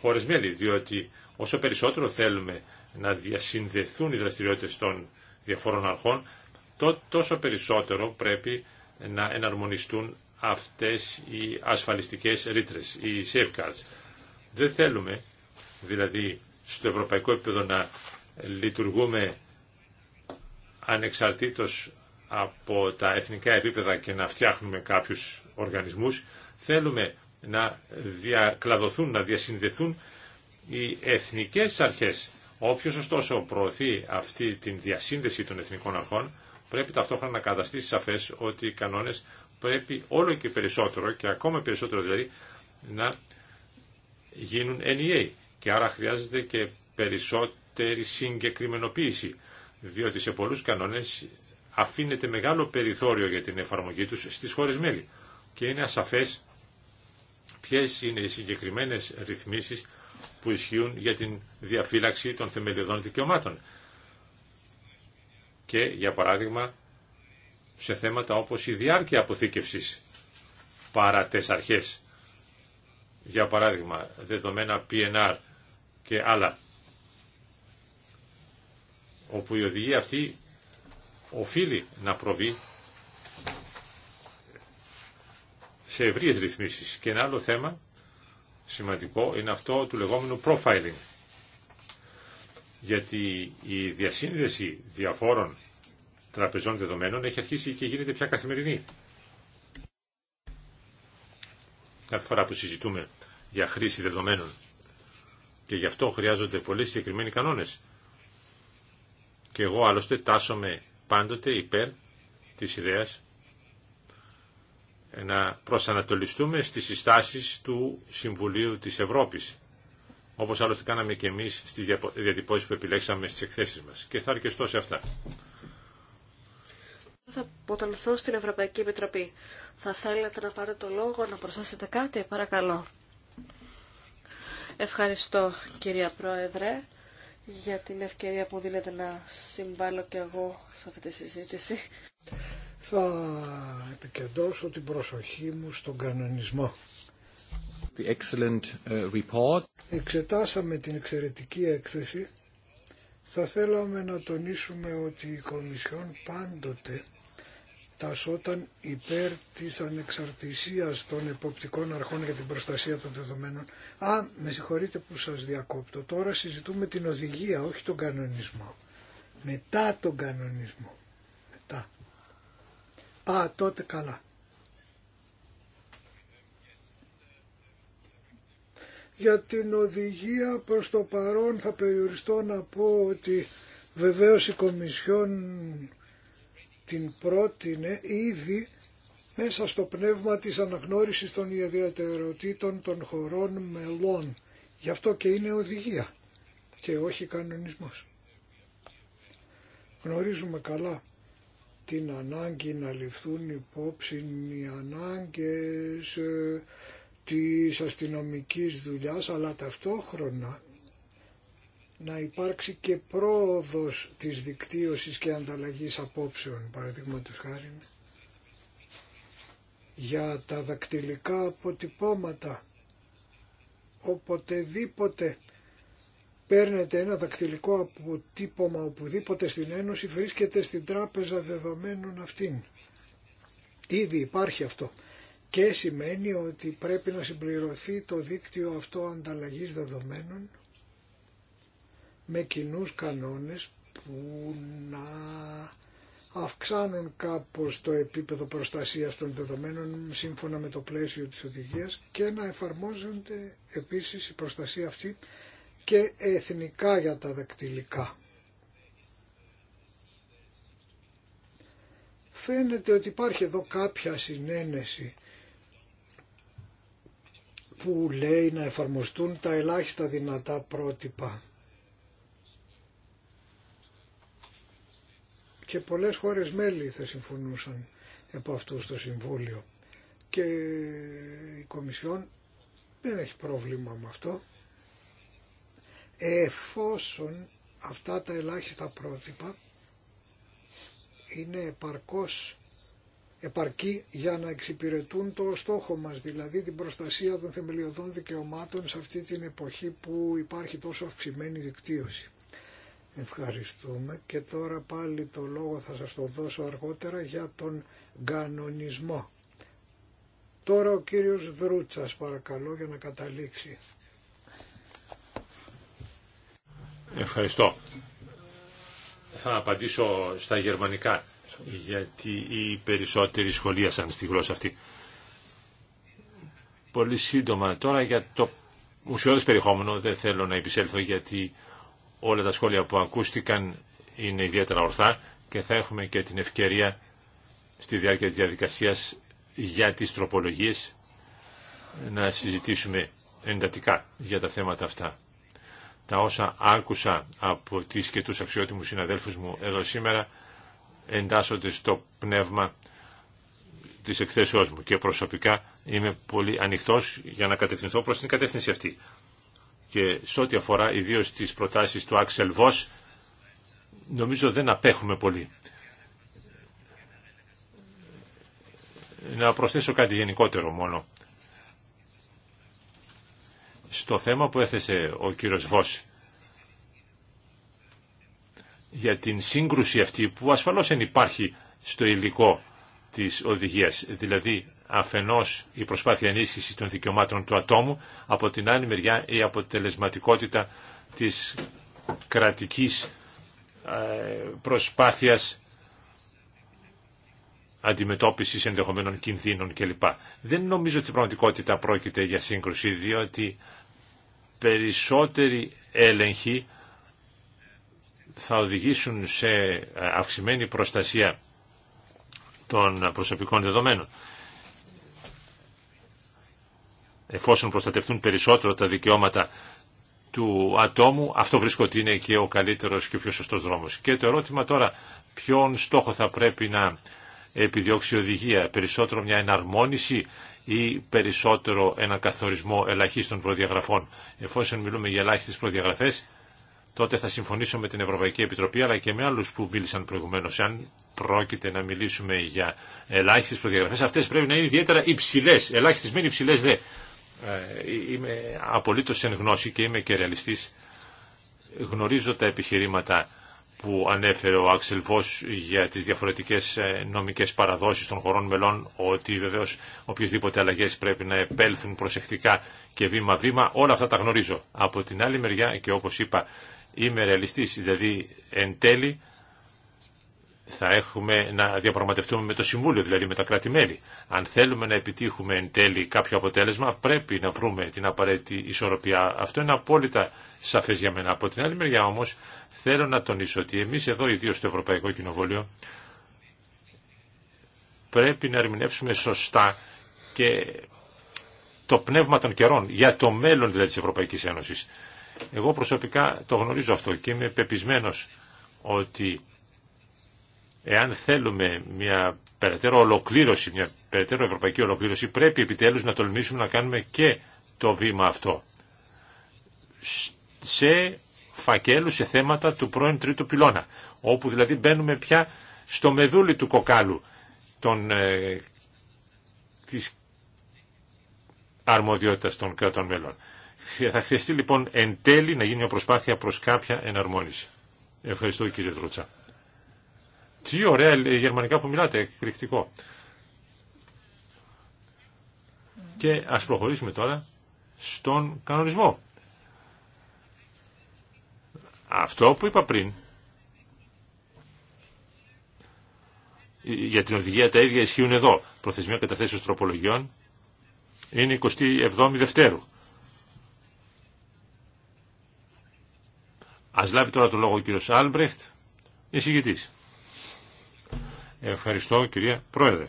χώρε μέλη. Διότι όσο περισσότερο θέλουμε να διασυνδεθούν οι δραστηριότητε των διαφόρων αρχών, τόσο περισσότερο πρέπει να εναρμονιστούν αυτές οι ασφαλιστικές ρήτρες, οι safeguards. Δεν θέλουμε δηλαδή στο ευρωπαϊκό επίπεδο να λειτουργούμε ανεξαρτήτως από τα εθνικά επίπεδα και να φτιάχνουμε κάποιους οργανισμούς. Θέλουμε να διακλαδωθούν, να διασυνδεθούν οι εθνικές αρχές. Όποιος ωστόσο προωθεί αυτή τη διασύνδεση των εθνικών αρχών πρέπει ταυτόχρονα να καταστήσει σαφές ότι οι κανόνες πρέπει όλο και περισσότερο και ακόμα περισσότερο δηλαδή να γίνουν ενιαίοι και άρα χρειάζεται και περισσότερη συγκεκριμενοποίηση, διότι σε πολλούς κανόνες αφήνεται μεγάλο περιθώριο για την εφαρμογή τους στις χώρες μέλη και είναι ασαφές ποιες είναι οι συγκεκριμένες ρυθμίσεις που ισχύουν για την διαφύλαξη των θεμελιωδών δικαιωμάτων. Και, για παράδειγμα, σε θέματα όπως η διάρκεια αποθήκευσης παρά τις αρχές. Για παράδειγμα, δεδομένα PNR και άλλα. Όπου η οδηγία αυτή οφείλει να προβεί σε ευρύες ρυθμίσεις. Και ένα άλλο θέμα σημαντικό είναι αυτό του λεγόμενου profiling. Γιατί η διασύνδεση διαφόρων τραπεζών δεδομένων έχει αρχίσει και γίνεται πια καθημερινή. Κάθε φορά που συζητούμε για χρήση δεδομένων και γι' αυτό χρειάζονται πολύ συγκεκριμένοι κανόνες. Και εγώ άλλωστε τάσομαι πάντοτε υπέρ της ιδέας να προσανατολιστούμε στις συστάσεις του Συμβουλίου της Ευρώπης. Όπως άλλωστε κάναμε και εμείς στις διατυπώσεις που επιλέξαμε στις εκθέσεις μας. Και θα αρκεστώ σε αυτά. Θα αποταλθώ στην Ευρωπαϊκή Επιτροπή. Θα θέλετε να πάρετε το λόγο, να προσθέσετε κάτι, παρακαλώ. Ευχαριστώ κυρία Πρόεδρε για την ευκαιρία που δίνετε να συμβάλλω κι εγώ σε αυτή τη συζήτηση. Θα επικεντρώσω την προσοχή μου στον κανονισμό. The excellent uh, report. Εξετάσαμε την εξαιρετική έκθεση. Θα θέλαμε να τονίσουμε ότι η Κομισιόν πάντοτε σώταν υπέρ της ανεξαρτησίας των εποπτικών αρχών για την προστασία των δεδομένων. Α, με συγχωρείτε που σας διακόπτω. Τώρα συζητούμε την οδηγία, όχι τον κανονισμό. Μετά τον κανονισμό. Μετά. Α, τότε καλά. Για την οδηγία προς το παρόν θα περιοριστώ να πω ότι βεβαίως η Κομισιόν την πρότεινε ήδη μέσα στο πνεύμα της αναγνώρισης των ιδιαιτεροτήτων των χωρών μελών. Γι' αυτό και είναι οδηγία και όχι κανονισμός. Γνωρίζουμε καλά την ανάγκη να ληφθούν υπόψη οι ανάγκες ε, της αστυνομικής δουλειάς, αλλά ταυτόχρονα να υπάρξει και πρόοδος της δικτύωσης και ανταλλαγής απόψεων, παραδείγματο χάρη, για τα δακτυλικά αποτυπώματα. Οποτεδήποτε παίρνετε ένα δακτυλικό αποτύπωμα οπουδήποτε στην Ένωση βρίσκεται στην τράπεζα δεδομένων αυτήν. Ήδη υπάρχει αυτό και σημαίνει ότι πρέπει να συμπληρωθεί το δίκτυο αυτό ανταλλαγής δεδομένων με κοινού κανόνες που να αυξάνουν κάπως το επίπεδο προστασίας των δεδομένων σύμφωνα με το πλαίσιο της οδηγίας και να εφαρμόζονται επίσης η προστασία αυτή και εθνικά για τα δακτυλικά. Φαίνεται ότι υπάρχει εδώ κάποια συνένεση που λέει να εφαρμοστούν τα ελάχιστα δυνατά πρότυπα και πολλές χώρες μέλη θα συμφωνούσαν από αυτού στο Συμβούλιο και η Κομισιόν δεν έχει πρόβλημα με αυτό εφόσον αυτά τα ελάχιστα πρότυπα είναι επαρκώς επαρκή για να εξυπηρετούν το στόχο μας, δηλαδή την προστασία των θεμελιωδών δικαιωμάτων σε αυτή την εποχή που υπάρχει τόσο αυξημένη δικτύωση. Ευχαριστούμε και τώρα πάλι το λόγο θα σας το δώσω αργότερα για τον κανονισμό. Τώρα ο κύριος Δρούτσας παρακαλώ για να καταλήξει. Ευχαριστώ. Θα απαντήσω στα γερμανικά γιατί οι περισσότεροι σχολίασαν στη γλώσσα αυτή. Πολύ σύντομα τώρα για το ουσιώδες περιεχόμενο δεν θέλω να επισέλθω γιατί όλα τα σχόλια που ακούστηκαν είναι ιδιαίτερα ορθά και θα έχουμε και την ευκαιρία στη διάρκεια της διαδικασίας για τις τροπολογίες να συζητήσουμε εντατικά για τα θέματα αυτά. Τα όσα άκουσα από τις και τους αξιότιμους συναδέλφους μου εδώ σήμερα εντάσσονται στο πνεύμα της εκθέσεώς μου και προσωπικά είμαι πολύ ανοιχτός για να κατευθυνθώ προς την κατεύθυνση αυτή και σε ό,τι αφορά ιδίω τι προτάσεις του Άξελ Βό, νομίζω δεν απέχουμε πολύ. Να προσθέσω κάτι γενικότερο μόνο. Στο θέμα που έθεσε ο κύριος Βος για την σύγκρουση αυτή που ασφαλώς δεν υπάρχει στο υλικό της οδηγίας, δηλαδή αφενός η προσπάθεια ενίσχυσης των δικαιωμάτων του ατόμου, από την άλλη μεριά η αποτελεσματικότητα της κρατικής ε, προσπάθειας αντιμετώπισης ενδεχομένων κινδύνων κλπ. Δεν νομίζω ότι στην πραγματικότητα πρόκειται για σύγκρουση, διότι περισσότεροι έλεγχοι θα οδηγήσουν σε ε, αυξημένη προστασία των προσωπικών δεδομένων εφόσον προστατευτούν περισσότερο τα δικαιώματα του ατόμου, αυτό βρίσκω ότι είναι και ο καλύτερος και ο πιο σωστός δρόμος. Και το ερώτημα τώρα, ποιον στόχο θα πρέπει να επιδιώξει η οδηγία, περισσότερο μια εναρμόνιση ή περισσότερο ένα καθορισμό ελαχίστων προδιαγραφών. Εφόσον μιλούμε για ελάχιστε προδιαγραφέ, τότε θα συμφωνήσω με την Ευρωπαϊκή Επιτροπή αλλά και με άλλου που μίλησαν προηγουμένω. Αν πρόκειται να μιλήσουμε για ελάχιστε προδιαγραφέ, αυτέ πρέπει να είναι ιδιαίτερα υψηλέ. Ελάχιστε μεν υψηλέ δε. Ε, είμαι απολύτως εν γνώση και είμαι και ρεαλιστής. Γνωρίζω τα επιχειρήματα που ανέφερε ο Άξελ για τις διαφορετικές ε, νομικές παραδόσεις των χωρών μελών, ότι βεβαίως οποιασδήποτε αλλαγές πρέπει να επέλθουν προσεκτικά και βήμα-βήμα, όλα αυτά τα γνωρίζω. Από την άλλη μεριά και όπως είπα είμαι ρεαλιστής, δηλαδή εν τέλει θα έχουμε να διαπραγματευτούμε με το Συμβούλιο, δηλαδή με τα κράτη-μέλη. Αν θέλουμε να επιτύχουμε εν τέλει κάποιο αποτέλεσμα, πρέπει να βρούμε την απαραίτητη ισορροπία. Αυτό είναι απόλυτα σαφέ για μένα. Από την άλλη μεριά όμω, θέλω να τονίσω ότι εμεί εδώ, ιδίω στο Ευρωπαϊκό Κοινοβούλιο, πρέπει να ερμηνεύσουμε σωστά και το πνεύμα των καιρών, για το μέλλον δηλαδή της Ευρωπαϊκής Ένωσης. Εγώ προσωπικά το γνωρίζω αυτό και είμαι πεπισμένος ότι Εάν θέλουμε μια περαιτέρω ολοκλήρωση, μια περαιτέρω ευρωπαϊκή ολοκλήρωση, πρέπει επιτέλους να τολμήσουμε να κάνουμε και το βήμα αυτό. Σε φακέλου, σε θέματα του πρώην τρίτου πυλώνα, όπου δηλαδή μπαίνουμε πια στο μεδούλι του κοκάλου των, ε, της αρμοδιότητας των κρατών μέλων. Θα χρειαστεί λοιπόν εν τέλει να γίνει μια προσπάθεια προς κάποια εναρμόνιση. Ευχαριστώ κύριε Δρούτσα. Τι ωραία ε, γερμανικά που μιλάτε, εκπληκτικό. Και ας προχωρήσουμε τώρα στον κανονισμό. Αυτό που είπα πριν, για την οδηγία τα ίδια ισχύουν εδώ. Προθεσμία καταθέσεως τροπολογιών είναι 27η Δευτέρου. Ας λάβει τώρα το λόγο ο κύριος Άλμπρεχτ, εισηγητής. Ευχαριστώ κυρία Πρόεδρε.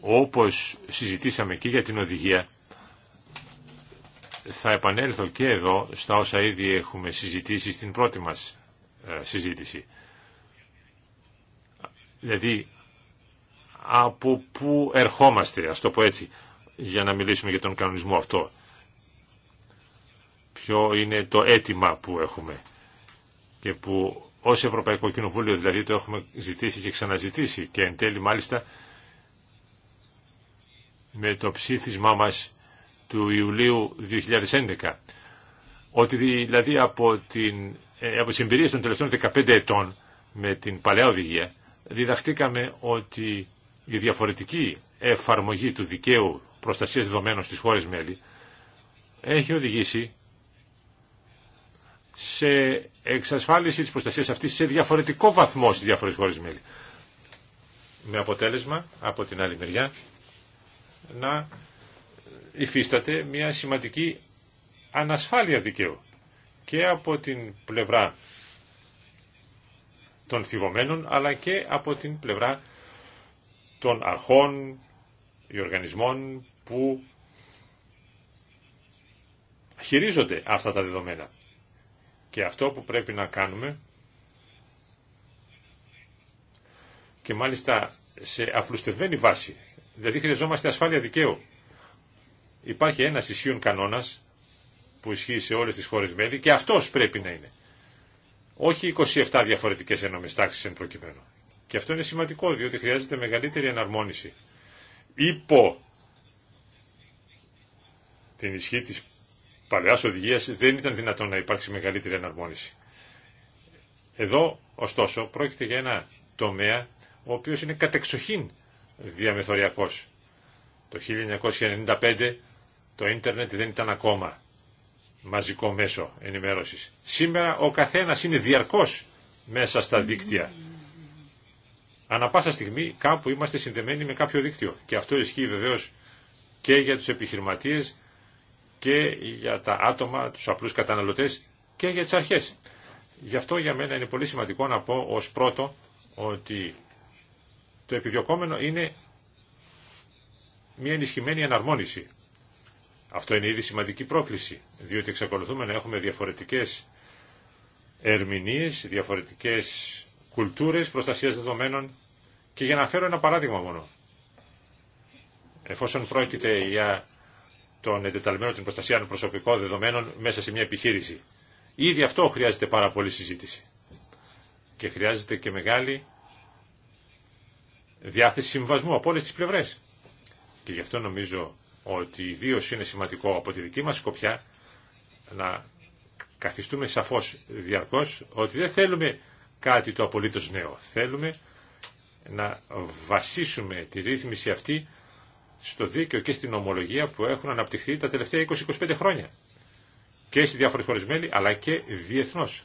Όπως συζητήσαμε και για την οδηγία, θα επανέλθω και εδώ στα όσα ήδη έχουμε συζητήσει στην πρώτη μας ε, συζήτηση. Δηλαδή, από πού ερχόμαστε, ας το πω έτσι, για να μιλήσουμε για τον κανονισμό αυτό. Ποιο είναι το αίτημα που έχουμε και που Ω Ευρωπαϊκό Κοινοβούλιο δηλαδή το έχουμε ζητήσει και ξαναζητήσει και εν τέλει μάλιστα με το ψήφισμά μας του Ιουλίου 2011. Ότι δηλαδή από, την, ε, από τις εμπειρίες των τελευταίων 15 ετών με την παλαιά οδηγία διδαχτήκαμε ότι η διαφορετική εφαρμογή του δικαίου προστασίας δεδομένων στις χώρες μέλη έχει οδηγήσει σε εξασφάλιση της προστασίας αυτής σε διαφορετικό βαθμό στις διάφορες χώρες μέλη. Με αποτέλεσμα, από την άλλη μεριά, να υφίσταται μια σημαντική ανασφάλεια δικαίου και από την πλευρά των θυγωμένων αλλά και από την πλευρά των αρχών ή οργανισμών που χειρίζονται αυτά τα δεδομένα. Και αυτό που πρέπει να κάνουμε και μάλιστα σε απλουστευμένη βάση, δηλαδή χρειαζόμαστε ασφάλεια δικαίου. Υπάρχει ένας ισχύων κανόνας που ισχύει σε όλες τις χώρες μέλη και αυτός πρέπει να είναι. Όχι 27 διαφορετικές ενόμες τάξεις εν προκειμένου. Και αυτό είναι σημαντικό διότι χρειάζεται μεγαλύτερη εναρμόνιση. Υπό την ισχύ της Παλαιά οδηγία δεν ήταν δυνατόν να υπάρξει μεγαλύτερη εναρμόνιση. Εδώ, ωστόσο, πρόκειται για ένα τομέα ο οποίος είναι κατεξοχήν διαμεθοριακός. Το 1995 το ίντερνετ δεν ήταν ακόμα μαζικό μέσο ενημέρωσης. Σήμερα ο καθένας είναι διαρκώς μέσα στα δίκτυα. Ανά πάσα στιγμή κάπου είμαστε συνδεμένοι με κάποιο δίκτυο. Και αυτό ισχύει βεβαίως και για τους επιχειρηματίε και για τα άτομα, τους απλούς καταναλωτές και για τις αρχές. Γι' αυτό για μένα είναι πολύ σημαντικό να πω ως πρώτο ότι το επιδιωκόμενο είναι μια ενισχυμένη εναρμόνιση. Αυτό είναι ήδη σημαντική πρόκληση, διότι εξακολουθούμε να έχουμε διαφορετικές ερμηνείες, διαφορετικές κουλτούρες προστασίας δεδομένων και για να φέρω ένα παράδειγμα μόνο. Εφόσον πρόκειται για τον εντεταλμένο την προστασία των προσωπικών δεδομένων μέσα σε μια επιχείρηση. Ήδη αυτό χρειάζεται πάρα πολύ συζήτηση. Και χρειάζεται και μεγάλη διάθεση συμβασμού από όλε τι πλευρέ. Και γι' αυτό νομίζω ότι ιδίω είναι σημαντικό από τη δική μα σκοπιά να καθιστούμε σαφώ διαρκώ ότι δεν θέλουμε κάτι το απολύτω νέο. Θέλουμε να βασίσουμε τη ρύθμιση αυτή στο δίκαιο και στην ομολογία που έχουν αναπτυχθεί τα τελευταία 20-25 χρόνια. Και στις διάφορε χώρες μέλη, αλλά και διεθνώς.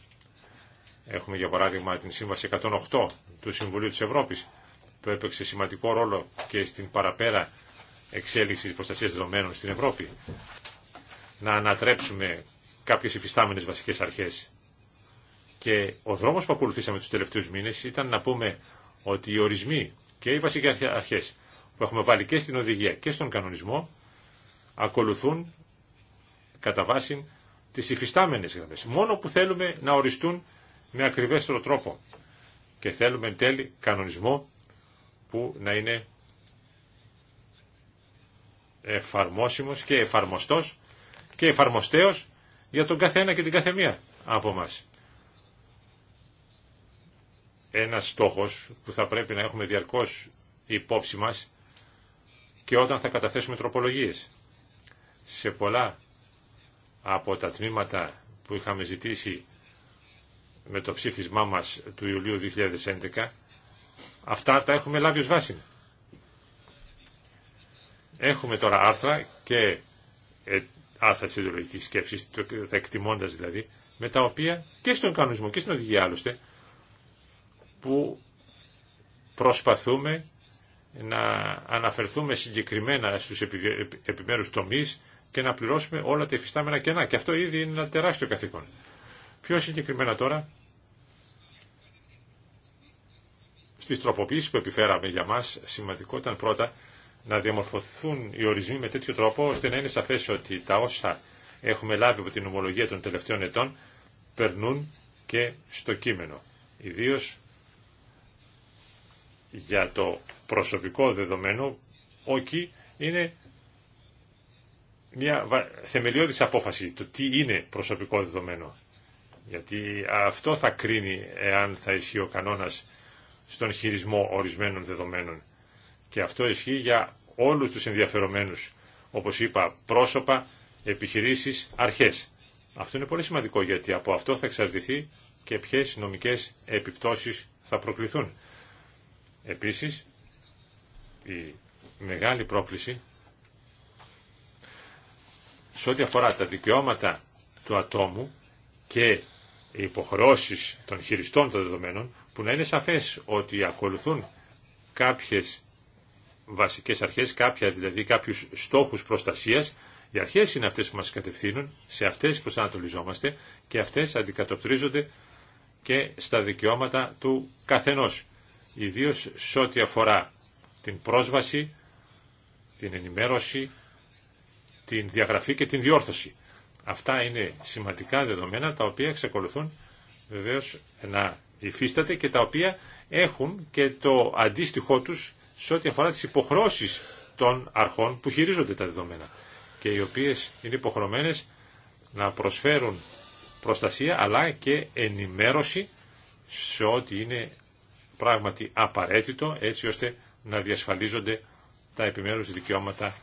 Έχουμε για παράδειγμα την Σύμβαση 108 του Συμβουλίου της Ευρώπης, που έπαιξε σημαντικό ρόλο και στην παραπέρα εξέλιξη προστασία δεδομένων στην Ευρώπη. Να ανατρέψουμε κάποιε υφιστάμενε βασικέ αρχέ. Και ο δρόμο που ακολουθήσαμε του τελευταίους μήνε ήταν να πούμε ότι οι ορισμοί και οι βασικέ αρχέ που έχουμε βάλει και στην οδηγία και στον κανονισμό ακολουθούν κατά βάση τις υφιστάμενες γραμμές. Μόνο που θέλουμε να οριστούν με ακριβέστερο τρόπο και θέλουμε εν τέλει κανονισμό που να είναι εφαρμόσιμος και εφαρμοστός και εφαρμοστέος για τον καθένα και την καθεμία από μας. Ένας στόχος που θα πρέπει να έχουμε διαρκώς υπόψη μας και όταν θα καταθέσουμε τροπολογίες. Σε πολλά από τα τμήματα που είχαμε ζητήσει με το ψήφισμά μας του Ιουλίου 2011, αυτά τα έχουμε λάβει ως βάση. Έχουμε τώρα άρθρα και ε, άρθρα της ιδεολογικής σκέψης, τα εκτιμώντας δηλαδή, με τα οποία και στον κανονισμό και στην οδηγία άλλωστε, που προσπαθούμε να αναφερθούμε συγκεκριμένα στους επιμέρους τομείς και να πληρώσουμε όλα τα υφιστάμενα κενά. Και αυτό ήδη είναι ένα τεράστιο καθήκον. Πιο συγκεκριμένα τώρα, στις τροποποιήσεις που επιφέραμε για μας, σημαντικό ήταν πρώτα να διαμορφωθούν οι ορισμοί με τέτοιο τρόπο, ώστε να είναι σαφές ότι τα όσα έχουμε λάβει από την ομολογία των τελευταίων ετών περνούν και στο κείμενο. Ιδίως για το προσωπικό δεδομένο, όχι είναι μια θεμελιώδης απόφαση το τι είναι προσωπικό δεδομένο. Γιατί αυτό θα κρίνει εάν θα ισχύει ο κανόνας στον χειρισμό ορισμένων δεδομένων. Και αυτό ισχύει για όλους τους ενδιαφερομένους, όπως είπα, πρόσωπα, επιχειρήσεις, αρχές. Αυτό είναι πολύ σημαντικό γιατί από αυτό θα εξαρτηθεί και ποιες νομικές επιπτώσεις θα προκληθούν. Επίσης, η μεγάλη πρόκληση σε ό,τι αφορά τα δικαιώματα του ατόμου και οι υποχρεώσεις των χειριστών των δεδομένων, που να είναι σαφές ότι ακολουθούν κάποιες βασικές αρχές, κάποια, δηλαδή κάποιους στόχους προστασίας, οι αρχές είναι αυτές που μας κατευθύνουν, σε αυτές προσανατολιζόμαστε και αυτές αντικατοπτρίζονται και στα δικαιώματα του καθενός ιδίως σε ό,τι αφορά την πρόσβαση, την ενημέρωση, την διαγραφή και την διόρθωση. Αυτά είναι σημαντικά δεδομένα τα οποία εξακολουθούν βεβαίως να υφίσταται και τα οποία έχουν και το αντίστοιχό τους σε ό,τι αφορά τις υποχρώσεις των αρχών που χειρίζονται τα δεδομένα και οι οποίες είναι υποχρεωμένε να προσφέρουν προστασία αλλά και ενημέρωση σε ό,τι είναι πράγματι απαραίτητο έτσι ώστε να διασφαλίζονται τα επιμέρους δικαιώματα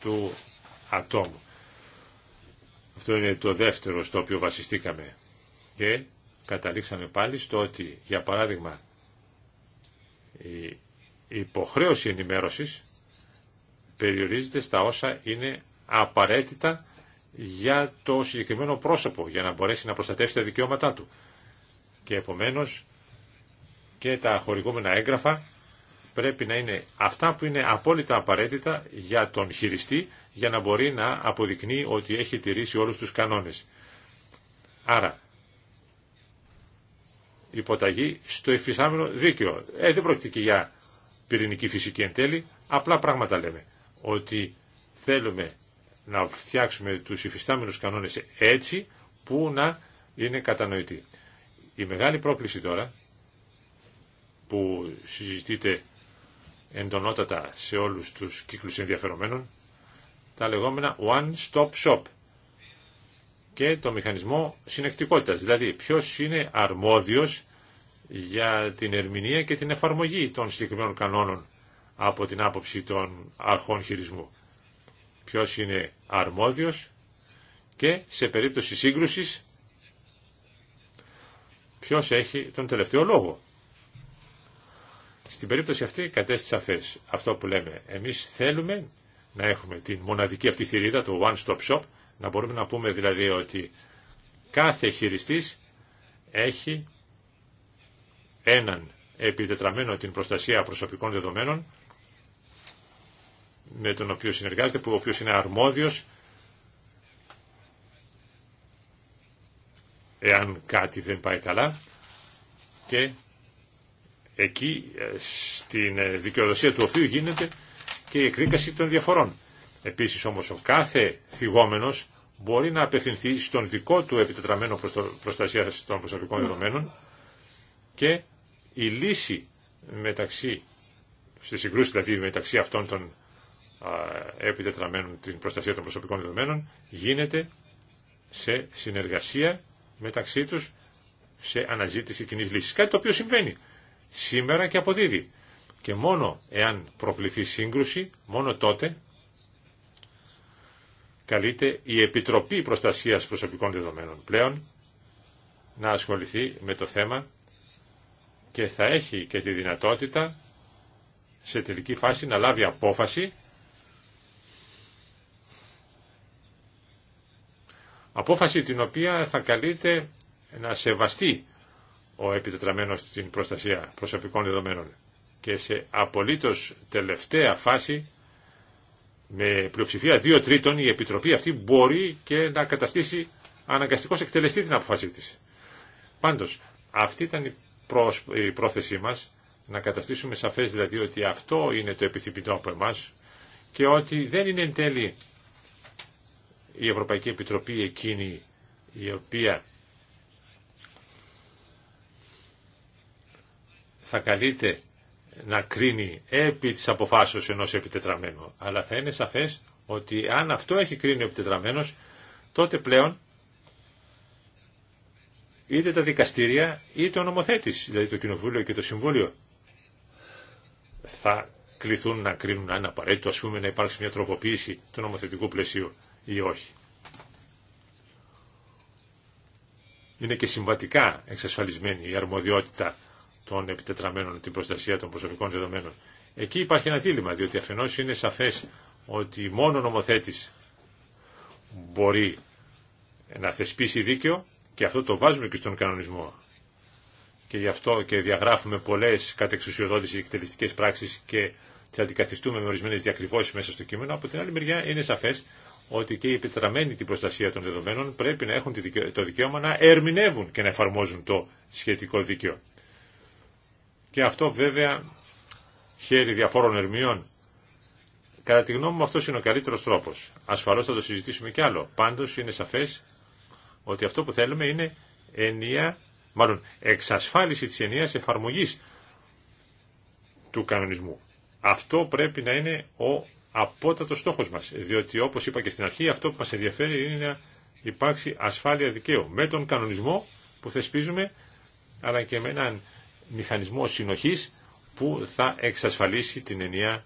του ατόμου. Αυτό είναι το δεύτερο στο οποίο βασιστήκαμε και καταλήξαμε πάλι στο ότι για παράδειγμα η υποχρέωση ενημέρωσης περιορίζεται στα όσα είναι απαραίτητα για το συγκεκριμένο πρόσωπο για να μπορέσει να προστατεύσει τα δικαιώματά του. Και επομένως και τα χορηγόμενα έγγραφα πρέπει να είναι αυτά που είναι απόλυτα απαραίτητα για τον χειριστή για να μπορεί να αποδεικνύει ότι έχει τηρήσει όλους τους κανόνες. Άρα, υποταγή στο εφιστάμενο δίκαιο. Ε, δεν πρόκειται και για πυρηνική φυσική εν τέλει, απλά πράγματα λέμε. Ότι θέλουμε να φτιάξουμε τους υφιστάμενους κανόνες έτσι που να είναι κατανοητοί. Η μεγάλη πρόκληση τώρα που συζητείται εντονότατα σε όλους τους κύκλους ενδιαφερομένων, τα λεγόμενα one-stop shop και το μηχανισμό συνεκτικότητας, δηλαδή ποιος είναι αρμόδιος για την ερμηνεία και την εφαρμογή των συγκεκριμένων κανόνων από την άποψη των αρχών χειρισμού. Ποιος είναι αρμόδιος και σε περίπτωση σύγκρουσης ποιος έχει τον τελευταίο λόγο. Στην περίπτωση αυτή κατέστησε σαφέ αυτό που λέμε. Εμείς θέλουμε να έχουμε την μοναδική αυτή θηρίδα, το One Stop Shop, να μπορούμε να πούμε δηλαδή ότι κάθε χειριστής έχει έναν επιτετραμένο την προστασία προσωπικών δεδομένων με τον οποίο συνεργάζεται, που ο οποίος είναι αρμόδιος εάν κάτι δεν πάει καλά και εκεί ε, στην ε, δικαιοδοσία του οποίου γίνεται και η εκδίκαση των διαφορών. Επίσης όμως ο κάθε φυγόμενος μπορεί να απευθυνθεί στον δικό του επιτετραμένο προστασία των προσωπικών δεδομένων και η λύση μεταξύ, στη συγκρούση δηλαδή μεταξύ αυτών των επιτετραμένων την προστασία των προσωπικών δεδομένων γίνεται σε συνεργασία μεταξύ τους σε αναζήτηση κοινή λύση. Κάτι το οποίο συμβαίνει σήμερα και αποδίδει. Και μόνο εάν προκληθεί σύγκρουση, μόνο τότε καλείται η Επιτροπή Προστασίας Προσωπικών Δεδομένων πλέον να ασχοληθεί με το θέμα και θα έχει και τη δυνατότητα σε τελική φάση να λάβει απόφαση απόφαση την οποία θα καλείται να σεβαστεί ο επιτετραμένος στην προστασία προσωπικών δεδομένων. Και σε απολύτως τελευταία φάση, με πλειοψηφία δύο τρίτων, η Επιτροπή αυτή μπορεί και να καταστήσει αναγκαστικώς εκτελεστή την αποφασή της. Πάντως, αυτή ήταν η, η πρόθεσή μας, να καταστήσουμε σαφές δηλαδή ότι αυτό είναι το επιθυμητό από εμάς και ότι δεν είναι εν τέλει η Ευρωπαϊκή Επιτροπή εκείνη η οποία θα καλείται να κρίνει επί της αποφάσεως ενός επιτετραμένου. Αλλά θα είναι σαφές ότι αν αυτό έχει κρίνει ο επιτετραμένος, τότε πλέον είτε τα δικαστήρια είτε ο νομοθέτης, δηλαδή το Κοινοβούλιο και το Συμβούλιο, θα κληθούν να κρίνουν αν απαραίτητο ας πούμε να υπάρξει μια τροποποίηση του νομοθετικού πλαισίου ή όχι. Είναι και συμβατικά εξασφαλισμένη η αρμοδιότητα των επιτετραμένων, την προστασία των προσωπικών δεδομένων. Εκεί υπάρχει ένα δίλημα, διότι αφενό είναι σαφέ ότι μόνο ο νομοθέτης μπορεί να θεσπίσει δίκαιο και αυτό το βάζουμε και στον κανονισμό. Και γι' αυτό και διαγράφουμε πολλές και εκτελεστικέ πράξει και τι αντικαθιστούμε με ορισμένε διακριβώσει μέσα στο κείμενο. Από την άλλη μεριά είναι σαφέ ότι και οι επιτραμένοι την προστασία των δεδομένων πρέπει να έχουν το δικαίωμα να ερμηνεύουν και να εφαρμόζουν το σχετικό δίκαιο. Και αυτό βέβαια χέρι διαφόρων ερμιών. Κατά τη γνώμη μου αυτό είναι ο καλύτερος τρόπος. Ασφαλώς θα το συζητήσουμε κι άλλο. Πάντως είναι σαφές ότι αυτό που θέλουμε είναι ενία, μάλλον εξασφάλιση της ενία εφαρμογής του κανονισμού. Αυτό πρέπει να είναι ο απότατο στόχος μας, διότι όπως είπα και στην αρχή αυτό που μα ενδιαφέρει είναι να υπάρξει ασφάλεια δικαίου με τον κανονισμό που θεσπίζουμε αλλά και με έναν μηχανισμό συνοχής που θα εξασφαλίσει την ενιαία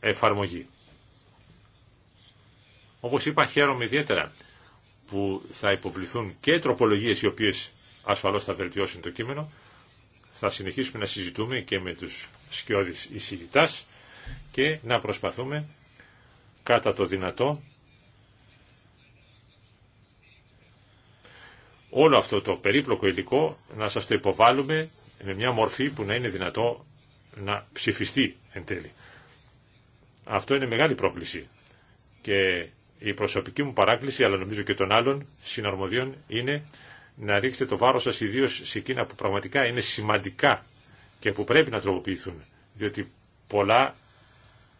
εφαρμογή. Όπως είπα χαίρομαι ιδιαίτερα που θα υποβληθούν και τροπολογίες οι οποίες ασφαλώς θα βελτιώσουν το κείμενο. Θα συνεχίσουμε να συζητούμε και με τους σκιώδεις εισηγητάς και να προσπαθούμε κατά το δυνατό όλο αυτό το περίπλοκο υλικό να σας το υποβάλουμε με μια μορφή που να είναι δυνατό να ψηφιστεί εν τέλει. Αυτό είναι μεγάλη πρόκληση και η προσωπική μου παράκληση, αλλά νομίζω και των άλλων συναρμοδιών, είναι να ρίξετε το βάρος σας ιδίω σε εκείνα που πραγματικά είναι σημαντικά και που πρέπει να τροποποιηθούν, διότι πολλά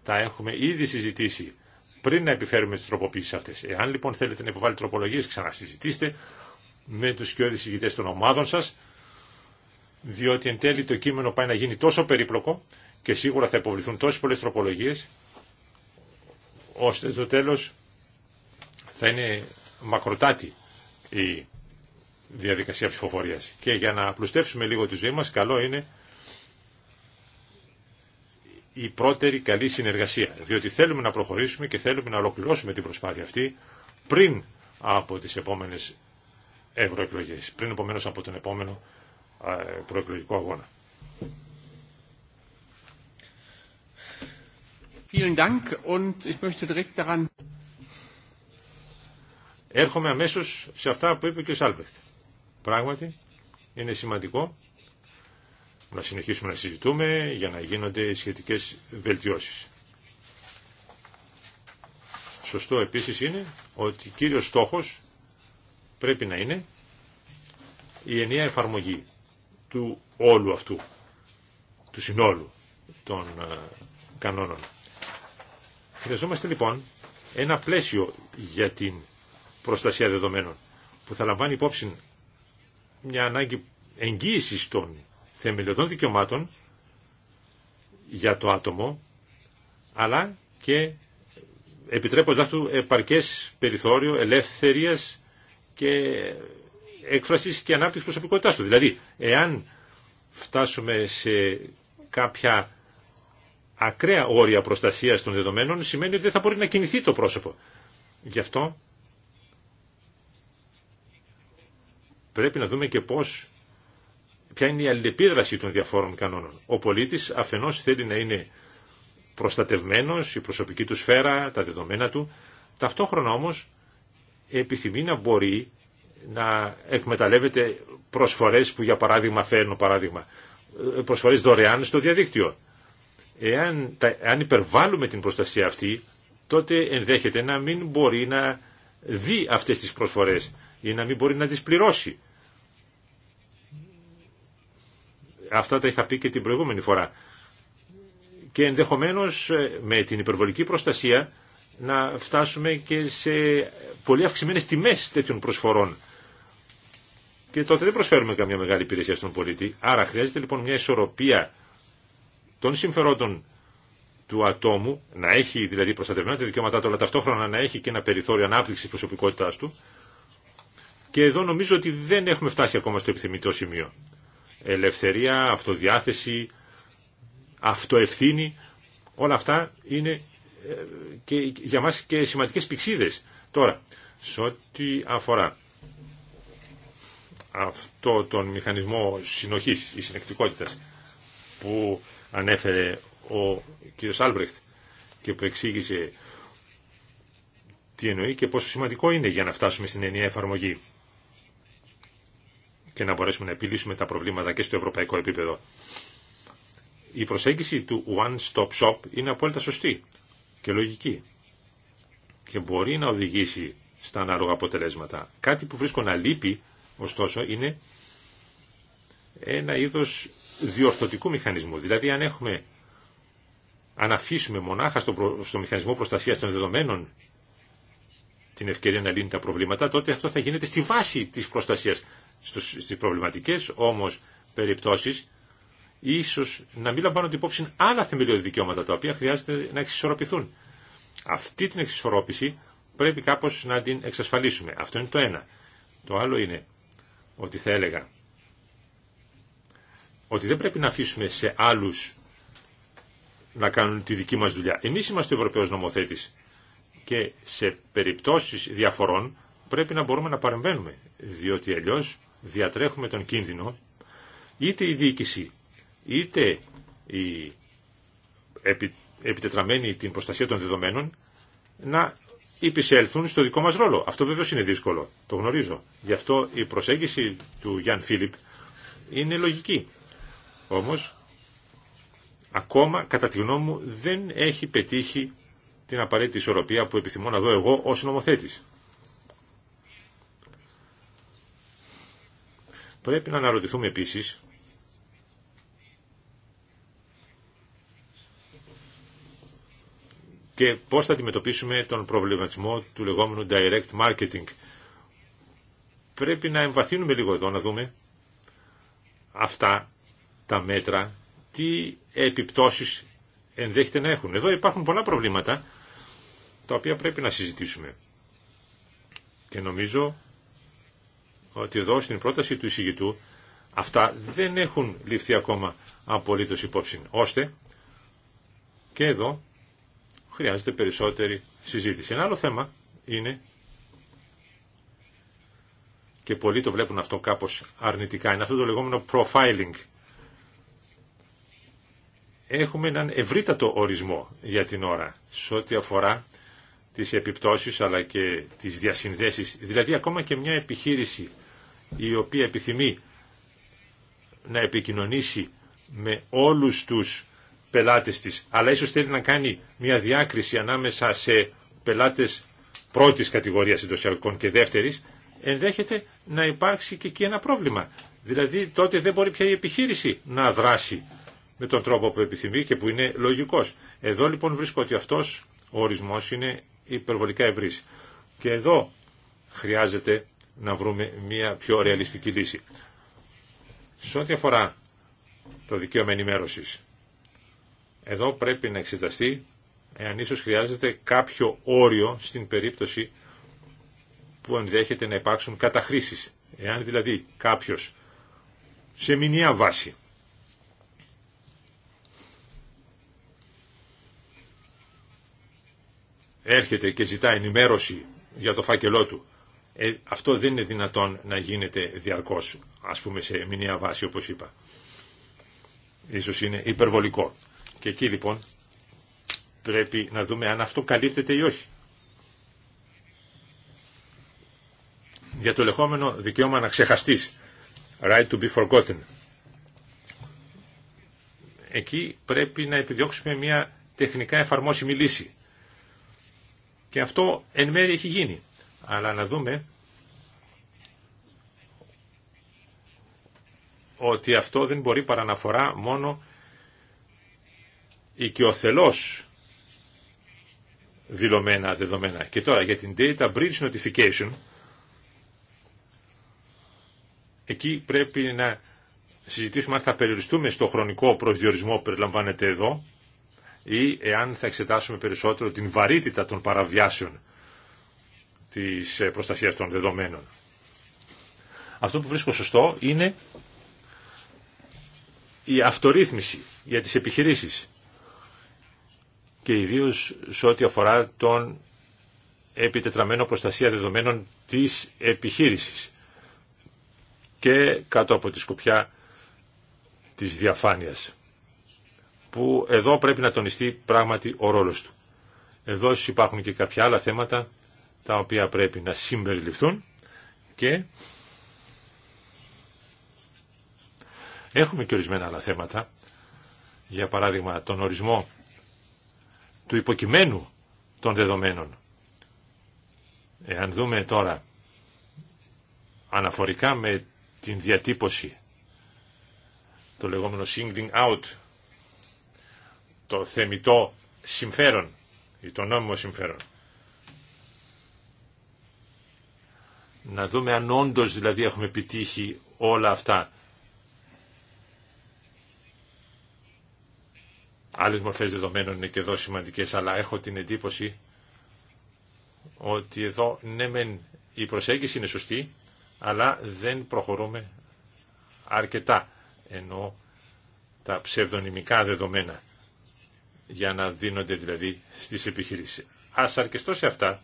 τα έχουμε ήδη συζητήσει πριν να επιφέρουμε τις τροποποίησεις αυτές. Εάν λοιπόν θέλετε να υποβάλλετε τροπολογίες, ξανασυζητήστε, με τους και τις των ομάδων σας, διότι εν τέλει το κείμενο πάει να γίνει τόσο περίπλοκο και σίγουρα θα υποβληθούν τόσες πολλές τροπολογίες, ώστε στο τέλος θα είναι μακροτάτη η διαδικασία ψηφοφορίας. Και για να απλουστεύσουμε λίγο τη ζωή μας, καλό είναι η πρώτερη καλή συνεργασία, διότι θέλουμε να προχωρήσουμε και θέλουμε να ολοκληρώσουμε την προσπάθεια αυτή πριν από τις επόμενες ευρωεκλογέ, πριν επομένω από τον επόμενο προεκλογικό αγώνα. Έρχομαι αμέσω σε αυτά που είπε και ο Σάλμπεχτ. Πράγματι, είναι σημαντικό να συνεχίσουμε να συζητούμε για να γίνονται σχετικές βελτιώσεις. Σωστό επίσης είναι ότι κύριος στόχος πρέπει να είναι η ενιαία εφαρμογή του όλου αυτού, του συνόλου των ε, κανόνων. Χρειαζόμαστε λοιπόν ένα πλαίσιο για την προστασία δεδομένων που θα λαμβάνει υπόψη μια ανάγκη εγγύηση των θεμελιωδών δικαιωμάτων για το άτομο αλλά και επιτρέποντάς του επαρκές περιθώριο ελευθερίας και έκφραση και ανάπτυξη προσωπικότητά του. Δηλαδή, εάν φτάσουμε σε κάποια ακραία όρια προστασία των δεδομένων, σημαίνει ότι δεν θα μπορεί να κινηθεί το πρόσωπο. Γι' αυτό πρέπει να δούμε και πώς, ποια είναι η αλληλεπίδραση των διαφόρων κανόνων. Ο πολίτης αφενός θέλει να είναι προστατευμένος, η προσωπική του σφαίρα, τα δεδομένα του, ταυτόχρονα όμως επιθυμεί να μπορεί να εκμεταλλεύεται προσφορές που για παράδειγμα φέρνω παράδειγμα ε, προσφορές δωρεάν στο διαδίκτυο. Εάν αν υπερβάλλουμε την προστασία αυτή τότε ενδέχεται να μην μπορεί να δει αυτές τις προσφορές ή να μην μπορεί να τις πληρώσει. Αυτά τα είχα πει και την προηγούμενη φορά. Και ενδεχομένως ε, με την υπερβολική προστασία να φτάσουμε και σε πολύ αυξημένες τιμές τέτοιων προσφορών. Και τότε δεν προσφέρουμε καμιά μεγάλη υπηρεσία στον πολίτη. Άρα χρειάζεται λοιπόν μια ισορροπία των συμφερόντων του ατόμου, να έχει δηλαδή προστατευμένα τα δικαιώματά του, αλλά ταυτόχρονα να έχει και ένα περιθώριο ανάπτυξη προσωπικότητά του. Και εδώ νομίζω ότι δεν έχουμε φτάσει ακόμα στο επιθυμητό σημείο. Ελευθερία, αυτοδιάθεση, αυτοευθύνη, όλα αυτά είναι και για μας και σημαντικές πηξίδες. Τώρα, σε ό,τι αφορά αυτό τον μηχανισμό συνοχής ή συνεκτικότητας που ανέφερε ο κ. Άλμπρεχτ και που εξήγησε τι εννοεί και πόσο σημαντικό είναι για να φτάσουμε στην ενιαία εφαρμογή και να μπορέσουμε να επιλύσουμε τα προβλήματα και στο ευρωπαϊκό επίπεδο. Η προσέγγιση του One Stop Shop είναι απόλυτα σωστή και λογική και μπορεί να οδηγήσει στα ανάλογα αποτελέσματα. Κάτι που βρίσκω να λείπει, ωστόσο, είναι ένα είδος διορθωτικού μηχανισμού. Δηλαδή, αν έχουμε, αν αφήσουμε μονάχα στο, στο μηχανισμό προστασίας των δεδομένων την ευκαιρία να λύνει τα προβλήματα, τότε αυτό θα γίνεται στη βάση της προστασίας. Στους, στις προβληματικές όμως περιπτώσεις ίσως να μην λαμβάνονται υπόψη άλλα θεμελιώδη δικαιώματα τα οποία χρειάζεται να εξισορροπηθούν. Αυτή την εξισορρόπηση πρέπει κάπω να την εξασφαλίσουμε. Αυτό είναι το ένα. Το άλλο είναι ότι θα έλεγα ότι δεν πρέπει να αφήσουμε σε άλλου να κάνουν τη δική μα δουλειά. Εμεί είμαστε ο Ευρωπαίος νομοθέτης και σε περιπτώσει διαφορών πρέπει να μπορούμε να παρεμβαίνουμε, διότι αλλιώ διατρέχουμε τον κίνδυνο είτε η διοίκηση είτε η επι, την προστασία των δεδομένων να υπησέλθουν στο δικό μας ρόλο. Αυτό βέβαια είναι δύσκολο, το γνωρίζω. Γι' αυτό η προσέγγιση του Γιάνν Φίλιπ είναι λογική. Όμως, ακόμα, κατά τη γνώμη μου, δεν έχει πετύχει την απαραίτητη ισορροπία που επιθυμώ να δω εγώ ως νομοθέτης. Πρέπει να αναρωτηθούμε επίσης και πώς θα αντιμετωπίσουμε τον προβληματισμό του λεγόμενου direct marketing. Πρέπει να εμβαθύνουμε λίγο εδώ, να δούμε αυτά τα μέτρα, τι επιπτώσεις ενδέχεται να έχουν. Εδώ υπάρχουν πολλά προβλήματα τα οποία πρέπει να συζητήσουμε. Και νομίζω ότι εδώ στην πρόταση του εισηγητού αυτά δεν έχουν ληφθεί ακόμα απολύτως υπόψη. Ώστε και εδώ χρειάζεται περισσότερη συζήτηση. Ένα άλλο θέμα είναι, και πολλοί το βλέπουν αυτό κάπως αρνητικά, είναι αυτό το λεγόμενο profiling. Έχουμε έναν ευρύτατο ορισμό για την ώρα, σε ό,τι αφορά τις επιπτώσεις αλλά και τις διασυνδέσεις. Δηλαδή ακόμα και μια επιχείρηση η οποία επιθυμεί να επικοινωνήσει με όλους τους πελάτες της, αλλά ίσως θέλει να κάνει μια διάκριση ανάμεσα σε πελάτες πρώτης κατηγορίας συντοσιακών και δεύτερης, ενδέχεται να υπάρξει και εκεί ένα πρόβλημα. Δηλαδή τότε δεν μπορεί πια η επιχείρηση να δράσει με τον τρόπο που επιθυμεί και που είναι λογικός. Εδώ λοιπόν βρίσκω ότι αυτός ο ορισμός είναι υπερβολικά ευρύς. Και εδώ χρειάζεται να βρούμε μια πιο ρεαλιστική λύση. Σε ό,τι αφορά το δικαίωμα ενημέρωσης, εδώ πρέπει να εξεταστεί εάν ίσως χρειάζεται κάποιο όριο στην περίπτωση που ενδέχεται να υπάρξουν καταχρήσεις. Εάν δηλαδή κάποιος σε μηνιαία βάση έρχεται και ζητά ενημέρωση για το φάκελό του. Ε, αυτό δεν είναι δυνατόν να γίνεται διαρκώς, ας πούμε σε μηνιαία βάση όπως είπα. Ίσως είναι υπερβολικό. Και εκεί λοιπόν πρέπει να δούμε αν αυτό καλύπτεται ή όχι. Για το λεγόμενο δικαίωμα να ξεχαστείς, right to be forgotten. Εκεί πρέπει να επιδιώξουμε μια τεχνικά εφαρμόσιμη λύση. Και αυτό εν μέρει έχει γίνει. Αλλά να δούμε ότι αυτό δεν μπορεί παρά μόνο οικειοθελώς δηλωμένα δεδομένα. Και τώρα για την Data Bridge Notification εκεί πρέπει να συζητήσουμε αν θα περιοριστούμε στο χρονικό προσδιορισμό που περιλαμβάνεται εδώ ή εάν θα εξετάσουμε περισσότερο την βαρύτητα των παραβιάσεων της ε, προστασίας των δεδομένων. Αυτό που βρίσκω σωστό είναι η αυτορύθμιση για τις επιχειρήσεις και ιδίω σε ό,τι αφορά τον επιτετραμένο προστασία δεδομένων της επιχείρησης και κάτω από τη σκοπιά της διαφάνειας που εδώ πρέπει να τονιστεί πράγματι ο ρόλος του. Εδώ υπάρχουν και κάποια άλλα θέματα τα οποία πρέπει να συμπεριληφθούν και έχουμε και ορισμένα άλλα θέματα για παράδειγμα τον ορισμό του υποκειμένου των δεδομένων. Εάν δούμε τώρα αναφορικά με την διατύπωση το λεγόμενο singling out το θεμητό συμφέρον ή το νόμιμο συμφέρον να δούμε αν όντω δηλαδή έχουμε επιτύχει όλα αυτά Άλλε μορφέ δεδομένων είναι και εδώ σημαντικέ, αλλά έχω την εντύπωση ότι εδώ ναι μεν η προσέγγιση είναι σωστή, αλλά δεν προχωρούμε αρκετά, ενώ τα ψευδονυμικά δεδομένα για να δίνονται δηλαδή στις επιχειρήσεις. Ας αρκεστώ σε αυτά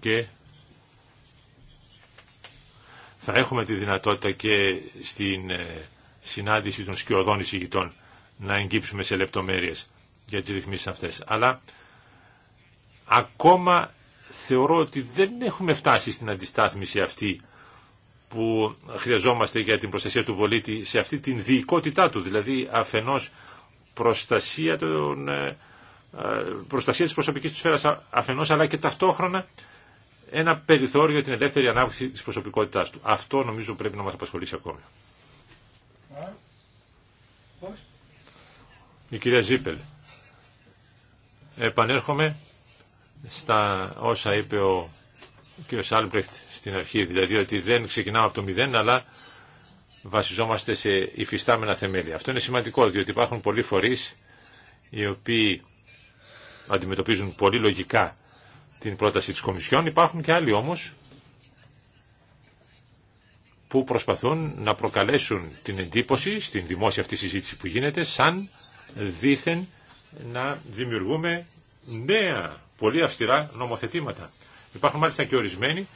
και θα έχουμε τη δυνατότητα και στην ε, συνάντηση των σκιωδών εισηγητών να εγκύψουμε σε λεπτομέρειες για τις ρυθμίσεις αυτές. Αλλά ακόμα θεωρώ ότι δεν έχουμε φτάσει στην αντιστάθμιση αυτή που χρειαζόμαστε για την προστασία του πολίτη σε αυτή την διοικότητά του, δηλαδή αφενός προστασία, των, ε, ε, προστασία της προσωπικής του σφαίρας αφενός αλλά και ταυτόχρονα ένα περιθώριο για την ελεύθερη ανάπτυξη της προσωπικότητάς του. Αυτό νομίζω πρέπει να μας απασχολήσει ακόμη. Η κυρία Ζίπελ. Επανέρχομαι στα όσα είπε ο κύριος Άλμπρεχτ στην αρχή, δηλαδή ότι δεν ξεκινάμε από το μηδέν, αλλά βασιζόμαστε σε υφιστάμενα θεμέλια. Αυτό είναι σημαντικό, διότι υπάρχουν πολλοί φορείς οι οποίοι αντιμετωπίζουν πολύ λογικά την πρόταση της Κομισιόν. Υπάρχουν και άλλοι όμως που προσπαθούν να προκαλέσουν την εντύπωση στην δημόσια αυτή συζήτηση που γίνεται σαν δήθεν να δημιουργούμε νέα πολύ αυστηρά νομοθετήματα. Υπάρχουν μάλιστα και ορισμένοι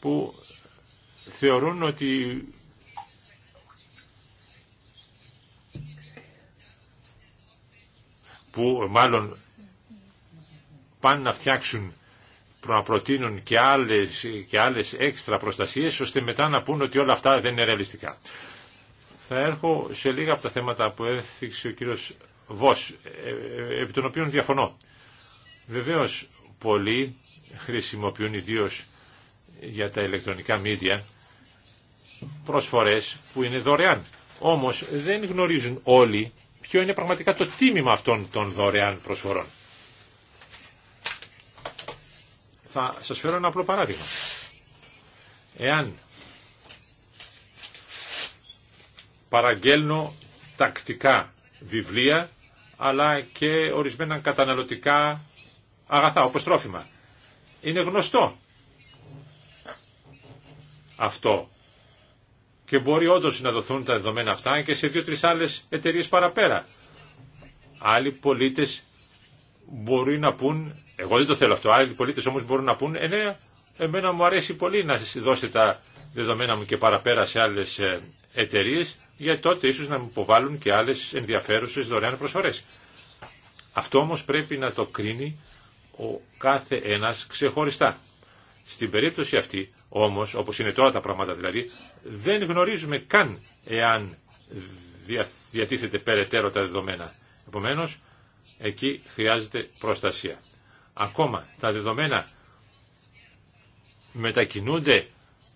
που θεωρούν ότι που μάλλον πάνε να φτιάξουν να προτείνουν και άλλες, και άλλες έξτρα προστασίες ώστε μετά να πούν ότι όλα αυτά δεν είναι ρεαλιστικά. Θα έρχω σε λίγα από τα θέματα που έφυξε ο κύριος Βος, ε, ε, επί των οποίων διαφωνώ. Βεβαίως πολλοί χρησιμοποιούν ιδίω για τα ηλεκτρονικά μίδια προσφορές που είναι δωρεάν. Όμως δεν γνωρίζουν όλοι ποιο είναι πραγματικά το τίμημα αυτών των δωρεάν προσφορών. Θα σας φέρω ένα απλό παράδειγμα. Εάν παραγγέλνω τακτικά βιβλία αλλά και ορισμένα καταναλωτικά αγαθά όπως τρόφιμα. Είναι γνωστό αυτό και μπορεί όντω να δοθούν τα δεδομένα αυτά και σε δύο-τρει άλλε εταιρείε παραπέρα. Άλλοι πολίτε μπορεί να πούν, εγώ δεν το θέλω αυτό, άλλοι πολίτε όμω μπορούν να πούν, «Ε, ναι, εμένα μου αρέσει πολύ να δώσετε τα δεδομένα μου και παραπέρα σε άλλε εταιρείε, γιατί τότε ίσω να μου υποβάλουν και άλλε ενδιαφέρουσε δωρεάν προσφορέ. Αυτό όμω πρέπει να το κρίνει ο κάθε ένα ξεχωριστά. Στην περίπτωση αυτή, όμω, όπω είναι τώρα τα πράγματα δηλαδή, δεν γνωρίζουμε καν εάν διατίθεται περαιτέρω τα δεδομένα. Επομένως, εκεί χρειάζεται προστασία. Ακόμα, τα δεδομένα μετακινούνται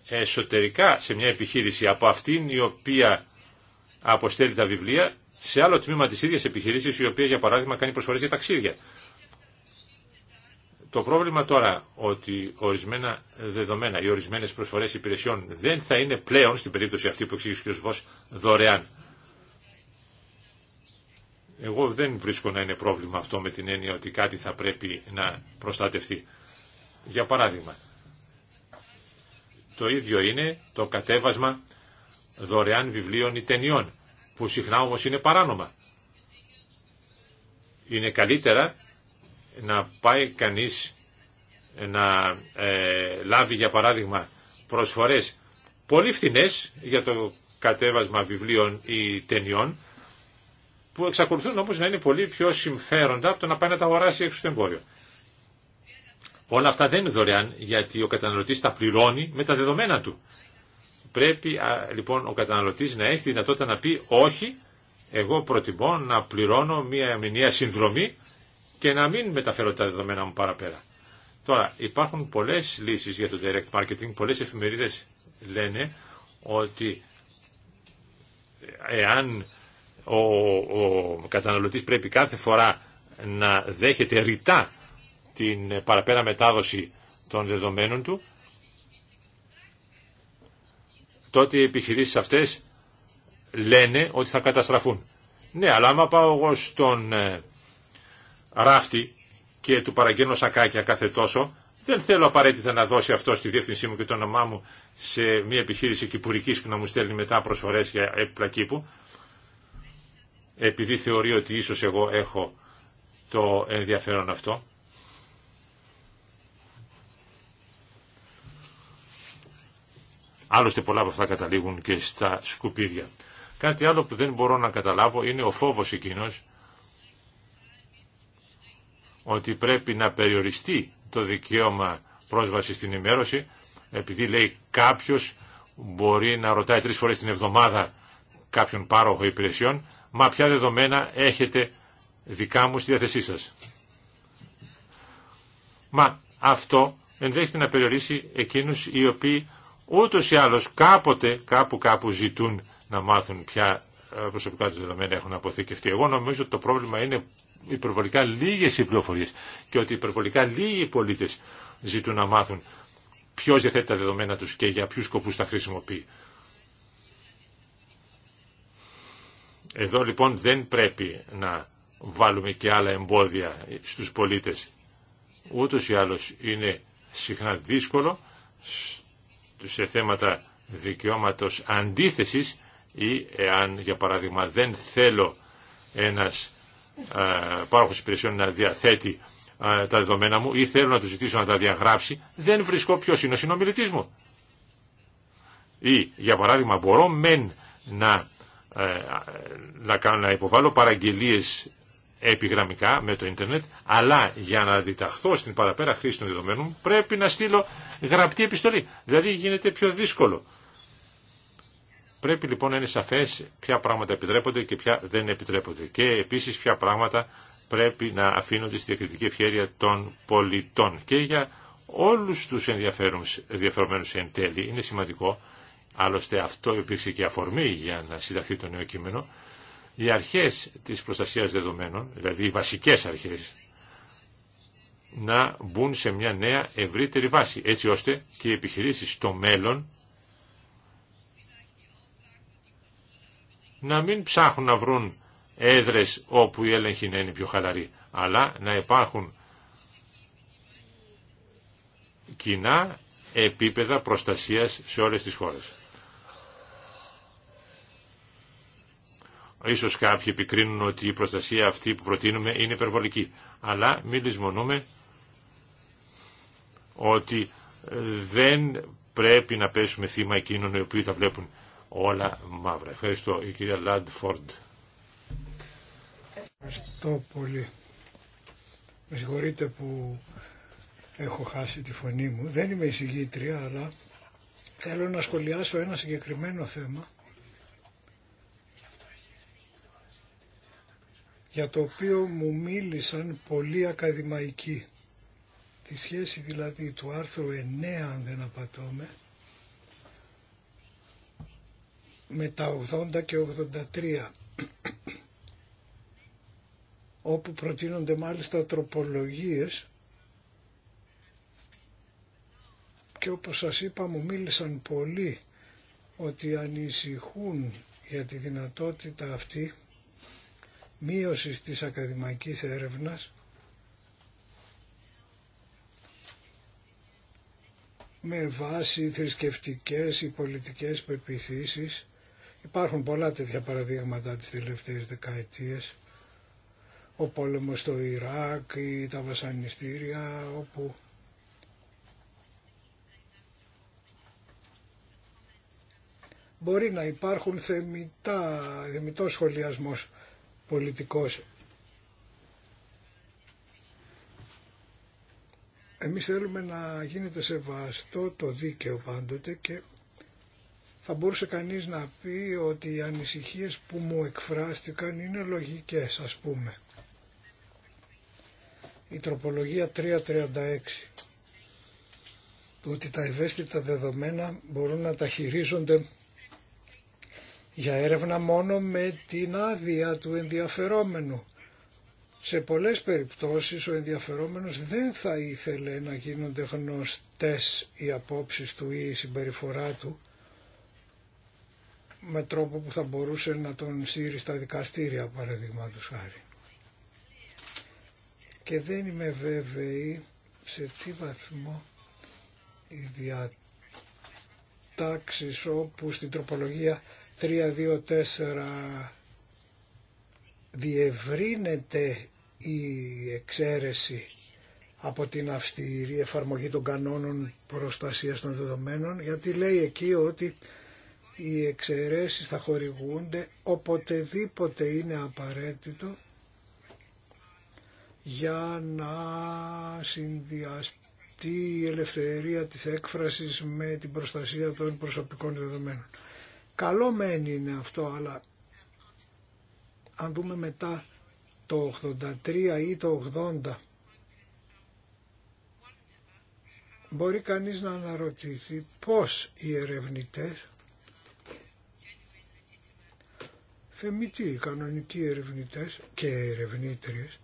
εσωτερικά σε μια επιχείρηση από αυτήν η οποία αποστέλει τα βιβλία σε άλλο τμήμα της ίδιας επιχειρήσης η οποία για παράδειγμα κάνει προσφορές για ταξίδια. Το πρόβλημα τώρα ότι ορισμένα δεδομένα ή ορισμένες προσφορές υπηρεσιών δεν θα είναι πλέον, στην περίπτωση αυτή που εξήγησε ο κ. Βος, δωρεάν. Εγώ δεν βρίσκω να είναι πρόβλημα αυτό με την έννοια ότι κάτι θα πρέπει να προστατευτεί. Για παράδειγμα, το ίδιο είναι το κατέβασμα δωρεάν βιβλίων ή ταινιών, που συχνά όμως είναι παράνομα. Είναι καλύτερα να πάει κανείς να ε, λάβει για παράδειγμα προσφορές πολύ φθηνές για το κατέβασμα βιβλίων ή ταινιών που εξακολουθούν όμως να είναι πολύ πιο συμφέροντα από το να πάει να τα αγοράσει έξω στο εμπόριο. Όλα αυτά δεν είναι δωρεάν γιατί ο καταναλωτής τα πληρώνει με τα δεδομένα του. Πρέπει λοιπόν ο καταναλωτής να έχει δυνατότητα να πει όχι, εγώ προτιμώ να πληρώνω μια μηνία συνδρομή και να μην μεταφέρω τα δεδομένα μου παραπέρα. Τώρα, υπάρχουν πολλές λύσεις για το direct marketing, πολλές εφημερίδες λένε ότι εάν ο, ο καταναλωτής πρέπει κάθε φορά να δέχεται ρητά την παραπέρα μετάδοση των δεδομένων του, τότε οι επιχειρήσεις αυτές λένε ότι θα καταστραφούν. Ναι, αλλά άμα πάω εγώ στον ε, ράφτη και του παραγγέλνω σακάκια κάθε τόσο. Δεν θέλω απαραίτητα να δώσει αυτό στη διεύθυνσή μου και το όνομά μου σε μια επιχείρηση κυπουρική που να μου στέλνει μετά προσφορέ για έπιπλα κήπου. Επειδή θεωρεί ότι ίσω εγώ έχω το ενδιαφέρον αυτό. Άλλωστε πολλά από αυτά καταλήγουν και στα σκουπίδια. Κάτι άλλο που δεν μπορώ να καταλάβω είναι ο φόβος εκείνος ότι πρέπει να περιοριστεί το δικαίωμα πρόσβαση στην ενημέρωση, επειδή λέει κάποιος μπορεί να ρωτάει τρεις φορές την εβδομάδα κάποιον πάροχο υπηρεσιών, μα ποια δεδομένα έχετε δικά μου στη διάθεσή σας. Μα αυτό ενδέχεται να περιορίσει εκείνους οι οποίοι ούτως ή άλλως κάποτε κάπου κάπου ζητούν να μάθουν ποια ε, προσωπικά δεδομένα έχουν αποθηκευτεί. Εγώ νομίζω ότι το πρόβλημα είναι υπερβολικά λίγες οι πληροφορίες και ότι υπερβολικά λίγοι πολίτες ζητούν να μάθουν ποιος διαθέτει τα δεδομένα τους και για ποιους σκοπούς τα χρησιμοποιεί. Εδώ λοιπόν δεν πρέπει να βάλουμε και άλλα εμπόδια στους πολίτες. Ούτως ή άλλως είναι συχνά δύσκολο σε θέματα δικαιώματος αντίθεσης ή εάν για παράδειγμα δεν θέλω ένας ε, πάροχος υπηρεσιών να διαθέτει ε, τα δεδομένα μου ή θέλω να του ζητήσω να τα διαγράψει, δεν βρισκό ποιος είναι ο συνομιλητής μου. Ή, για παράδειγμα, μπορώ μεν να, ε, να, κάνω, να υποβάλω παραγγελίες επιγραμμικά με το ίντερνετ, αλλά για να διταχθώ στην παραπέρα χρήση των δεδομένων πρέπει να στείλω γραπτή επιστολή. Δηλαδή γίνεται πιο δύσκολο. Πρέπει λοιπόν να είναι σαφέ ποια πράγματα επιτρέπονται και ποια δεν επιτρέπονται και επίσης ποια πράγματα πρέπει να αφήνονται στη διακριτική ευχέρεια των πολιτών. Και για όλους τους ενδιαφερομένους εν τέλει είναι σημαντικό, άλλωστε αυτό υπήρξε και αφορμή για να συνταχθεί το νέο κείμενο, οι αρχές της προστασία δεδομένων, δηλαδή οι βασικέ αρχέ, να μπουν σε μια νέα ευρύτερη βάση, έτσι ώστε και οι επιχειρήσει στο μέλλον να μην ψάχνουν να βρουν έδρες όπου η έλεγχη να είναι πιο χαλαρή, αλλά να υπάρχουν κοινά επίπεδα προστασίας σε όλες τις χώρες. Ίσως κάποιοι επικρίνουν ότι η προστασία αυτή που προτείνουμε είναι υπερβολική, αλλά μην λησμονούμε ότι δεν πρέπει να πέσουμε θύμα εκείνων οι οποίοι τα βλέπουν όλα μαύρα. Ευχαριστώ. Η κυρία Λάντφορντ. Ευχαριστώ πολύ. Με συγχωρείτε που έχω χάσει τη φωνή μου. Δεν είμαι εισηγήτρια, αλλά θέλω να σχολιάσω ένα συγκεκριμένο θέμα για το οποίο μου μίλησαν πολλοί ακαδημαϊκοί. Τη σχέση δηλαδή του άρθρου 9, αν δεν απατώμε, με τα 80 και 83 όπου προτείνονται μάλιστα τροπολογίες και όπως σας είπα μου μίλησαν πολλοί ότι ανησυχούν για τη δυνατότητα αυτή μείωση της ακαδημαϊκής έρευνας με βάση θρησκευτικές ή πολιτικές πεπιθήσεις Υπάρχουν πολλά τέτοια παραδείγματα τις τελευταίες δεκαετίες. Ο πόλεμος στο Ιράκ ή τα βασανιστήρια όπου μπορεί να υπάρχουν θεμητά, θεμητός σχολιασμός πολιτικός. Εμείς θέλουμε να γίνεται σεβαστό το δίκαιο πάντοτε και θα μπορούσε κανείς να πει ότι οι ανησυχίες που μου εκφράστηκαν είναι λογικές ας πούμε. Η τροπολογία 336 το ότι τα ευαίσθητα δεδομένα μπορούν να τα χειρίζονται για έρευνα μόνο με την άδεια του ενδιαφερόμενου. Σε πολλές περιπτώσεις ο ενδιαφερόμενος δεν θα ήθελε να γίνονται γνωστές οι απόψεις του ή η συμπεριφορά του με τρόπο που θα μπορούσε να τον σύρει στα δικαστήρια παραδείγματο χάρη. Και δεν είμαι βέβαιη σε τι βαθμό οι διατάξεις όπου στην τροπολογία 3-2-4 διευρύνεται η εξαίρεση από την αυστηρή εφαρμογή των κανόνων προστασίας των δεδομένων γιατί λέει εκεί ότι οι εξαιρέσεις θα χορηγούνται οποτεδήποτε είναι απαραίτητο για να συνδυαστεί η ελευθερία της έκφρασης με την προστασία των προσωπικών δεδομένων. Καλό μένει είναι αυτό, αλλά αν δούμε μετά το 83 ή το 80 μπορεί κανείς να αναρωτηθεί πώς οι ερευνητές θεμητοί, οι κανονικοί ερευνητές και ερευνήτριες.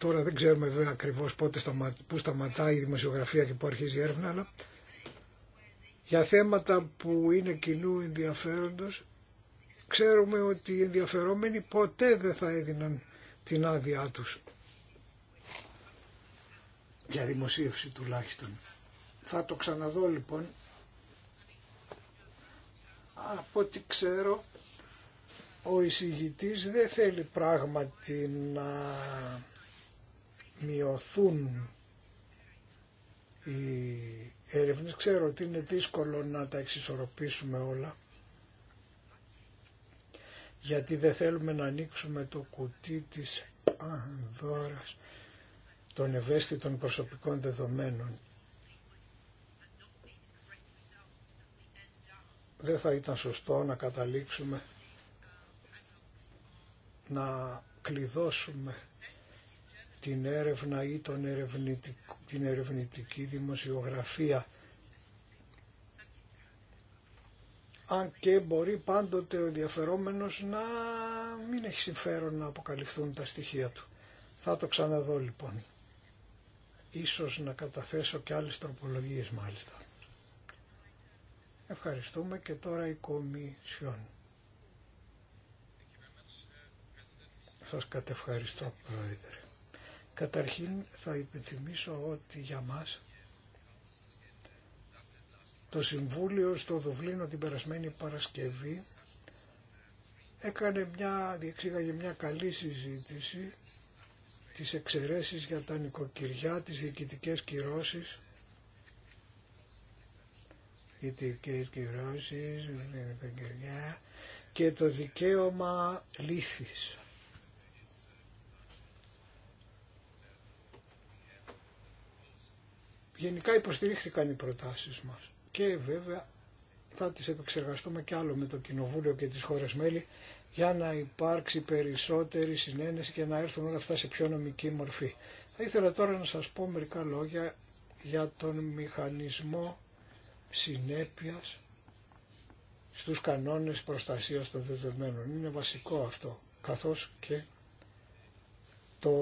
Τώρα δεν ξέρουμε βέβαια ακριβώς πότε σταμα... που σταματάει η δημοσιογραφία και που αρχίζει η έρευνα, αλλά για θέματα που είναι κοινού ενδιαφέροντος ξέρουμε ότι οι ενδιαφερόμενοι ποτέ δεν θα έδιναν την άδειά τους για δημοσίευση τουλάχιστον. Θα το ξαναδώ λοιπόν από ό,τι ξέρω ο εισηγητής δεν θέλει πράγματι να μειωθούν οι έρευνες. Ξέρω ότι είναι δύσκολο να τα εξισορροπήσουμε όλα γιατί δεν θέλουμε να ανοίξουμε το κουτί της ανδόρας των ευαίσθητων προσωπικών δεδομένων δεν θα ήταν σωστό να καταλήξουμε να κλειδώσουμε την έρευνα ή τον την ερευνητική δημοσιογραφία. Αν και μπορεί πάντοτε ο ενδιαφερόμενος να μην έχει συμφέρον να αποκαλυφθούν τα στοιχεία του. Θα το ξαναδώ λοιπόν. Ίσως να καταθέσω και άλλες τροπολογίες μάλιστα. Ευχαριστούμε και τώρα η Κομισιόν. Σας κατευχαριστώ Πρόεδρε. Καταρχήν θα υπενθυμίσω ότι για μας το Συμβούλιο στο Δουβλίνο την περασμένη Παρασκευή έκανε μια, διεξήγαγε μια καλή συζήτηση τις εξαιρέσεις για τα νοικοκυριά, τις διοικητικές κυρώσεις τυρκές κυρώσεις, και το δικαίωμα λύθης. Γενικά υποστηρίχθηκαν οι προτάσεις μας και βέβαια θα τις επεξεργαστούμε κι άλλο με το Κοινοβούλιο και τις χώρες μέλη για να υπάρξει περισσότερη συνένεση και να έρθουν όλα αυτά σε πιο νομική μορφή. Θα ήθελα τώρα να σας πω μερικά λόγια για τον μηχανισμό συνέπειας στους κανόνες προστασίας των δεδομένων. Είναι βασικό αυτό, καθώς και το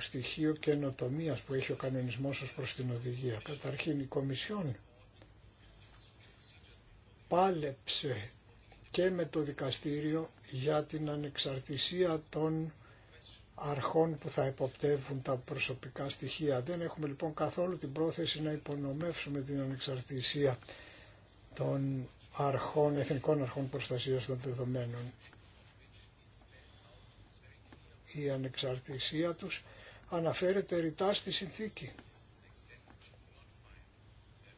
στοιχείο καινοτομίας που έχει ο κανονισμός ως προς την οδηγία. Καταρχήν η Κομισιόν πάλεψε και με το δικαστήριο για την ανεξαρτησία των αρχών που θα εποπτεύουν τα προσωπικά στοιχεία. Δεν έχουμε λοιπόν καθόλου την πρόθεση να υπονομεύσουμε την ανεξαρτησία των αρχών, εθνικών αρχών προστασίας των δεδομένων. Η ανεξαρτησία τους αναφέρεται ρητά στη συνθήκη.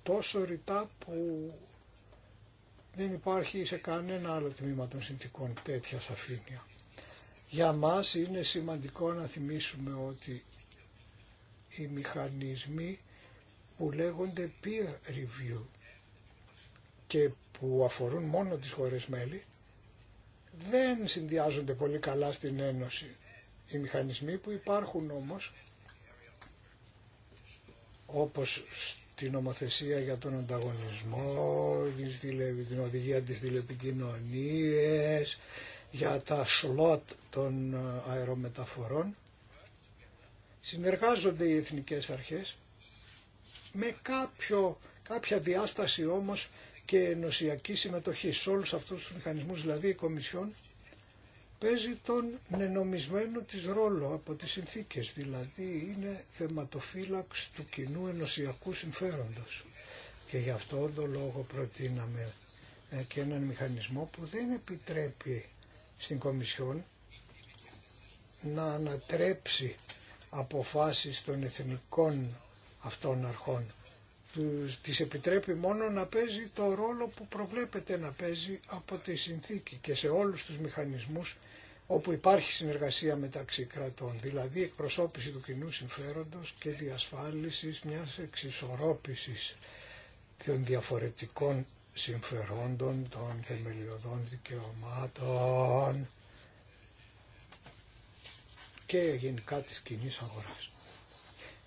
Τόσο ρητά που δεν υπάρχει σε κανένα άλλο τμήμα των συνθήκων τέτοια σαφήνεια. Για μας είναι σημαντικό να θυμίσουμε ότι οι μηχανισμοί που λέγονται peer review και που αφορούν μόνο τις χώρες μέλη δεν συνδυάζονται πολύ καλά στην Ένωση. Οι μηχανισμοί που υπάρχουν όμως όπως την νομοθεσία για τον ανταγωνισμό, την οδηγία της τηλεπικοινωνίας για τα σλότ των ε, αερομεταφορών συνεργάζονται οι εθνικές αρχές με κάποιο, κάποια διάσταση όμως και ενωσιακή συμμετοχή. Σε όλους αυτούς τους μηχανισμούς δηλαδή η Κομισιόν παίζει τον νενομισμένο της ρόλο από τις συνθήκες, δηλαδή είναι θεματοφύλαξ του κοινού ενωσιακού συμφέροντος. Και γι' αυτόν τον λόγο προτείναμε ε, και έναν μηχανισμό που δεν επιτρέπει στην Κομισιόν να ανατρέψει αποφάσεις των εθνικών αυτών αρχών. Τους, τις επιτρέπει μόνο να παίζει το ρόλο που προβλέπεται να παίζει από τη συνθήκη και σε όλους τους μηχανισμούς όπου υπάρχει συνεργασία μεταξύ κρατών, δηλαδή εκπροσώπηση του κοινού συμφέροντος και διασφάλισης μιας εξισορρόπησης των διαφορετικών συμφερόντων των θεμελιωδών δικαιωμάτων και γενικά της κοινή αγοράς.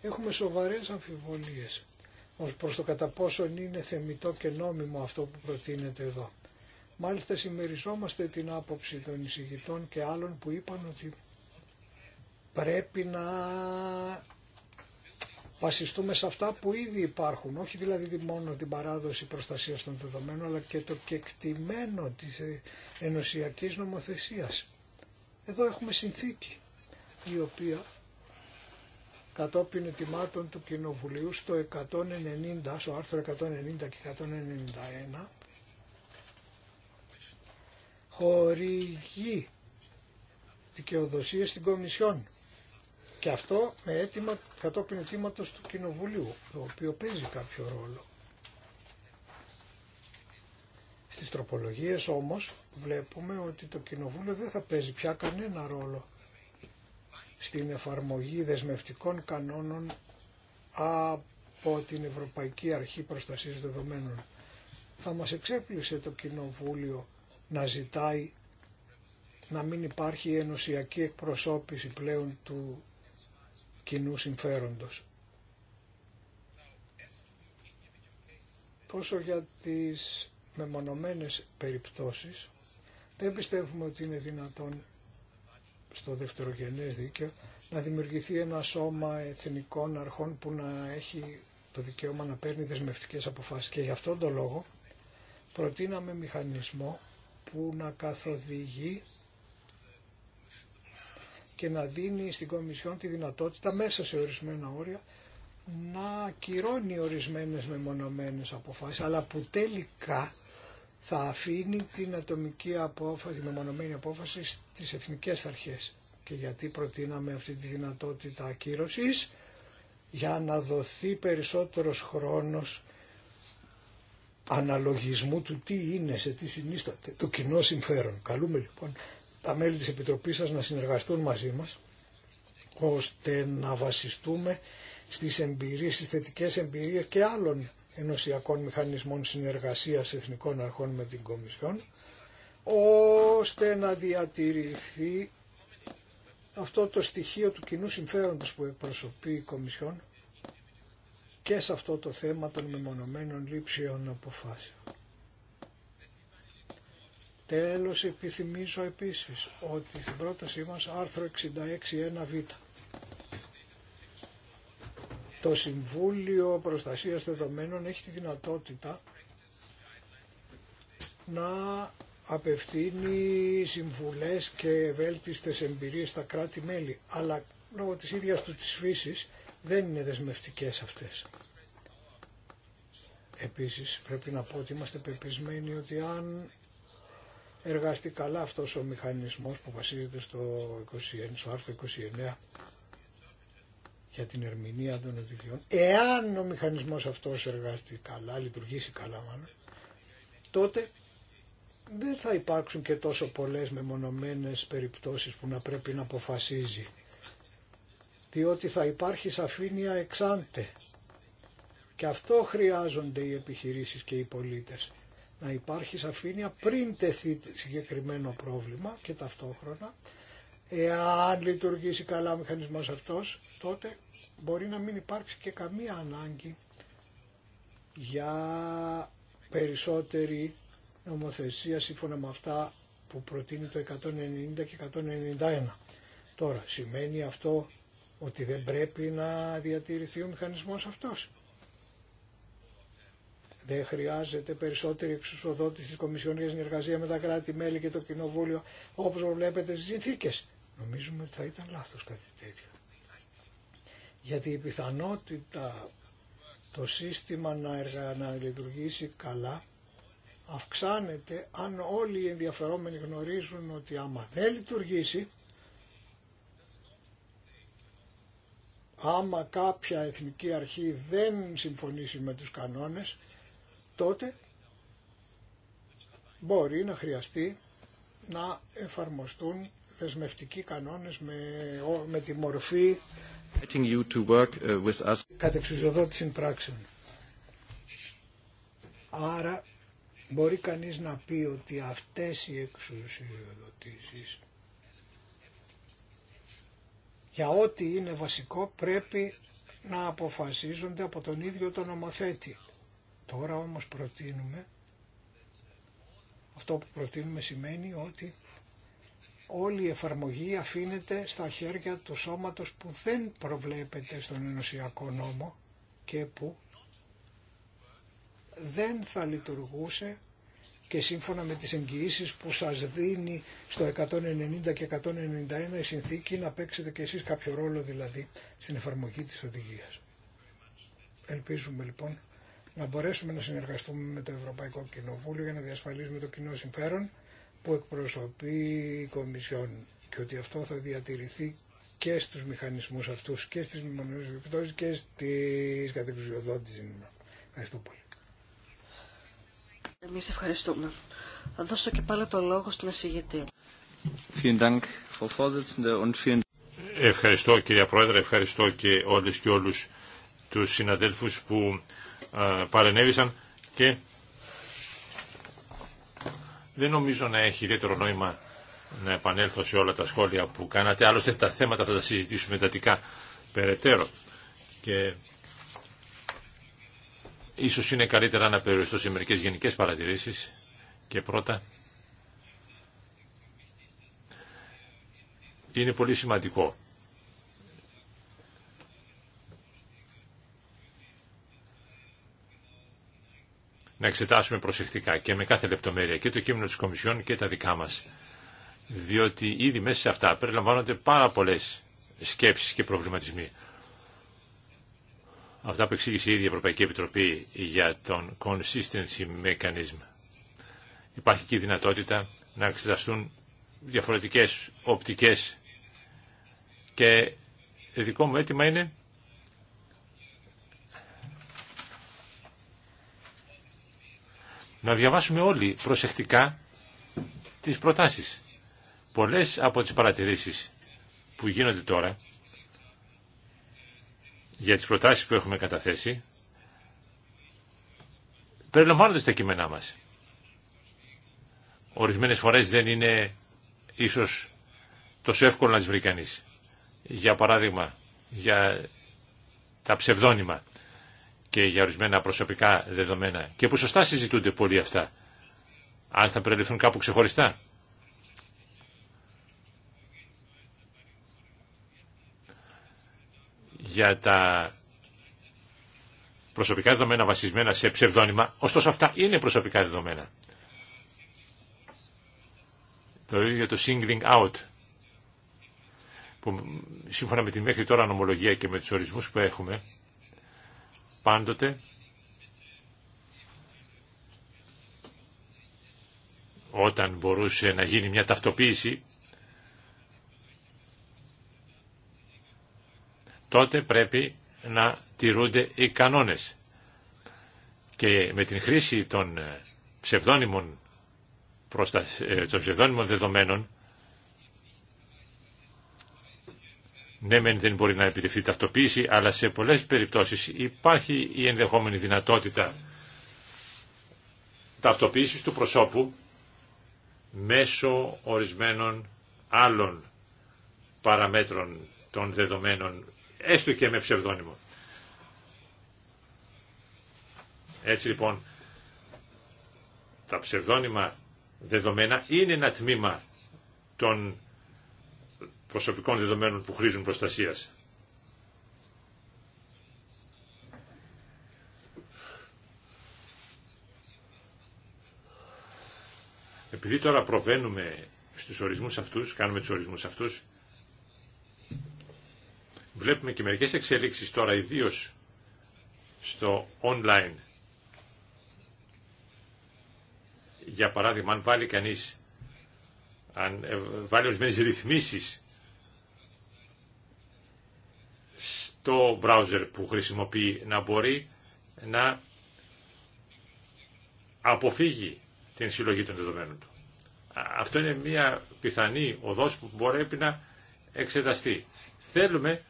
Έχουμε σοβαρές αμφιβολίες ως προς το κατά πόσον είναι θεμητό και νόμιμο αυτό που προτείνεται εδώ. Μάλιστα συμμεριζόμαστε την άποψη των εισηγητών και άλλων που είπαν ότι πρέπει να βασιστούμε σε αυτά που ήδη υπάρχουν, όχι δηλαδή μόνο την παράδοση προστασίας των δεδομένων, αλλά και το κεκτημένο της ε, ενωσιακής νομοθεσίας. Εδώ έχουμε συνθήκη, η οποία κατόπιν ετοιμάτων του Κοινοβουλίου στο 190, στο άρθρο 190 και 191, χορηγεί δικαιοδοσίες στην Κομισιόν και αυτό με αίτημα κατόπιν αιτήματο του Κοινοβουλίου, το οποίο παίζει κάποιο ρόλο. Στι τροπολογίε όμως βλέπουμε ότι το Κοινοβούλιο δεν θα παίζει πια κανένα ρόλο στην εφαρμογή δεσμευτικών κανόνων από την Ευρωπαϊκή Αρχή Προστασίας Δεδομένων. Θα μας εξέπληξε το Κοινοβούλιο να ζητάει να μην υπάρχει ενωσιακή εκπροσώπηση πλέον του κοινού συμφέροντος. Τόσο για τις μεμονωμένες περιπτώσεις, δεν πιστεύουμε ότι είναι δυνατόν στο δευτερογενές δίκαιο να δημιουργηθεί ένα σώμα εθνικών αρχών που να έχει το δικαίωμα να παίρνει δεσμευτικές αποφάσεις. Και γι' αυτόν τον λόγο προτείναμε μηχανισμό που να καθοδηγεί και να δίνει στην Κομισιόν τη δυνατότητα μέσα σε ορισμένα όρια να κυρώνει ορισμένες μεμονωμένες αποφάσεις, αλλά που τελικά θα αφήνει την ατομική απόφαση, τη μεμονωμένη απόφαση στις εθνικές αρχές. Και γιατί προτείναμε αυτή τη δυνατότητα ακύρωσης, για να δοθεί περισσότερος χρόνος αναλογισμού του τι είναι, σε τι συνίσταται, το κοινό συμφέρον. Καλούμε λοιπόν τα μέλη της Επιτροπής σας να συνεργαστούν μαζί μας ώστε να βασιστούμε στις, εμπειρίες, στις θετικές εμπειρίες και άλλων ενωσιακών μηχανισμών συνεργασίας εθνικών αρχών με την Κομισιόν ώστε να διατηρηθεί αυτό το στοιχείο του κοινού συμφέροντος που εκπροσωπεί η Κομισιόν και σε αυτό το θέμα των μεμονωμένων λήψεων αποφάσεων. Τέλος επιθυμίζω επίσης ότι στην πρότασή μας άρθρο 66.1β το Συμβούλιο Προστασίας Δεδομένων έχει τη δυνατότητα να απευθύνει συμβουλές και ευέλτιστες εμπειρίες στα κράτη-μέλη, αλλά λόγω της ίδιας του της φύσης δεν είναι δεσμευτικές αυτές. Επίσης πρέπει να πω ότι είμαστε πεπισμένοι ότι αν εργαστεί καλά αυτός ο μηχανισμός που βασίζεται στο, άρθρο 29 για την ερμηνεία των οδηγιών. Εάν ο μηχανισμός αυτός εργαστεί καλά, λειτουργήσει καλά μάλλον, τότε δεν θα υπάρξουν και τόσο πολλές μεμονωμένες περιπτώσεις που να πρέπει να αποφασίζει. Διότι θα υπάρχει σαφήνεια εξάντε. Και αυτό χρειάζονται οι επιχειρήσεις και οι πολίτες να υπάρχει σαφήνεια πριν τεθεί συγκεκριμένο πρόβλημα και ταυτόχρονα εάν λειτουργήσει καλά ο μηχανισμός αυτός τότε μπορεί να μην υπάρξει και καμία ανάγκη για περισσότερη νομοθεσία σύμφωνα με αυτά που προτείνει το 190 και 191. Τώρα, σημαίνει αυτό ότι δεν πρέπει να διατηρηθεί ο μηχανισμός αυτός. Δεν χρειάζεται περισσότερη εξουσιοδότηση τη Κομισιόν για συνεργασία με τα κράτη-μέλη και το Κοινοβούλιο όπως βλέπετε στι συνθήκε. Νομίζουμε ότι θα ήταν λάθο κάτι τέτοιο. Γιατί η πιθανότητα το σύστημα να, εργα... να λειτουργήσει καλά αυξάνεται αν όλοι οι ενδιαφερόμενοι γνωρίζουν ότι άμα δεν λειτουργήσει άμα κάποια εθνική αρχή δεν συμφωνήσει με τους κανόνες τότε μπορεί να χρειαστεί να εφαρμοστούν δεσμευτικοί κανόνες με, με τη μορφή you to uh, κατεξουσιοδότηση πράξεων. Άρα μπορεί κανείς να πει ότι αυτές οι εξουσιοδοτήσεις για ό,τι είναι βασικό πρέπει να αποφασίζονται από τον ίδιο τον νομοθέτη. Τώρα όμως προτείνουμε, αυτό που προτείνουμε σημαίνει ότι όλη η εφαρμογή αφήνεται στα χέρια του σώματος που δεν προβλέπεται στον ενωσιακό νόμο και που δεν θα λειτουργούσε και σύμφωνα με τις εγγυήσει που σας δίνει στο 190 και 191 η συνθήκη να παίξετε και εσείς κάποιο ρόλο δηλαδή στην εφαρμογή της οδηγίας. Ελπίζουμε λοιπόν να μπορέσουμε να συνεργαστούμε με το Ευρωπαϊκό Κοινοβούλιο για να διασφαλίσουμε το κοινό συμφέρον που εκπροσωπεί η Κομισιόν και ότι αυτό θα διατηρηθεί και στους μηχανισμούς αυτούς και στις μνημονικές επιπτώσεις και στις κατεξουσιοδότηση. Ευχαριστώ πολύ. Εμείς ευχαριστούμε. Θα δώσω και πάλι το λόγο στον εισηγητή. Ευχαριστώ κυρία Πρόεδρε, ευχαριστώ και όλες και όλους τους συναδέλφους που ε, παρενέβησαν και δεν νομίζω να έχει ιδιαίτερο νόημα να επανέλθω σε όλα τα σχόλια που κάνατε. Άλλωστε τα θέματα θα τα συζητήσουμε εντατικά περαιτέρω. Και ίσως είναι καλύτερα να περιοριστώ σε μερικές γενικές παρατηρήσεις. Και πρώτα, είναι πολύ σημαντικό να εξετάσουμε προσεκτικά και με κάθε λεπτομέρεια και το κείμενο της Κομισιόν και τα δικά μας. Διότι ήδη μέσα σε αυτά περιλαμβάνονται πάρα πολλέ σκέψεις και προβληματισμοί. Αυτά που εξήγησε ήδη η Ευρωπαϊκή Επιτροπή για τον Consistency Mechanism. Υπάρχει και η δυνατότητα να εξεταστούν διαφορετικές οπτικές και δικό μου αίτημα είναι να διαβάσουμε όλοι προσεκτικά τις προτάσεις. Πολλές από τις παρατηρήσεις που γίνονται τώρα για τις προτάσεις που έχουμε καταθέσει περιλαμβάνονται στα κείμενά μας. Ορισμένες φορές δεν είναι ίσως τόσο εύκολο να τις βρει κανείς. Για παράδειγμα, για τα ψευδόνυμα και για ορισμένα προσωπικά δεδομένα και που σωστά συζητούνται πολύ αυτά. Αν θα περιληφθούν κάπου ξεχωριστά. Για τα προσωπικά δεδομένα βασισμένα σε ψευδόνυμα, ωστόσο αυτά είναι προσωπικά δεδομένα. Το ίδιο το singling out, που σύμφωνα με τη μέχρι τώρα νομολογία και με τους ορισμούς που έχουμε, πάντοτε όταν μπορούσε να γίνει μια ταυτοποίηση τότε πρέπει να τηρούνται οι κανόνες. Και με την χρήση των ε, ψευδόνιμων ε, των δεδομένων Ναι, μεν δεν μπορεί να επιτευχθεί ταυτοποίηση, αλλά σε πολλές περιπτώσεις υπάρχει η ενδεχόμενη δυνατότητα ταυτοποίησης του προσώπου μέσω ορισμένων άλλων παραμέτρων των δεδομένων, έστω και με ψευδόνυμο. Έτσι λοιπόν, τα ψευδόνυμα δεδομένα είναι ένα τμήμα των προσωπικών δεδομένων που χρήζουν προστασίας. Επειδή τώρα προβαίνουμε στους ορισμούς αυτούς, κάνουμε τους ορισμούς αυτούς, βλέπουμε και μερικές εξελίξεις τώρα ιδίως στο online. Για παράδειγμα, αν βάλει κανείς, αν ε, βάλει ορισμένες ρυθμίσεις το browser που χρησιμοποιεί να μπορεί να αποφύγει την συλλογή των δεδομένων του. Αυτό είναι μια πιθανή οδός που μπορεί να εξεταστεί. Θέλουμε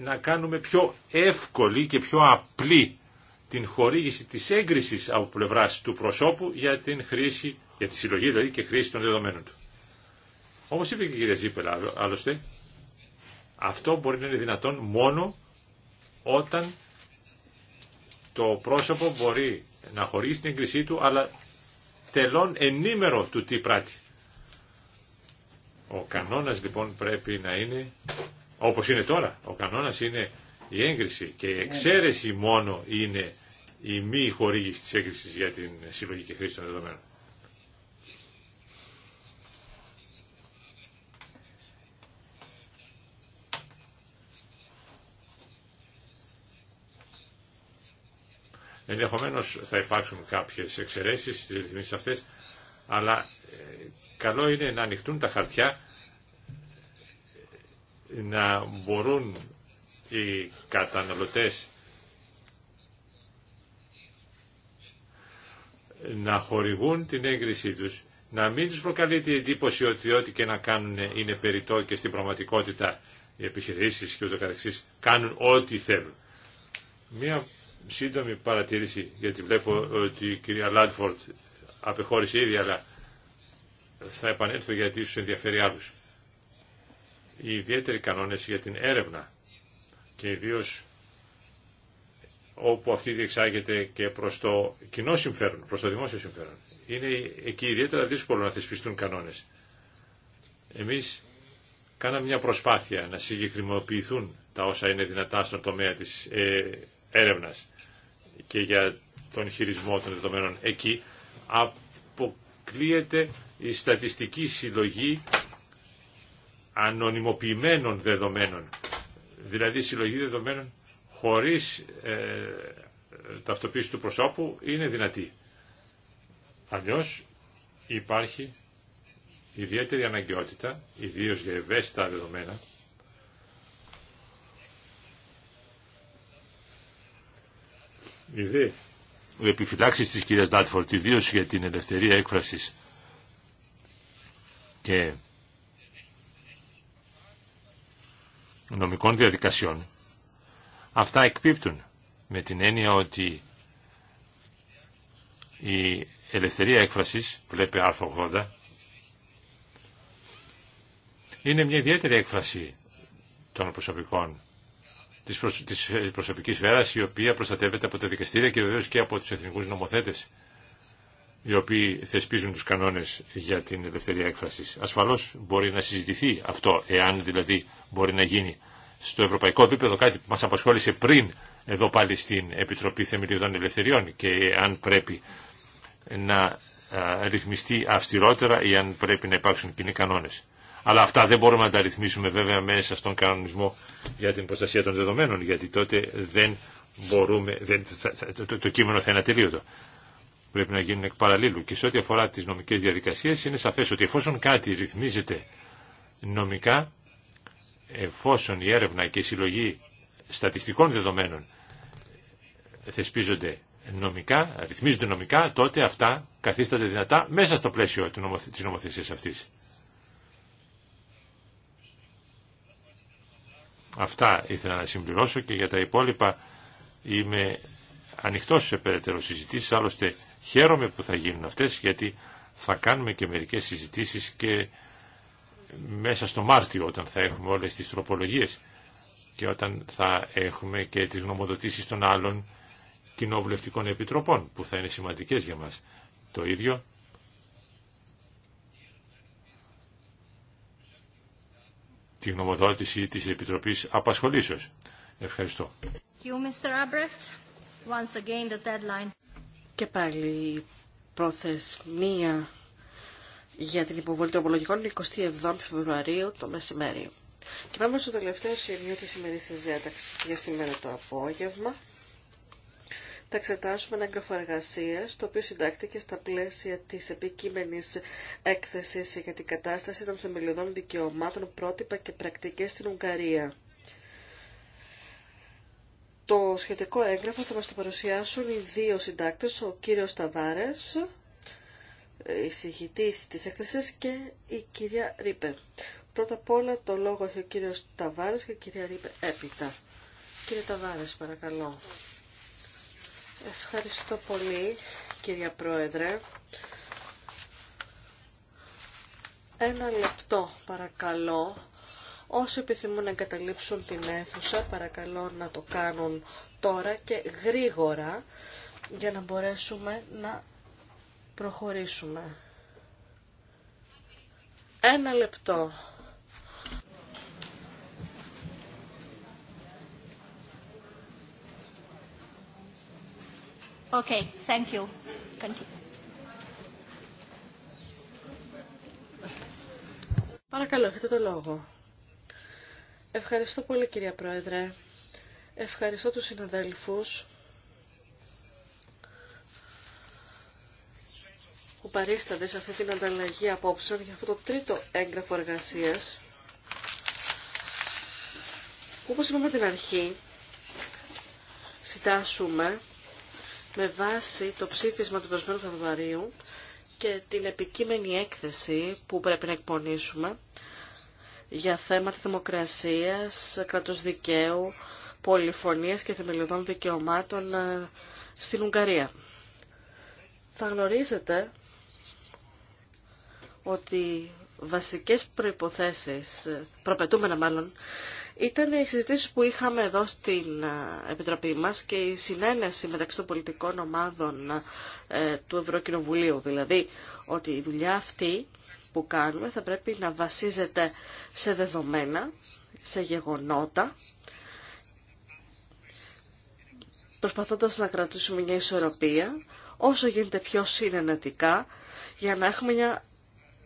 να κάνουμε πιο εύκολη και πιο απλή την χορήγηση της έγκρισης από πλευράς του προσώπου για την χρήση, για τη συλλογή δηλαδή και χρήση των δεδομένων του. Όμως είπε και η κυρία Ζήπελα άλλωστε αυτό μπορεί να είναι δυνατόν μόνο όταν το πρόσωπο μπορεί να χωρίσει την έγκρισή του, αλλά τελών ενήμερο του τι πράττει. Ο κανόνας λοιπόν πρέπει να είναι, όπως είναι τώρα, ο κανόνας είναι η έγκριση και η εξαίρεση μόνο είναι η μη χορήγηση της έγκρισης για την συλλογική χρήση των δεδομένων. Ενδεχομένω θα υπάρξουν κάποιες εξαιρεσει στις ρυθμίσει αυτές, αλλά ε, καλό είναι να ανοιχτούν τα χαρτιά, να μπορούν οι καταναλωτές να χορηγούν την έγκρισή τους, να μην τους προκαλείται η εντύπωση ότι ό,τι και να κάνουν είναι περιττό και στην πραγματικότητα οι επιχειρήσεις και ούτω καθεξής κάνουν ό,τι θέλουν. Μία σύντομη παρατήρηση, γιατί βλέπω ότι η κυρία λάντφορντ απεχώρησε ήδη, αλλά θα επανέλθω γιατί ίσως ενδιαφέρει άλλους. Οι ιδιαίτεροι κανόνες για την έρευνα και ιδίω όπου αυτή διεξάγεται και προς το κοινό συμφέρον, προς το δημόσιο συμφέρον. Είναι εκεί ιδιαίτερα δύσκολο να θεσπιστούν κανόνες. Εμείς κάναμε μια προσπάθεια να συγκεκριμοποιηθούν τα όσα είναι δυνατά στον τομέα της ε, έρευνας και για τον χειρισμό των δεδομένων εκεί αποκλείεται η στατιστική συλλογή ανωνυμοποιημένων δεδομένων δηλαδή συλλογή δεδομένων χωρίς ε, ταυτοποίηση του προσώπου είναι δυνατή. Αλλιώς υπάρχει ιδιαίτερη αναγκαιότητα, ιδίως για ευαίσθητα δεδομένα, Οι επιφυλάξει επιφυλάξεις της κυρίας Ντάτφορτ, ιδίω για την ελευθερία έκφρασης και νομικών διαδικασιών, αυτά εκπίπτουν με την έννοια ότι η ελευθερία έκφρασης, βλέπε άρθρο 80, είναι μια ιδιαίτερη έκφραση των προσωπικών της, προσωπική της ε, προσωπικής η οποία προστατεύεται από τα δικαστήρια και βεβαίως και από τους εθνικούς νομοθέτες οι οποίοι θεσπίζουν τους κανόνες για την ελευθερία έκφρασης. Ασφαλώς μπορεί να συζητηθεί αυτό, εάν δηλαδή μπορεί να γίνει στο ευρωπαϊκό επίπεδο κάτι που μας απασχόλησε πριν εδώ πάλι στην Επιτροπή Θεμελιωδών Ελευθεριών και αν πρέπει να ρυθμιστεί αυστηρότερα ή αν πρέπει να υπάρξουν κοινοί κανόνες. Αλλά αυτά δεν μπορούμε να τα ρυθμίσουμε βέβαια μέσα στον κανονισμό για την προστασία των δεδομένων, γιατί τότε δεν μπορούμε, δεν, το, κείμενο θα είναι ατελείωτο. Πρέπει να γίνουν εκ παραλλήλου Και σε ό,τι αφορά τι νομικέ διαδικασίε, είναι σαφέ ότι εφόσον κάτι ρυθμίζεται νομικά, εφόσον η έρευνα και η συλλογή στατιστικών δεδομένων θεσπίζονται νομικά, ρυθμίζονται νομικά, τότε αυτά καθίστανται δυνατά μέσα στο πλαίσιο της νομοθεσίας αυτής. Αυτά ήθελα να συμπληρώσω και για τα υπόλοιπα είμαι ανοιχτός σε περαιτέρω συζητήσεις, άλλωστε χαίρομαι που θα γίνουν αυτές γιατί θα κάνουμε και μερικές συζητήσεις και μέσα στο Μάρτιο όταν θα έχουμε όλες τις τροπολογίες και όταν θα έχουμε και τις γνωμοδοτήσεις των άλλων κοινοβουλευτικών επιτροπών που θα είναι σημαντικές για μας. Το ίδιο τη γνωμοδότηση της Επιτροπής Απασχολήσεως. Ευχαριστώ. Και πάλι προθεσμία για την υποβολή των ομολογικών 27 Φεβρουαρίου το μεσημέρι. Και πάμε στο τελευταίο σημείο της σημερινής διάταξης για σήμερα το απόγευμα θα εξετάσουμε ένα έγγραφο εργασία, το οποίο συντάχθηκε στα πλαίσια τη επικείμενη έκθεση για την κατάσταση των θεμελιωδών δικαιωμάτων, πρότυπα και πρακτικέ στην Ουγγαρία. Το σχετικό έγγραφο θα μας το παρουσιάσουν οι δύο συντάκτες, ο κύριος Ταβάρες, ε, εισηγητής της έκθεσης και η κυρία Ρίπε. Πρώτα απ' όλα το λόγο έχει ο κύριος Ταβάρες και η κυρία Ρίπε έπειτα. Κύριε Ταβάρες, παρακαλώ. Ευχαριστώ πολύ, κυρία Πρόεδρε. Ένα λεπτό, παρακαλώ. Όσοι επιθυμούν να εγκαταλείψουν την αίθουσα, παρακαλώ να το κάνουν τώρα και γρήγορα για να μπορέσουμε να προχωρήσουμε. Ένα λεπτό. Okay, thank you. Παρακαλώ, έχετε το λόγο. Ευχαριστώ πολύ κυρία Πρόεδρε. Ευχαριστώ τους συναδέλφους που παρίστανται σε αυτή την ανταλλαγή απόψεων για αυτό το τρίτο έγγραφο εργασίας Όπω όπως είπαμε την αρχή συντάσσουμε με βάση το ψήφισμα του περασμένου Φεβρουαρίου και την επικείμενη έκθεση που πρέπει να εκπονήσουμε για θέματα δημοκρασίας, κρατός δικαίου, πολυφωνίας και θεμελιωδών δικαιωμάτων ε, στην Ουγγαρία. Θα γνωρίζετε ότι βασικές προϋποθέσεις, ε, προπετούμενα μάλλον, ήταν οι συζητήσει που είχαμε εδώ στην ε, Επιτροπή μας και η συνένεση μεταξύ των πολιτικών ομάδων ε, του Ευρωκοινοβουλίου. Δηλαδή ότι η δουλειά αυτή που κάνουμε θα πρέπει να βασίζεται σε δεδομένα, σε γεγονότα, προσπαθώντας να κρατήσουμε μια ισορροπία όσο γίνεται πιο συνενετικά για να έχουμε μια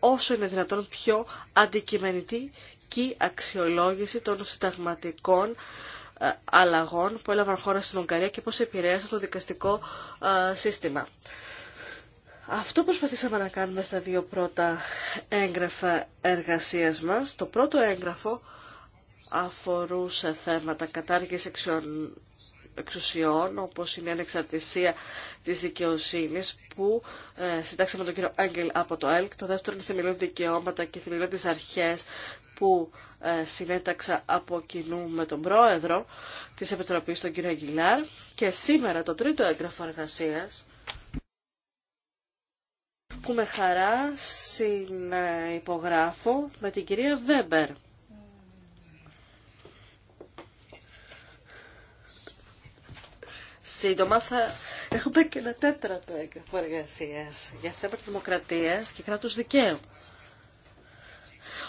όσο είναι δυνατόν πιο αντικειμενική και αξιολόγηση των συνταγματικών ε, αλλαγών που έλαβαν χώρα στην Ουγγαρία και πώς επηρέασαν το δικαστικό ε, σύστημα. Αυτό προσπαθήσαμε να κάνουμε στα δύο πρώτα έγγραφα εργασίας μας. Το πρώτο έγγραφο αφορούσε θέματα κατάργηση εξουσιών, όπως είναι η ανεξαρτησία της δικαιοσύνης, που ε, συντάξαμε τον κύριο Έγγελ από το ΕΛΚ. Το δεύτερο είναι θεμελιώδη δικαιώματα και θεμελιώδη αρχές που ε, συνέταξα από κοινού με τον πρόεδρο της Επιτροπής, τον κύριο Αγγιλάρ, και σήμερα το τρίτο έγγραφο εργασία που με χαρά συνυπογράφω με την κυρία Βέμπερ. Σύντομα θα έχουμε και ένα τέταρτο έγγραφο εργασία για θέματα δημοκρατίας και κράτους δικαίου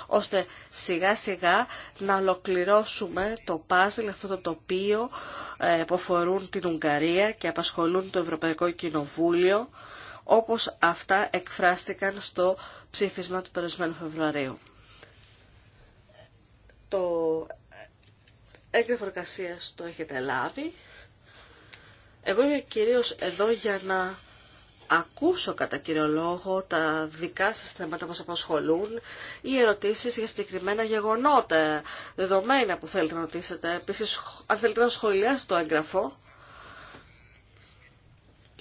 ώστε σιγά σιγά να ολοκληρώσουμε το πάζλ, αυτό το τοπίο ε, που αφορούν την Ουγγαρία και απασχολούν το Ευρωπαϊκό Κοινοβούλιο, όπως αυτά εκφράστηκαν στο ψήφισμα του περασμένου Φεβρουαρίου. Το έγγραφο εργασία το έχετε λάβει. Εγώ είμαι κυρίως εδώ για να ακούσω κατά κύριο τα δικά σας θέματα που σας απασχολούν ή ερωτήσεις για συγκεκριμένα γεγονότα, δεδομένα που θέλετε να ρωτήσετε. Επίσης, αν θέλετε να σχολιάσετε το έγγραφο,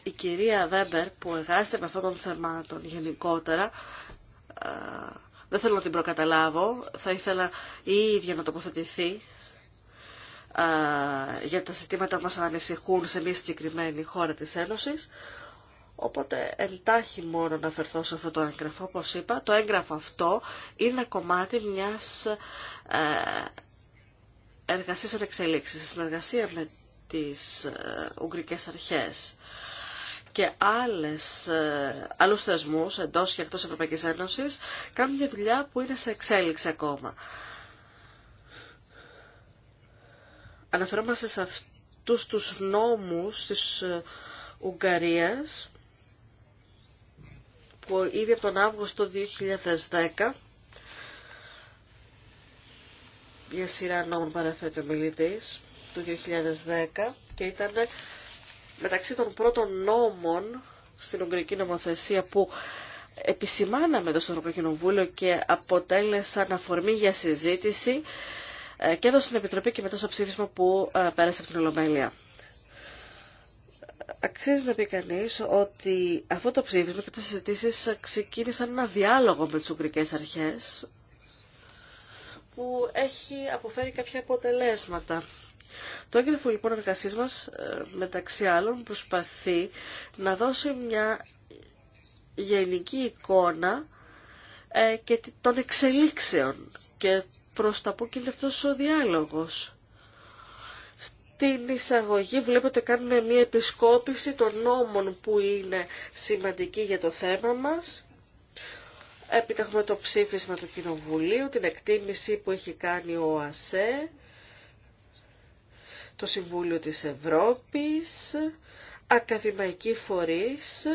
η κυρία Βέμπερ που εργάζεται με αυτόν τον θεμάτων γενικότερα, δεν θέλω να την προκαταλάβω, θα ήθελα η ίδια να τοποθετηθεί για τα ζητήματα που μας ανησυχούν σε μια συγκεκριμένη χώρα της Ένωσης. Οπότε ελτάχει μόνο να φερθώ σε αυτό το έγγραφο, όπως είπα. Το έγγραφο αυτό είναι κομμάτι μιας ε, εργασίας ανεξελίξης, συνεργασία με τις ε, Ουγγρικές Αρχές και άλλες, ε, άλλους θεσμούς εντός και εκτός Ευρωπαϊκής Ένωσης κάνουν μια δουλειά που είναι σε εξέλιξη ακόμα. Αναφερόμαστε σε αυτούς τους νόμους της Ουγγαρίας που ήδη από τον Αύγουστο 2010 για σειρά νόμων παραθέτει ο μιλητής του 2010 και ήταν μεταξύ των πρώτων νόμων στην Ουγγρική νομοθεσία που επισημάναμε το Ευρωπαϊκό Κοινοβούλιο και αποτέλεσαν αφορμή για συζήτηση ε, και έδωσε στην Επιτροπή και μετά στο ψήφισμα που ε, πέρασε από την Ολομέλεια αξίζει να πει κανεί ότι αυτό το ψήφισμα και τι συζητήσει ξεκίνησαν ένα διάλογο με τι Ουγγρικέ Αρχέ που έχει αποφέρει κάποια αποτελέσματα. Το έγγραφο λοιπόν εργασία μα, ε, μεταξύ άλλων προσπαθεί να δώσει μια γενική εικόνα ε, και των εξελίξεων και προς τα που κινείται ο διάλογος την εισαγωγή βλέπετε κάνουμε μια επισκόπηση των νόμων που είναι σημαντική για το θέμα μας. Έπειτα έχουμε το ψήφισμα του Κοινοβουλίου, την εκτίμηση που έχει κάνει ο ΑΣΕ, το Συμβούλιο της Ευρώπης, ακαδημαϊκοί φορείς,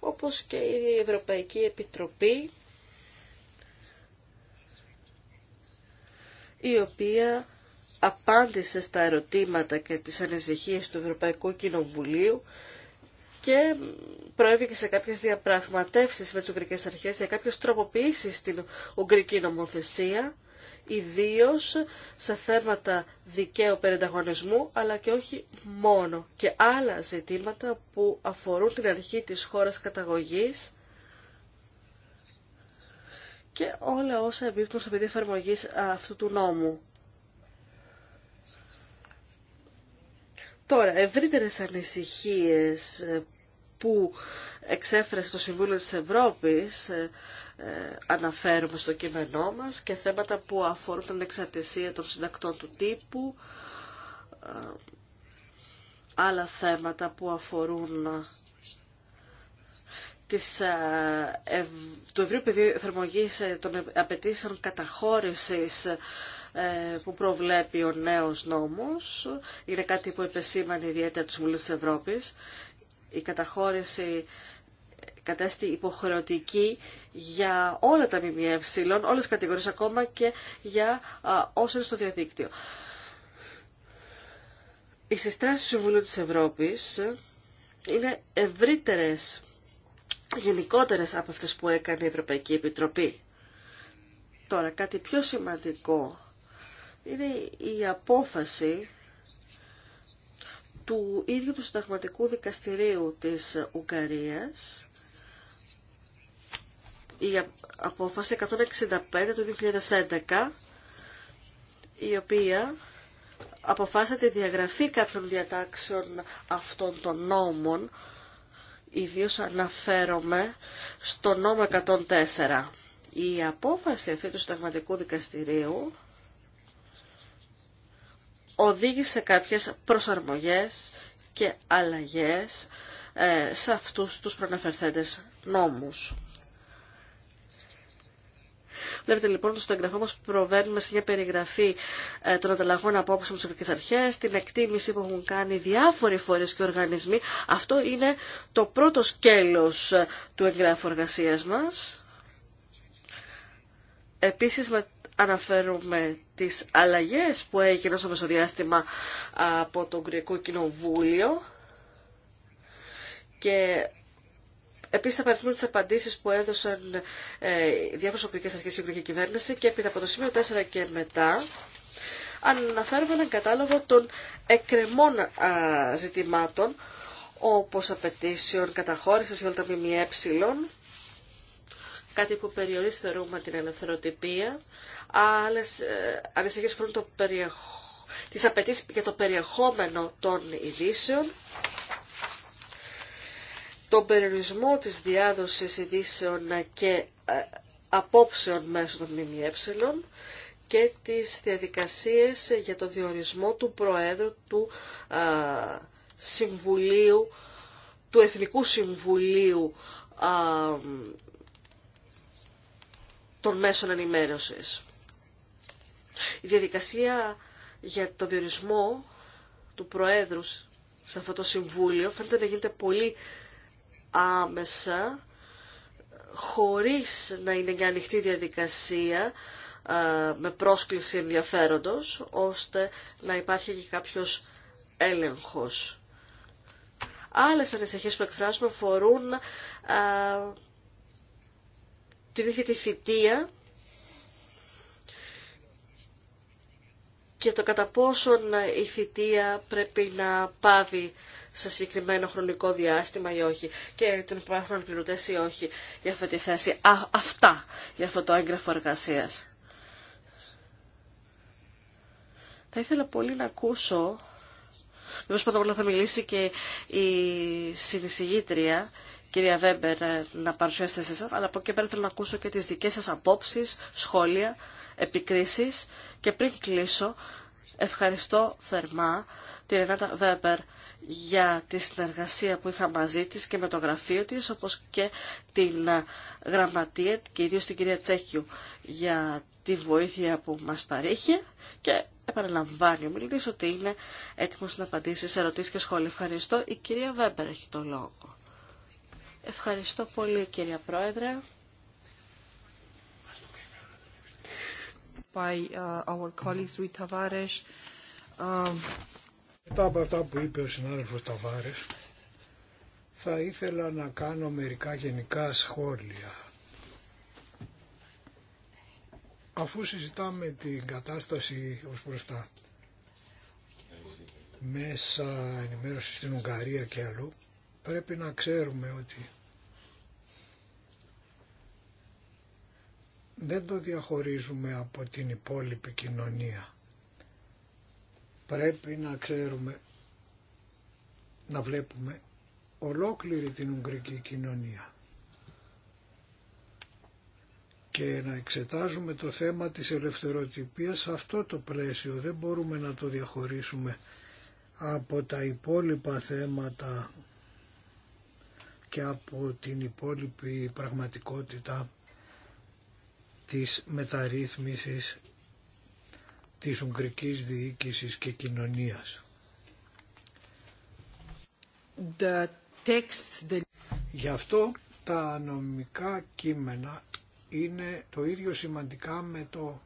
όπως και η Ευρωπαϊκή Επιτροπή, η οποία απάντησε στα ερωτήματα και τις ανησυχίες του Ευρωπαϊκού Κοινοβουλίου και προέβηκε σε κάποιες διαπραγματεύσεις με τις Ουγγρικές Αρχές για κάποιες τροποποιήσεις στην Ουγγρική νομοθεσία, ιδίως σε θέματα δικαίου περιταγωνισμού, αλλά και όχι μόνο, και άλλα ζητήματα που αφορούν την αρχή της χώρας καταγωγής και όλα όσα εμπίπτουν στο πεδίο εφαρμογή αυτού του νόμου. Τώρα, ευρύτερε ανησυχίε ε, που εξέφρασε το Συμβούλιο της Ευρώπης ε, ε, αναφέρουμε στο κείμενό μας και θέματα που αφορούν την εξαρτησία των συντακτών του τύπου, άλλα θέματα που αφορούν της, το ευρύ πεδίο εφαρμογής των απαιτήσεων καταχώρησης ε, που προβλέπει ο νέος νόμος. Είναι κάτι που επεσήμανε ιδιαίτερα του Συμβουλίου της Ευρώπης. Η καταχώρηση κατέστη υποχρεωτική για όλα τα ΜΜΕ, όλες τις κατηγορίες, ακόμα και για όσο είναι στο διαδίκτυο. Οι συστάσεις του Συμβουλίου της Ευρώπης είναι ευρύτερες, γενικότερες από αυτές που έκανε η Ευρωπαϊκή Επιτροπή. Τώρα, κάτι πιο σημαντικό είναι η απόφαση του ίδιου του Συνταγματικού Δικαστηρίου της Ουγγαρίας η απόφαση 165 του 2011 η οποία αποφάσισε τη διαγραφή κάποιων διατάξεων αυτών των νόμων ιδίως αναφέρομαι στο νόμο 104. Η απόφαση αυτή του Συνταγματικού Δικαστηρίου οδήγησε κάποιες προσαρμογές και αλλαγές ε, σε αυτούς τους προναφερθέντες νόμους. Βλέπετε λοιπόν στο εγγραφό μας προβαίνουμε σε μια περιγραφή ε, των ανταλλαγών απόψεων στις ευρωπαϊκές αρχές, την εκτίμηση που έχουν κάνει διάφοροι φορές και οργανισμοί. Αυτό είναι το πρώτο σκέλος ε, του εγγράφου εργασία μας. Επίσης με αναφέρουμε τις αλλαγές που έγιναν στο μεσοδιάστημα από το Ουγγρικό Κοινοβούλιο και Επίση, απαριθμούν τις απαντήσεις που έδωσαν ε, διάφορες οπλικές αρχέ και η κυβέρνηση και από το σημείο 4 και μετά αναφέρουμε έναν κατάλογο των εκκρεμών α, ζητημάτων όπως απαιτήσεων καταχώρησης για τα ΜΜΕ, κάτι που περιορίζει θεωρούμε την ελευθεροτυπία, άλλες ε, ανησυχίες φορούν το περιεχόμενο τις απαιτήσεις για το περιεχόμενο των ειδήσεων, τον περιορισμό της διάδοσης ειδήσεων και ε, απόψεων μέσω των ΜΜΕ και τις διαδικασίες για το διορισμό του Προέδρου του ε, Συμβουλίου, του Εθνικού Συμβουλίου ε, των Μέσων Ενημέρωσης. Η διαδικασία για το διορισμό του Προέδρου σε αυτό το Συμβούλιο φαίνεται να γίνεται πολύ άμεσα, χωρίς να είναι μια ανοιχτή διαδικασία, με πρόσκληση ενδιαφέροντος, ώστε να υπάρχει και κάποιος έλεγχος. Άλλες ανησυχίες που εκφράζουμε αφορούν την ίδια τη θητεία και το κατά πόσον η θητεία πρέπει να πάβει σε συγκεκριμένο χρονικό διάστημα ή όχι και τον υπάρχουν πληρωτέ ή όχι για αυτή τη θέση. Α, αυτά για αυτό το έγγραφο εργασία. Θα ήθελα πολύ να ακούσω, Μήπω πρώτα απ' θα μιλήσει και η συνεισηγήτρια, κυρία Βέμπερ, να παρουσιάσετε σε αλλά από εκεί πέρα θέλω να ακούσω και τις δικέ σα απόψει, σχόλια, επικρίσεις και πριν κλείσω ευχαριστώ θερμά τη Ρενάτα Βέμπερ για τη συνεργασία που είχα μαζί της και με το γραφείο της, όπως και την γραμματεία και ιδίως την κυρία Τσέχιου για τη βοήθεια που μας παρήχε και επαναλαμβάνει ο μιλητής ότι είναι έτοιμος να απαντήσει σε ερωτήσεις και σχόλια. Ευχαριστώ. Η κυρία Βέμπερ έχει το λόγο. Ευχαριστώ πολύ κυρία Πρόεδρε. by uh, our colleagues with Tavares. Um, Μετά από αυτά που είπε ο συνάδελφος Ταβάρες, θα ήθελα να κάνω μερικά γενικά σχόλια. Αφού συζητάμε την κατάσταση ως προς τα μέσα ενημέρωση στην Ουγγαρία και αλλού, πρέπει να ξέρουμε ότι δεν το διαχωρίζουμε από την υπόλοιπη κοινωνία. Πρέπει να ξέρουμε, να βλέπουμε ολόκληρη την Ουγγρική κοινωνία και να εξετάζουμε το θέμα της ελευθεροτυπίας σε αυτό το πλαίσιο. Δεν μπορούμε να το διαχωρίσουμε από τα υπόλοιπα θέματα και από την υπόλοιπη πραγματικότητα της μεταρρύθμισης της Ουγγρικής Διοίκησης και Κοινωνίας. The Γι' αυτό τα νομικά κείμενα είναι το ίδιο σημαντικά με το,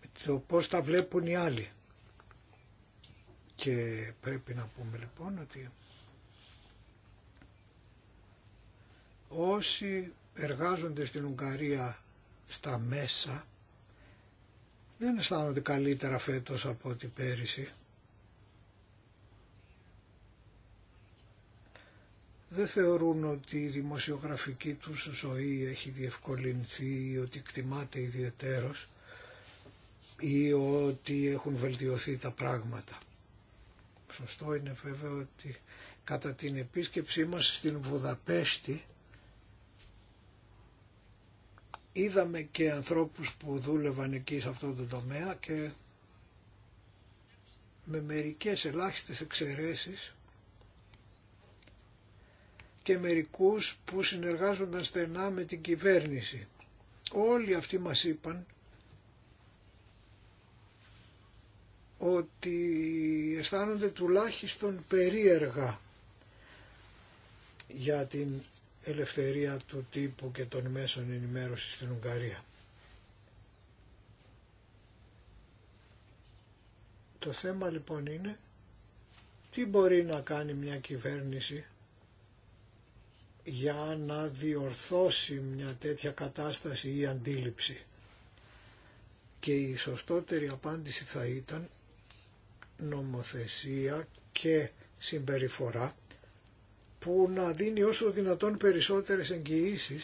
με το πώς τα βλέπουν οι άλλοι. Και πρέπει να πούμε λοιπόν ότι όσοι εργάζονται στην Ουγγαρία στα μέσα δεν αισθάνονται καλύτερα φέτος από ό,τι πέρυσι. Δεν θεωρούν ότι η δημοσιογραφική τους ζωή έχει διευκολυνθεί ή ότι εκτιμάται ιδιαιτέρως ή ότι έχουν βελτιωθεί τα πράγματα. Σωστό είναι βέβαια ότι κατά την επίσκεψή μας στην Βουδαπέστη είδαμε και ανθρώπους που δούλευαν εκεί σε αυτό το τομέα και με μερικές ελάχιστες εξαιρέσεις και μερικούς που συνεργάζονταν στενά με την κυβέρνηση. Όλοι αυτοί μας είπαν ότι αισθάνονται τουλάχιστον περίεργα για την ελευθερία του τύπου και των μέσων ενημέρωσης στην Ουγγαρία. Το θέμα λοιπόν είναι τι μπορεί να κάνει μια κυβέρνηση για να διορθώσει μια τέτοια κατάσταση ή αντίληψη. Και η σωστότερη απάντηση θα ήταν νομοθεσία και συμπεριφορά που να δίνει όσο δυνατόν περισσότερες εγγυήσει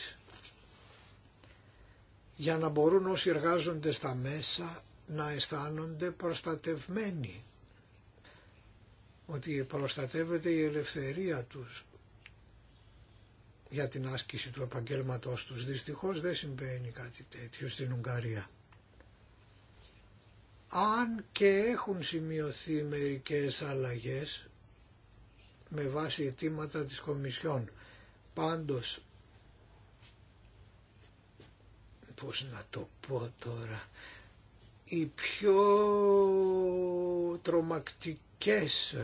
για να μπορούν όσοι εργάζονται στα μέσα να αισθάνονται προστατευμένοι ότι προστατεύεται η ελευθερία τους για την άσκηση του επαγγέλματός τους. Δυστυχώς δεν συμβαίνει κάτι τέτοιο στην Ουγγαρία. Αν και έχουν σημειωθεί μερικές αλλαγές, με βάση αιτήματα της Κομισιόν. Πάντως, πώς να το πω τώρα, οι πιο τρομακτικές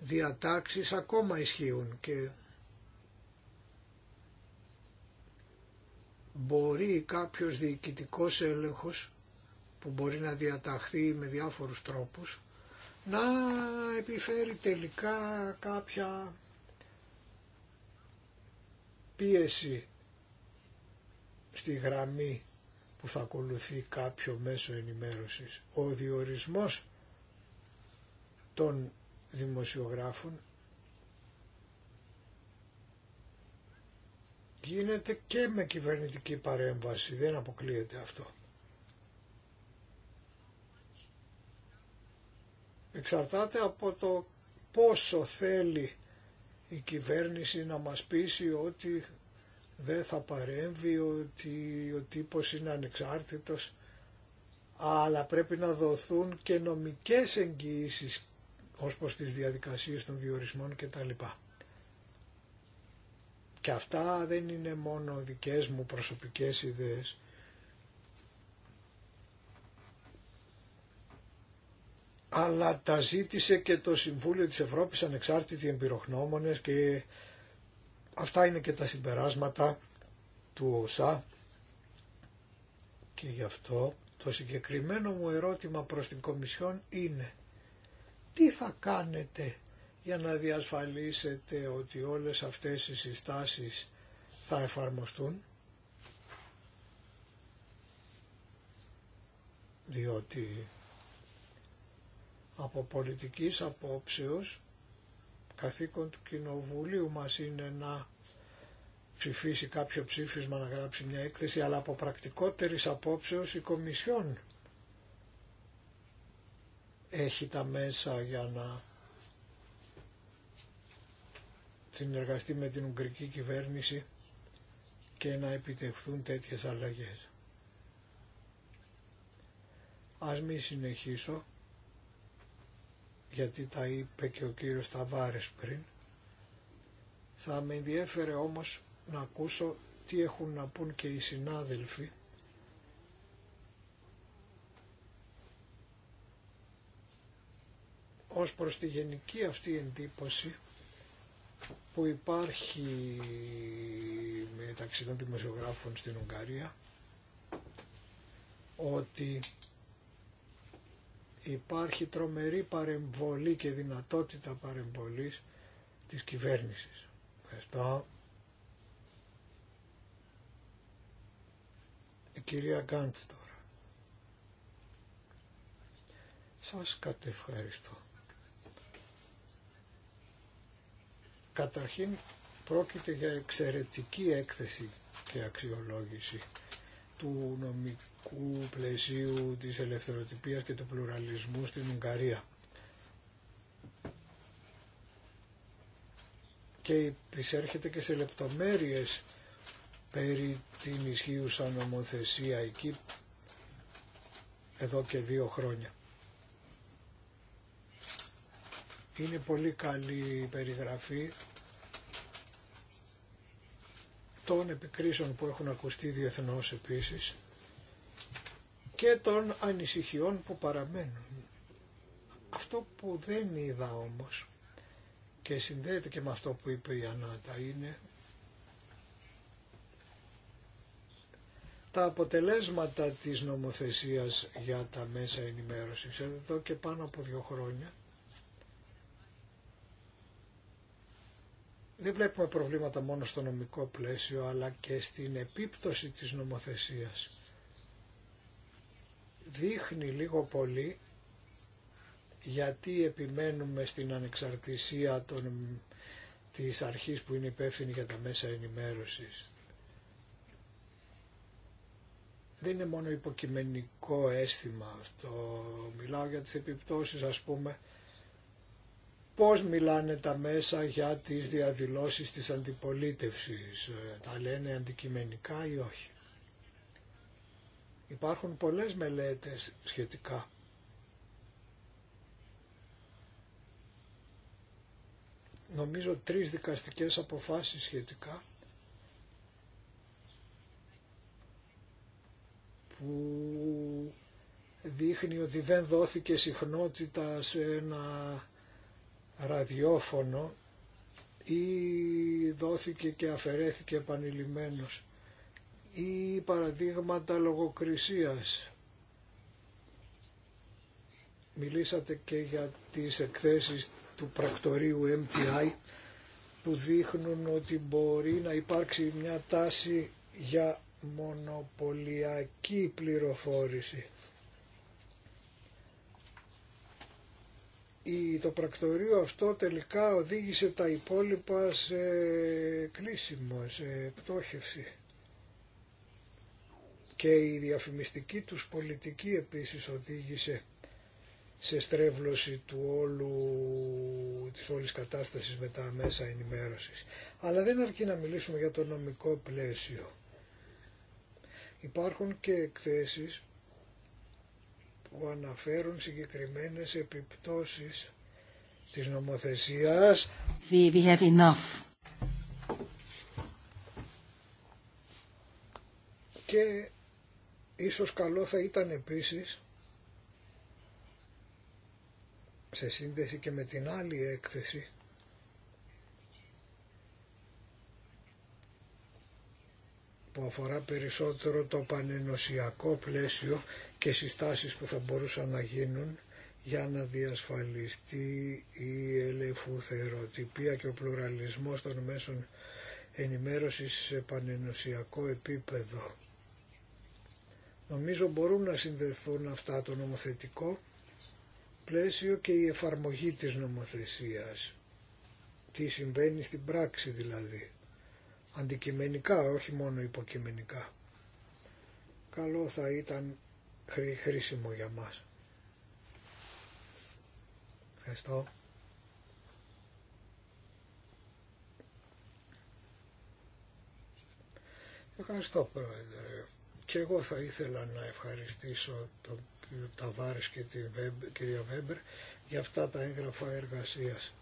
διατάξεις ακόμα ισχύουν και μπορεί κάποιος διοικητικός έλεγχος που μπορεί να διαταχθεί με διάφορους τρόπους να επιφέρει τελικά κάποια πίεση στη γραμμή που θα ακολουθεί κάποιο μέσο ενημέρωσης. Ο διορισμός των δημοσιογράφων γίνεται και με κυβερνητική παρέμβαση, δεν αποκλείεται αυτό. Εξαρτάται από το πόσο θέλει η κυβέρνηση να μας πείσει ότι δεν θα παρέμβει, ότι ο τύπος είναι ανεξάρτητος, αλλά πρέπει να δοθούν και νομικές εγγυήσεις ως προς τις διαδικασίες των διορισμών κτλ. Και αυτά δεν είναι μόνο δικές μου προσωπικές ιδέες. αλλά τα ζήτησε και το Συμβούλιο της Ευρώπης ανεξάρτητοι εμπειροχνόμονες και αυτά είναι και τα συμπεράσματα του ΟΣΑ και γι' αυτό το συγκεκριμένο μου ερώτημα προς την Κομισιόν είναι τι θα κάνετε για να διασφαλίσετε ότι όλες αυτές οι συστάσεις θα εφαρμοστούν διότι από πολιτικής απόψεως καθήκον του Κοινοβουλίου μας είναι να ψηφίσει κάποιο ψήφισμα, να γράψει μια έκθεση, αλλά από πρακτικότερης απόψεως η Κομισιόν έχει τα μέσα για να συνεργαστεί με την Ουγγρική κυβέρνηση και να επιτευχθούν τέτοιες αλλαγές. Ας μην συνεχίσω γιατί τα είπε και ο κύριος Ταβάρες πριν. Θα με ενδιέφερε όμως να ακούσω τι έχουν να πούν και οι συνάδελφοι ως προς τη γενική αυτή εντύπωση που υπάρχει μεταξύ των δημοσιογράφων στην Ουγγαρία ότι υπάρχει τρομερή παρεμβολή και δυνατότητα παρεμβολής της κυβέρνησης. Ευχαριστώ. Η κυρία Γκάντς τώρα. Σας κατευχαριστώ. Καταρχήν πρόκειται για εξαιρετική έκθεση και αξιολόγηση του νομικού πλαισίου της ελευθεροτυπίας και του πλουραλισμού στην Ουγγαρία. Και επισέρχεται και σε λεπτομέρειες περί την ισχύουσα νομοθεσία εκεί εδώ και δύο χρόνια. Είναι πολύ καλή η περιγραφή των επικρίσεων που έχουν ακουστεί διεθνώς επίσης και των ανησυχιών που παραμένουν. Αυτό που δεν είδα όμως και συνδέεται και με αυτό που είπε η Ανάτα είναι τα αποτελέσματα της νομοθεσίας για τα μέσα ενημέρωσης εδώ και πάνω από δύο χρόνια δεν βλέπουμε προβλήματα μόνο στο νομικό πλαίσιο αλλά και στην επίπτωση της νομοθεσίας. Δείχνει λίγο πολύ γιατί επιμένουμε στην ανεξαρτησία των, της αρχής που είναι υπεύθυνη για τα μέσα ενημέρωσης. Δεν είναι μόνο υποκειμενικό αίσθημα αυτό. Μιλάω για τις επιπτώσεις ας πούμε πώς μιλάνε τα μέσα για τις διαδηλώσεις της αντιπολίτευσης. Ε, τα λένε αντικειμενικά ή όχι. Υπάρχουν πολλές μελέτες σχετικά. Νομίζω τρεις δικαστικές αποφάσεις σχετικά που δείχνει ότι δεν δόθηκε συχνότητα σε ένα ραδιόφωνο ή δόθηκε και αφαιρέθηκε επανειλημμένος ή παραδείγματα λογοκρισίας. Μιλήσατε και για τις εκθέσεις του πρακτορείου MTI που δείχνουν ότι μπορεί να υπάρξει μια τάση για μονοπωλιακή πληροφόρηση. το πρακτορείο αυτό τελικά οδήγησε τα υπόλοιπα σε κλείσιμο, σε πτώχευση. Και η διαφημιστική τους πολιτική επίσης οδήγησε σε στρέβλωση του όλου, της όλης κατάστασης με τα μέσα ενημέρωσης. Αλλά δεν αρκεί να μιλήσουμε για το νομικό πλαίσιο. Υπάρχουν και εκθέσεις που αναφέρουν συγκεκριμένες επιπτώσεις της νομοθεσίας. We, have enough. Και ίσως καλό θα ήταν επίσης σε σύνδεση και με την άλλη έκθεση που αφορά περισσότερο το πανενοσιακό πλαίσιο και συστάσεις που θα μπορούσαν να γίνουν για να διασφαλιστεί η ελευθεροτυπία και ο πλουραλισμός των μέσων ενημέρωσης σε πανενοσιακό επίπεδο. Νομίζω μπορούν να συνδεθούν αυτά το νομοθετικό πλαίσιο και η εφαρμογή της νομοθεσίας. Τι συμβαίνει στην πράξη δηλαδή αντικειμενικά, όχι μόνο υποκειμενικά. Καλό θα ήταν χρήσιμο για μας. Ευχαριστώ. Ευχαριστώ πρόεδρε. Και εγώ θα ήθελα να ευχαριστήσω τον κύριο Ταβάρης και την κυρία Βέμπερ για αυτά τα έγγραφα εργασίας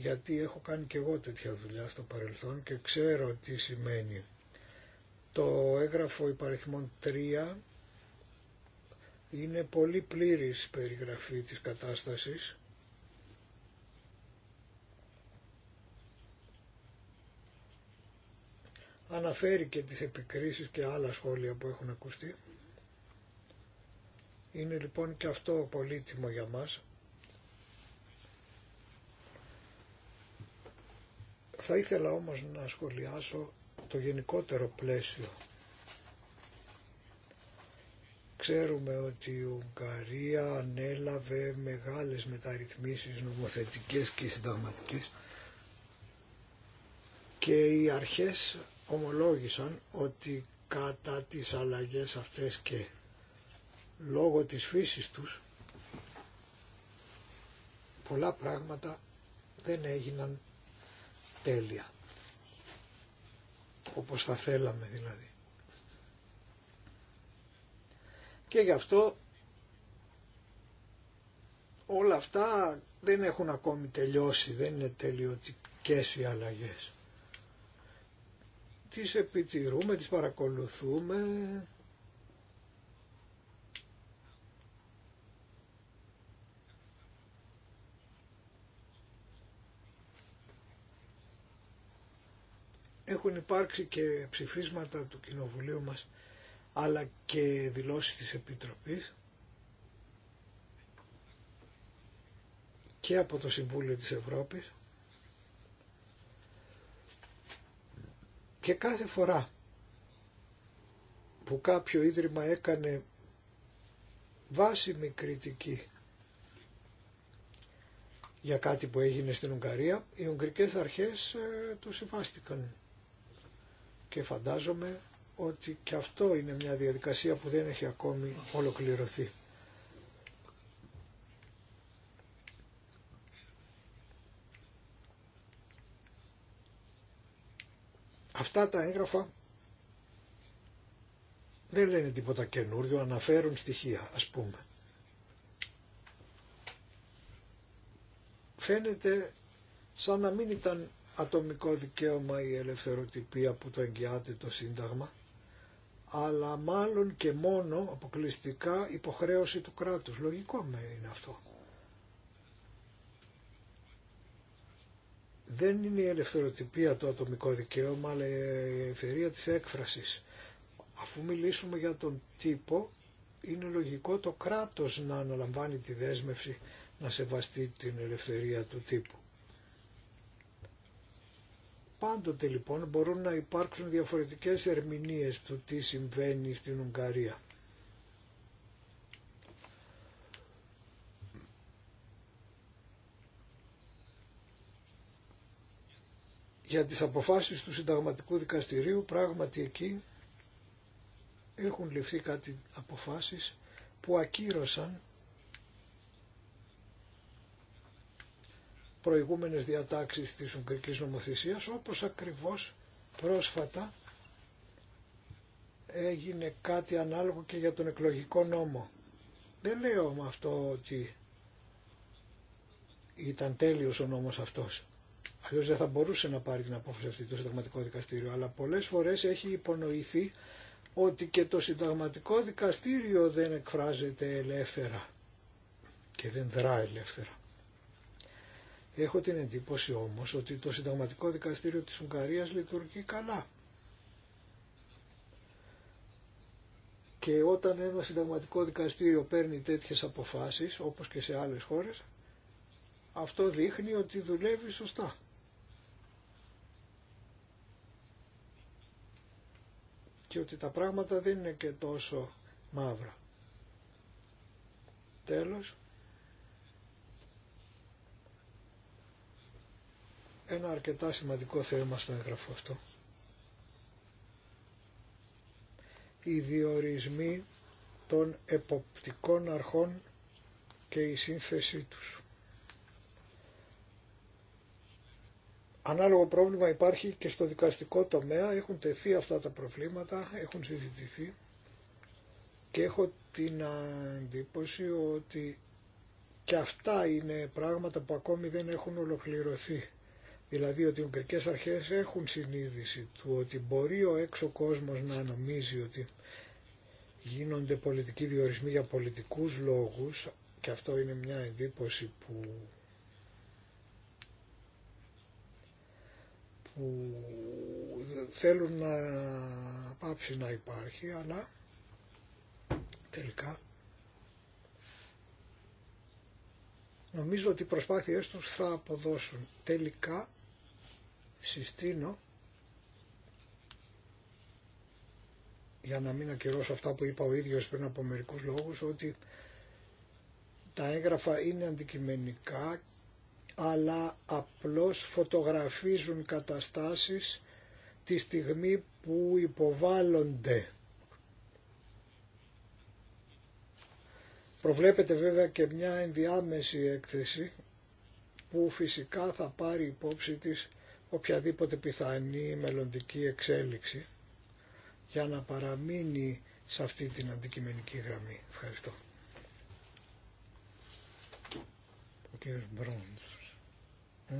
γιατί έχω κάνει και εγώ τέτοια δουλειά στο παρελθόν και ξέρω τι σημαίνει. Το έγγραφο υπαριθμών 3 είναι πολύ πλήρης περιγραφή της κατάστασης αναφέρει και τις επικρίσεις και άλλα σχόλια που έχουν ακουστεί. Είναι λοιπόν και αυτό πολύτιμο για μας. Θα ήθελα όμως να σχολιάσω το γενικότερο πλαίσιο. Ξέρουμε ότι η Ουγγαρία ανέλαβε μεγάλες μεταρρυθμίσεις νομοθετικές και συνταγματικές και οι αρχές ομολόγησαν ότι κατά τις αλλαγές αυτές και λόγω της φύσης τους πολλά πράγματα δεν έγιναν τέλεια. Όπως θα θέλαμε δηλαδή. Και γι' αυτό όλα αυτά δεν έχουν ακόμη τελειώσει, δεν είναι τελειωτικές οι αλλαγές. Τις επιτηρούμε, τις παρακολουθούμε, Έχουν υπάρξει και ψηφίσματα του Κοινοβουλίου μας αλλά και δηλώσεις της Επιτροπής και από το Συμβούλιο της Ευρώπης και κάθε φορά που κάποιο ίδρυμα έκανε βάσιμη κριτική για κάτι που έγινε στην Ουγγαρία, οι Ουγγρικές αρχές ε, το συμβάστηκαν και φαντάζομαι ότι και αυτό είναι μια διαδικασία που δεν έχει ακόμη ολοκληρωθεί. Αυτά τα έγγραφα δεν λένε τίποτα καινούριο, αναφέρουν στοιχεία ας πούμε. Φαίνεται σαν να μην ήταν ατομικό δικαίωμα η ελευθεροτυπία που το εγγυάται το Σύνταγμα, αλλά μάλλον και μόνο αποκλειστικά υποχρέωση του κράτους. Λογικό με είναι αυτό. Δεν είναι η ελευθεροτυπία το ατομικό δικαίωμα, αλλά η ελευθερία της έκφρασης. Αφού μιλήσουμε για τον τύπο, είναι λογικό το κράτος να αναλαμβάνει τη δέσμευση να σεβαστεί την ελευθερία του τύπου. Πάντοτε λοιπόν μπορούν να υπάρξουν διαφορετικές ερμηνείες του τι συμβαίνει στην Ουγγαρία. Για τις αποφάσεις του Συνταγματικού Δικαστηρίου πράγματι εκεί έχουν ληφθεί κάτι αποφάσεις που ακύρωσαν προηγούμενες διατάξεις της Ουγγρικής νομοθεσίας όπως ακριβώς πρόσφατα έγινε κάτι ανάλογο και για τον εκλογικό νόμο. Δεν λέω με αυτό ότι ήταν τέλειος ο νόμος αυτός. Αλλιώς δεν θα μπορούσε να πάρει την απόφαση αυτή το συνταγματικό δικαστήριο. Αλλά πολλές φορές έχει υπονοηθεί ότι και το συνταγματικό δικαστήριο δεν εκφράζεται ελεύθερα και δεν δρά ελεύθερα. Έχω την εντύπωση όμως ότι το συνταγματικό δικαστήριο της Ουγγαρίας λειτουργεί καλά. Και όταν ένα συνταγματικό δικαστήριο παίρνει τέτοιες αποφάσεις, όπως και σε άλλες χώρες, αυτό δείχνει ότι δουλεύει σωστά. Και ότι τα πράγματα δεν είναι και τόσο μαύρα. Τέλος, ένα αρκετά σημαντικό θέμα στο έγγραφο αυτό. Οι διορισμοί των εποπτικών αρχών και η σύνθεσή τους. Ανάλογο πρόβλημα υπάρχει και στο δικαστικό τομέα, έχουν τεθεί αυτά τα προβλήματα, έχουν συζητηθεί και έχω την αντίποση ότι και αυτά είναι πράγματα που ακόμη δεν έχουν ολοκληρωθεί. Δηλαδή ότι οι Ουγγρικές αρχές έχουν συνείδηση του ότι μπορεί ο έξω κόσμος να νομίζει ότι γίνονται πολιτικοί διορισμοί για πολιτικούς λόγους και αυτό είναι μια εντύπωση που, που θέλουν να πάψει να υπάρχει αλλά τελικά νομίζω ότι οι προσπάθειές τους θα αποδώσουν. Τελικά συστήνω για να μην ακυρώσω αυτά που είπα ο ίδιος πριν από μερικούς λόγους ότι τα έγγραφα είναι αντικειμενικά αλλά απλώς φωτογραφίζουν καταστάσεις τη στιγμή που υποβάλλονται. Προβλέπεται βέβαια και μια ενδιάμεση έκθεση που φυσικά θα πάρει υπόψη της οποιαδήποτε πιθανή μελλοντική εξέλιξη για να παραμείνει σε αυτή την αντικειμενική γραμμή. Ευχαριστώ. Ο κύριος Μπρόντς. Ε?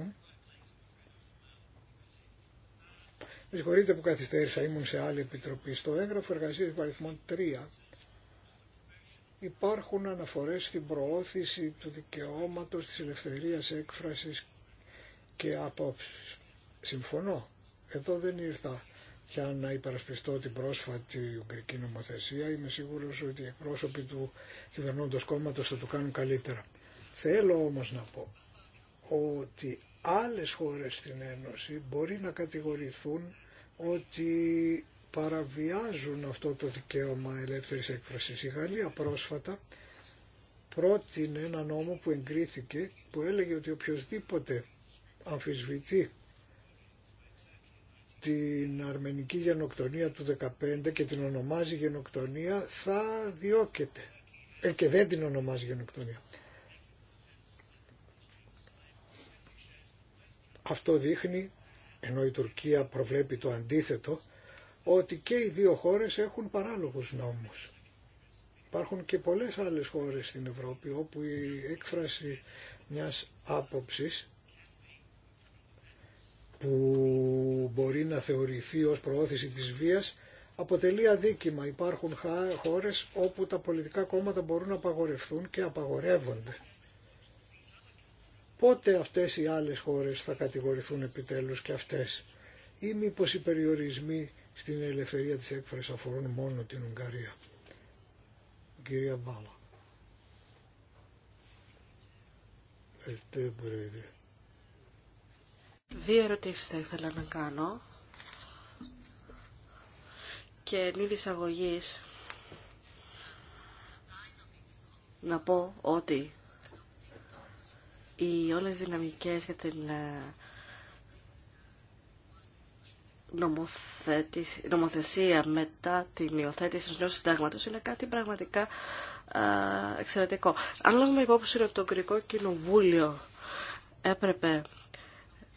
Με συγχωρείτε που καθυστέρησα, ήμουν σε άλλη επιτροπή. Στο έγγραφο εργασίας παριθμών 3 υπάρχουν αναφορές στην προώθηση του δικαιώματος της ελευθερίας έκφρασης και απόψης συμφωνώ. Εδώ δεν ήρθα για να υπερασπιστώ την πρόσφατη Ουγγρική νομοθεσία. Είμαι σίγουρος ότι οι εκπρόσωποι του κυβερνώντο κόμματος θα το κάνουν καλύτερα. Θέλω όμω να πω ότι άλλες χώρες στην Ένωση μπορεί να κατηγορηθούν ότι παραβιάζουν αυτό το δικαίωμα ελεύθερης έκφρασης. Η Γαλλία πρόσφατα πρότεινε ένα νόμο που εγκρίθηκε που έλεγε ότι οποιοδήποτε αμφισβητεί την αρμενική γενοκτονία του 15 και την ονομάζει γενοκτονία θα διώκεται. Ε, και δεν την ονομάζει γενοκτονία. Αυτό δείχνει, ενώ η Τουρκία προβλέπει το αντίθετο, ότι και οι δύο χώρες έχουν παράλογους νόμους. Υπάρχουν και πολλές άλλες χώρες στην Ευρώπη όπου η έκφραση μιας άποψης που μπορεί να θεωρηθεί ως προώθηση της βίας αποτελεί αδίκημα. Υπάρχουν χώρες όπου τα πολιτικά κόμματα μπορούν να απαγορευθούν και απαγορεύονται. Πότε αυτές οι άλλες χώρες θα κατηγορηθούν επιτέλους και αυτές ή μήπω οι περιορισμοί στην ελευθερία της έκφρασης αφορούν μόνο την Ουγγαρία. Κυρία Μπάλα. Ε, Δύο ερωτήσεις θα ήθελα να κάνω. Και μη εισαγωγή να πω ότι οι όλες οι δυναμικές για την ε, νομοθεσία μετά την υιοθέτηση του νέου συντάγματος είναι κάτι πραγματικά ε, εξαιρετικό. Αν λάβουμε υπόψη ότι το Κρικό Κοινοβούλιο έπρεπε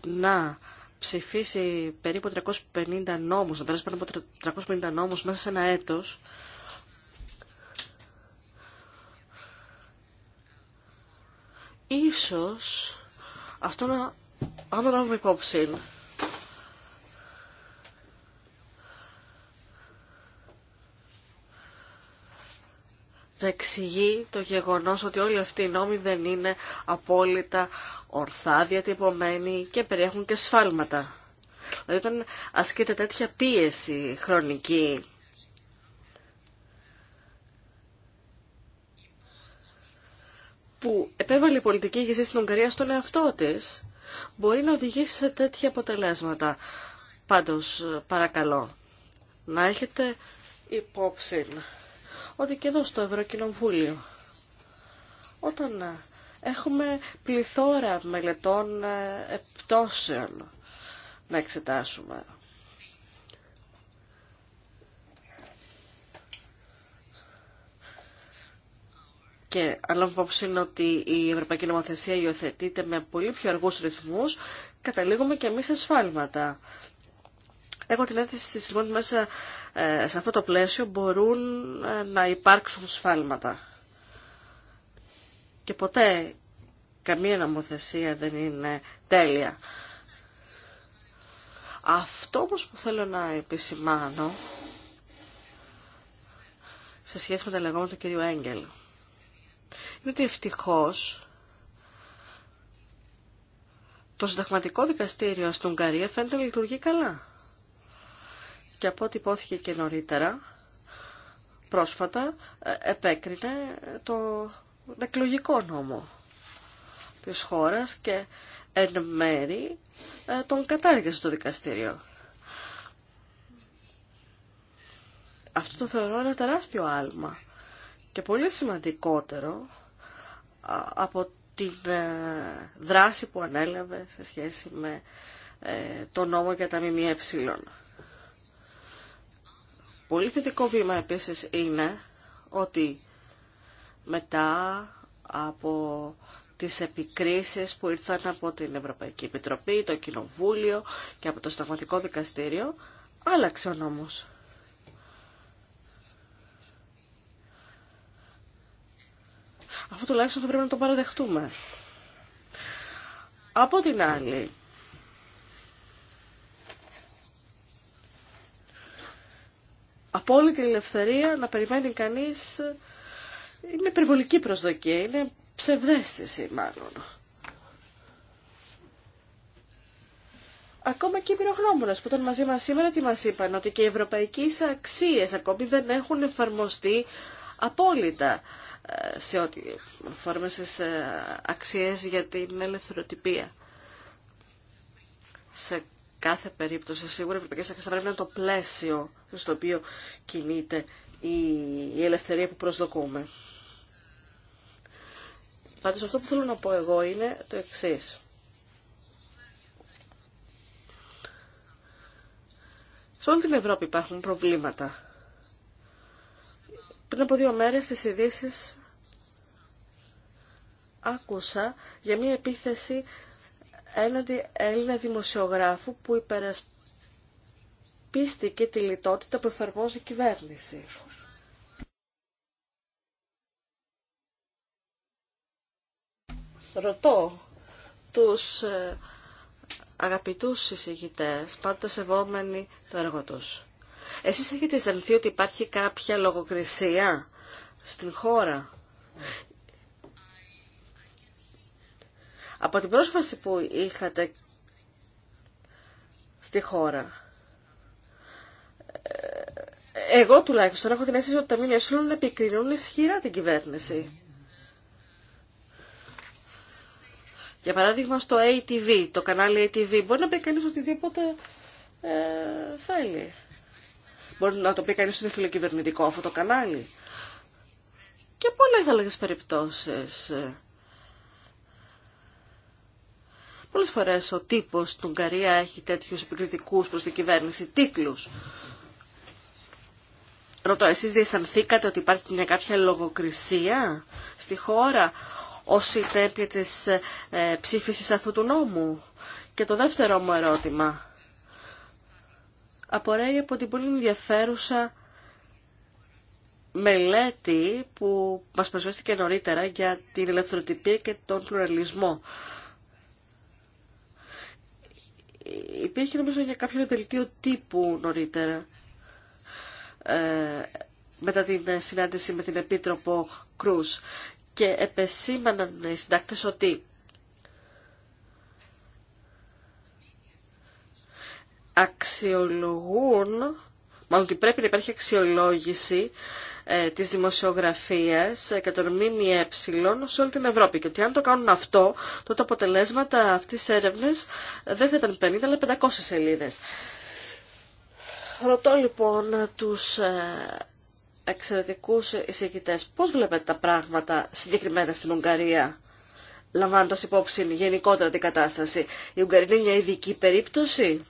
να ψηφίσει περίπου 350 νόμους, να περάσει περίπου 350 νόμους μέσα σε ένα έτος, ίσως αυτό να, αν το λάβουμε υπόψη, να εξηγεί το γεγονός ότι όλοι αυτοί οι νόμοι δεν είναι απόλυτα ορθά διατυπωμένοι και περιέχουν και σφάλματα. Δηλαδή όταν ασκείται τέτοια πίεση χρονική που επέβαλε η πολιτική ηγεσία στην Ουγγαρία στον εαυτό της, μπορεί να οδηγήσει σε τέτοια αποτελέσματα. Πάντως, παρακαλώ, να έχετε υπόψη ότι και εδώ στο Ευρωκοινοβούλιο όταν ε, έχουμε πληθώρα μελετών επτώσεων να εξετάσουμε. Και αν λάβουμε υπόψη είναι ότι η Ευρωπαϊκή Νομοθεσία υιοθετείται με πολύ πιο αργούς ρυθμούς, καταλήγουμε και εμείς σε σφάλματα. Έχω την αίσθηση στις λοιπόν μέσα ε, σε αυτό το πλαίσιο μπορούν ε, να υπάρξουν σφάλματα. Και ποτέ καμία νομοθεσία δεν είναι τέλεια. Αυτό όμως που θέλω να επισημάνω σε σχέση με τα λεγόμενα του κυρίου Έγκελ είναι ότι ευτυχώς το συνταγματικό δικαστήριο στην Ουγγαρία φαίνεται να λειτουργεί καλά και από ό,τι υπόθηκε και νωρίτερα, πρόσφατα, ε, επέκρινε το εκλογικό νόμο της χώρας και εν μέρη ε, τον κατάργησε στο δικαστήριο. Αυτό το θεωρώ ένα τεράστιο άλμα και πολύ σημαντικότερο από την ε, δράση που ανέλαβε σε σχέση με το νόμο για τα ΜΜΕ. Πολύ θετικό βήμα επίσης είναι ότι μετά από τις επικρίσεις που ήρθαν από την Ευρωπαϊκή Επιτροπή, το Κοινοβούλιο και από το Σταγματικό Δικαστήριο, άλλαξε ο νόμος. Αυτό τουλάχιστον θα πρέπει να το παραδεχτούμε. Από την άλλη, απόλυτη ελευθερία να περιμένει κανείς είναι υπερβολική προσδοκία, είναι ψευδέστηση μάλλον. Ακόμα και οι πυρογνώμονες που ήταν μαζί μας σήμερα τι μας είπαν, ότι και οι ευρωπαϊκέ αξίες ακόμη δεν έχουν εφαρμοστεί απόλυτα ε, σε ό,τι αφορά αξίες για την ελευθεροτυπία κάθε περίπτωση σίγουρα η Ευρωπαϊκή θα πρέπει να είναι το πλαίσιο στο οποίο κινείται η ελευθερία που προσδοκούμε. Πάντως αυτό που θέλω να πω εγώ είναι το εξή. Σε όλη την Ευρώπη υπάρχουν προβλήματα. Πριν από δύο μέρες στις ειδήσει άκουσα για μια επίθεση έναντι Έλληνα δημοσιογράφου που υπερασπίστηκε τη λιτότητα που εφαρμόζει η κυβέρνηση. Ρωτώ τους ε, αγαπητούς συζητητές, πάντα σεβόμενοι το έργο τους. Εσείς έχετε αισθανθεί ότι υπάρχει κάποια λογοκρισία στην χώρα από την πρόσφαση που είχατε στη χώρα. Ε, εγώ τουλάχιστον έχω την αίσθηση ότι τα ΜΜΕ επικρίνουν ισχυρά την κυβέρνηση. Για παράδειγμα στο ATV, το κανάλι ATV, μπορεί να πει κανείς οτιδήποτε ε, θέλει. Μπορεί να το πει κανείς ότι είναι φιλοκυβερνητικό αυτό το κανάλι. Και πολλές άλλες περιπτώσεις. Ε, Πολλέ φορέ ο τύπος του Ουγγαρία έχει τέτοιου επικριτικούς προ την κυβέρνηση τίτλου. Ρωτώ, εσεί διαισθανθήκατε ότι υπάρχει μια κάποια λογοκρισία στη χώρα ω η τέπεια της ε, αυτού του νόμου. Και το δεύτερο μου ερώτημα απορρέει από την πολύ ενδιαφέρουσα μελέτη που μας και νωρίτερα για την ελευθεροτυπία και τον πλουραλισμό υπήρχε νομίζω για κάποιο δελτίο τύπου νωρίτερα ε, μετά την συνάντηση με την Επίτροπο Κρούς και επεσήμαναν οι συντάκτες ότι αξιολογούν, μάλλον ότι πρέπει να υπάρχει αξιολόγηση ε, της δημοσιογραφίας ε, και των ΜΜΕ σε όλη την Ευρώπη και ότι αν το κάνουν αυτό, τότε τα αποτελέσματα αυτής της έρευνας δεν θα ήταν 50 αλλά 500 σελίδες. Ρωτώ λοιπόν τους ε, εξαιρετικούς εισηγητές πώς βλέπετε τα πράγματα συγκεκριμένα στην Ουγγαρία λαμβάνοντα υπόψη γενικότερα την κατάσταση. Η Ουγγαρία είναι μια ειδική περίπτωση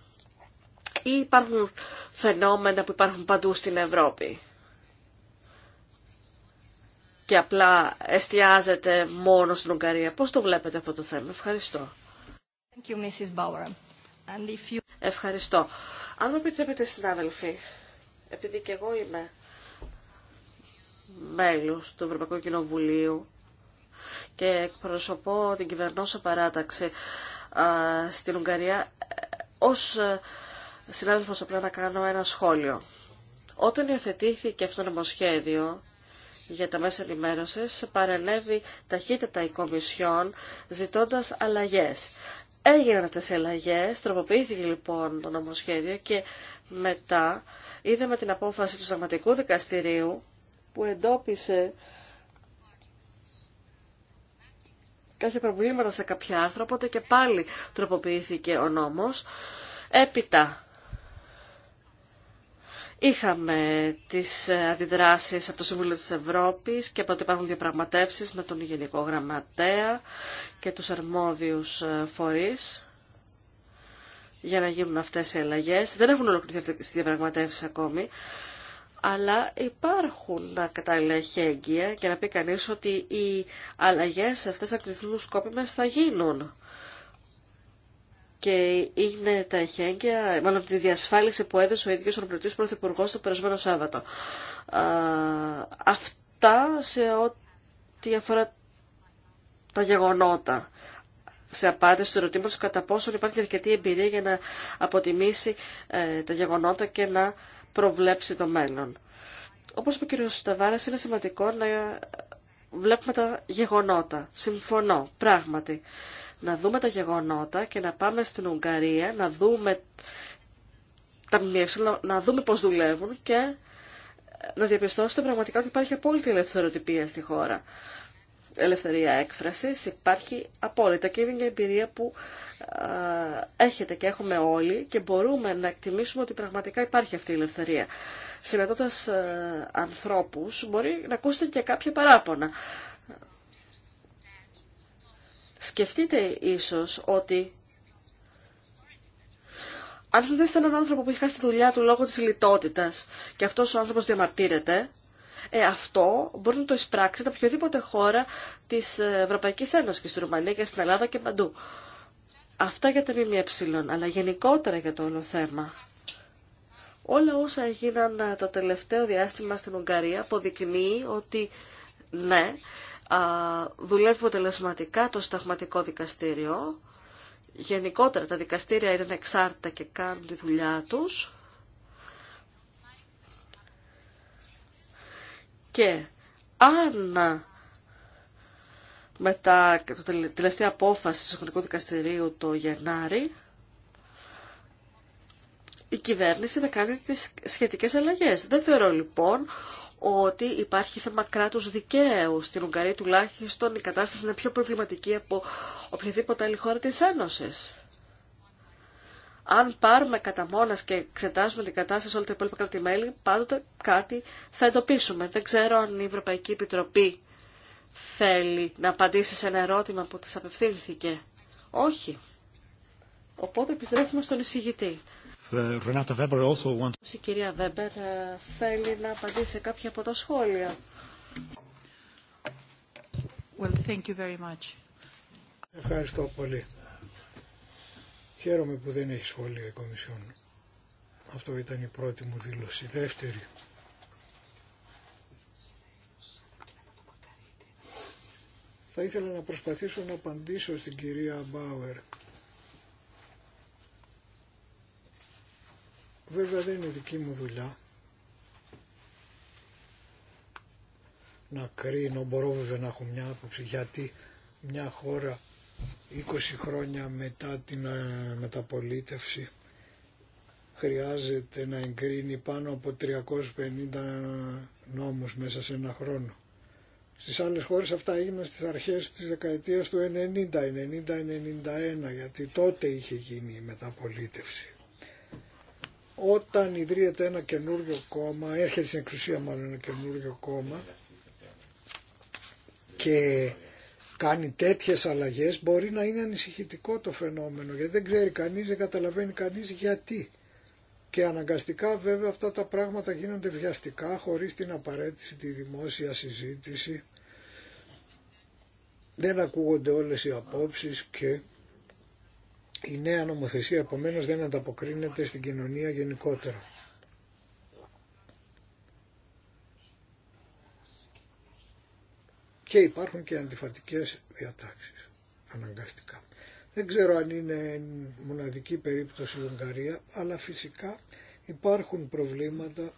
ή υπάρχουν φαινόμενα που υπάρχουν παντού στην Ευρώπη και απλά εστιάζεται μόνο στην Ουγγαρία. Πώς το βλέπετε αυτό το θέμα. Ευχαριστώ. Thank you, Mrs. Bauer. And if Ευχαριστώ. Αν μου επιτρέπετε συνάδελφοι, επειδή και εγώ είμαι μέλος του Ευρωπαϊκού Κοινοβουλίου και εκπροσωπώ την κυβερνόσα παράταξη στην Ουγγαρία, ως ε, συνάδελφος απλά να κάνω ένα σχόλιο. Όταν υιοθετήθηκε αυτό το νομοσχέδιο, για τα μέσα ενημέρωση, παρελεύει ταχύτατα η Κομισιόν ζητώντας αλλαγές. Έγιναν αυτές οι αλλαγές, τροποποιήθηκε λοιπόν το νομοσχέδιο και μετά είδαμε την απόφαση του Σταγματικού Δικαστηρίου που εντόπισε κάποια προβλήματα σε κάποια άρθρα, οπότε και πάλι τροποποιήθηκε ο νόμος. Έπειτα Είχαμε τις αντιδράσεις από το Συμβούλιο της Ευρώπης και από ότι υπάρχουν διαπραγματεύσεις με τον Γενικό Γραμματέα και τους αρμόδιους ε, φορείς για να γίνουν αυτές οι αλλαγές. Δεν έχουν ολοκληρωθεί αυτές τις διαπραγματεύσεις ακόμη, αλλά υπάρχουν τα κατάλληλα χέγγια και να πει κανείς ότι οι αλλαγές αυτές ακριβώς σκόπιμες θα γίνουν και είναι τα εχέγγυα, μάλλον από τη διασφάλιση που έδωσε ο ίδιος ο Ροπλωτής Πρωθυπουργός το περασμένο Σάββατο. αυτά σε ό,τι αφορά τα γεγονότα σε απάντηση του ερωτήματο κατά πόσον υπάρχει αρκετή εμπειρία για να αποτιμήσει ε, τα γεγονότα και να προβλέψει το μέλλον. Όπως είπε ο κ. Σταβάρας, είναι σημαντικό να ε, βλέπουμε τα γεγονότα. Συμφωνώ, πράγματι να δούμε τα γεγονότα και να πάμε στην Ουγγαρία, να δούμε τα να δούμε πώς δουλεύουν και να διαπιστώσετε πραγματικά ότι υπάρχει απόλυτη ελευθεροτυπία στη χώρα. Ελευθερία έκφρασης υπάρχει απόλυτα και είναι μια εμπειρία που έχετε και έχουμε όλοι και μπορούμε να εκτιμήσουμε ότι πραγματικά υπάρχει αυτή η ελευθερία. Συναντώντας ε, ανθρώπους μπορεί να ακούσετε και κάποια παράπονα. Σκεφτείτε ίσως ότι αν δεν έναν άνθρωπο που έχει χάσει τη δουλειά του λόγω της λιτότητας και αυτός ο άνθρωπος διαμαρτύρεται, ε, αυτό μπορεί να το εισπράξει από οποιαδήποτε χώρα της Ευρωπαϊκής Ένωσης και στη Ρουμανία και στην Ελλάδα και παντού. Αυτά για τα ΜΜΕ, αλλά γενικότερα για το όλο θέμα. Όλα όσα έγιναν το τελευταίο διάστημα στην Ουγγαρία αποδεικνύει ότι ναι, δουλεύει αποτελεσματικά το σταγματικό δικαστήριο. Γενικότερα τα δικαστήρια είναι εξάρτητα και κάνουν τη δουλειά τους. Και αν μετά την τελευταία απόφαση του Συνταγματικού Δικαστηρίου το Γενάρη, η κυβέρνηση θα κάνει τις σχετικές αλλαγές. Δεν θεωρώ λοιπόν ότι υπάρχει θέμα κράτους δικαίου. Στην Ουγγαρία τουλάχιστον η κατάσταση είναι πιο προβληματική από οποιαδήποτε άλλη χώρα της Ένωσης. Αν πάρουμε κατά μόνας και εξετάσουμε την κατάσταση σε όλα τα υπόλοιπα κράτη-μέλη, πάντοτε κάτι θα εντοπίσουμε. Δεν ξέρω αν η Ευρωπαϊκή Επιτροπή θέλει να απαντήσει σε ένα ερώτημα που της απευθύνθηκε. Όχι. Οπότε επιστρέφουμε στον εισηγητή. Uh, η κυρία Βέμπερ θέλει να απαντήσει σε κάποια από τα σχόλια. Ευχαριστώ πολύ. Χαίρομαι που δεν έχει σχόλια η Κομισιόν. Αυτό ήταν η πρώτη μου δήλωση. Δεύτερη. Θα ήθελα να προσπαθήσω να απαντήσω στην κυρία Μπάουερ. Βέβαια δεν είναι δική μου δουλειά. Να κρίνω, μπορώ βέβαια να έχω μια άποψη γιατί μια χώρα 20 χρόνια μετά την ε, μεταπολίτευση χρειάζεται να εγκρίνει πάνω από 350 νόμους μέσα σε ένα χρόνο. Στις άλλες χώρες αυτά έγιναν στις αρχές της δεκαετίας του 90, 90-91, γιατί τότε είχε γίνει η μεταπολίτευση όταν ιδρύεται ένα καινούριο κόμμα, έρχεται στην εξουσία μάλλον ένα καινούριο κόμμα και κάνει τέτοιες αλλαγές μπορεί να είναι ανησυχητικό το φαινόμενο γιατί δεν ξέρει κανείς, δεν καταλαβαίνει κανείς γιατί. Και αναγκαστικά βέβαια αυτά τα πράγματα γίνονται βιαστικά χωρίς την απαραίτηση τη δημόσια συζήτηση. Δεν ακούγονται όλες οι απόψεις και η νέα νομοθεσία επομένως δεν ανταποκρίνεται στην κοινωνία γενικότερα. Και υπάρχουν και αντιφατικές διατάξεις, αναγκαστικά. Δεν ξέρω αν είναι μοναδική περίπτωση η Ουγγαρία, αλλά φυσικά υπάρχουν προβλήματα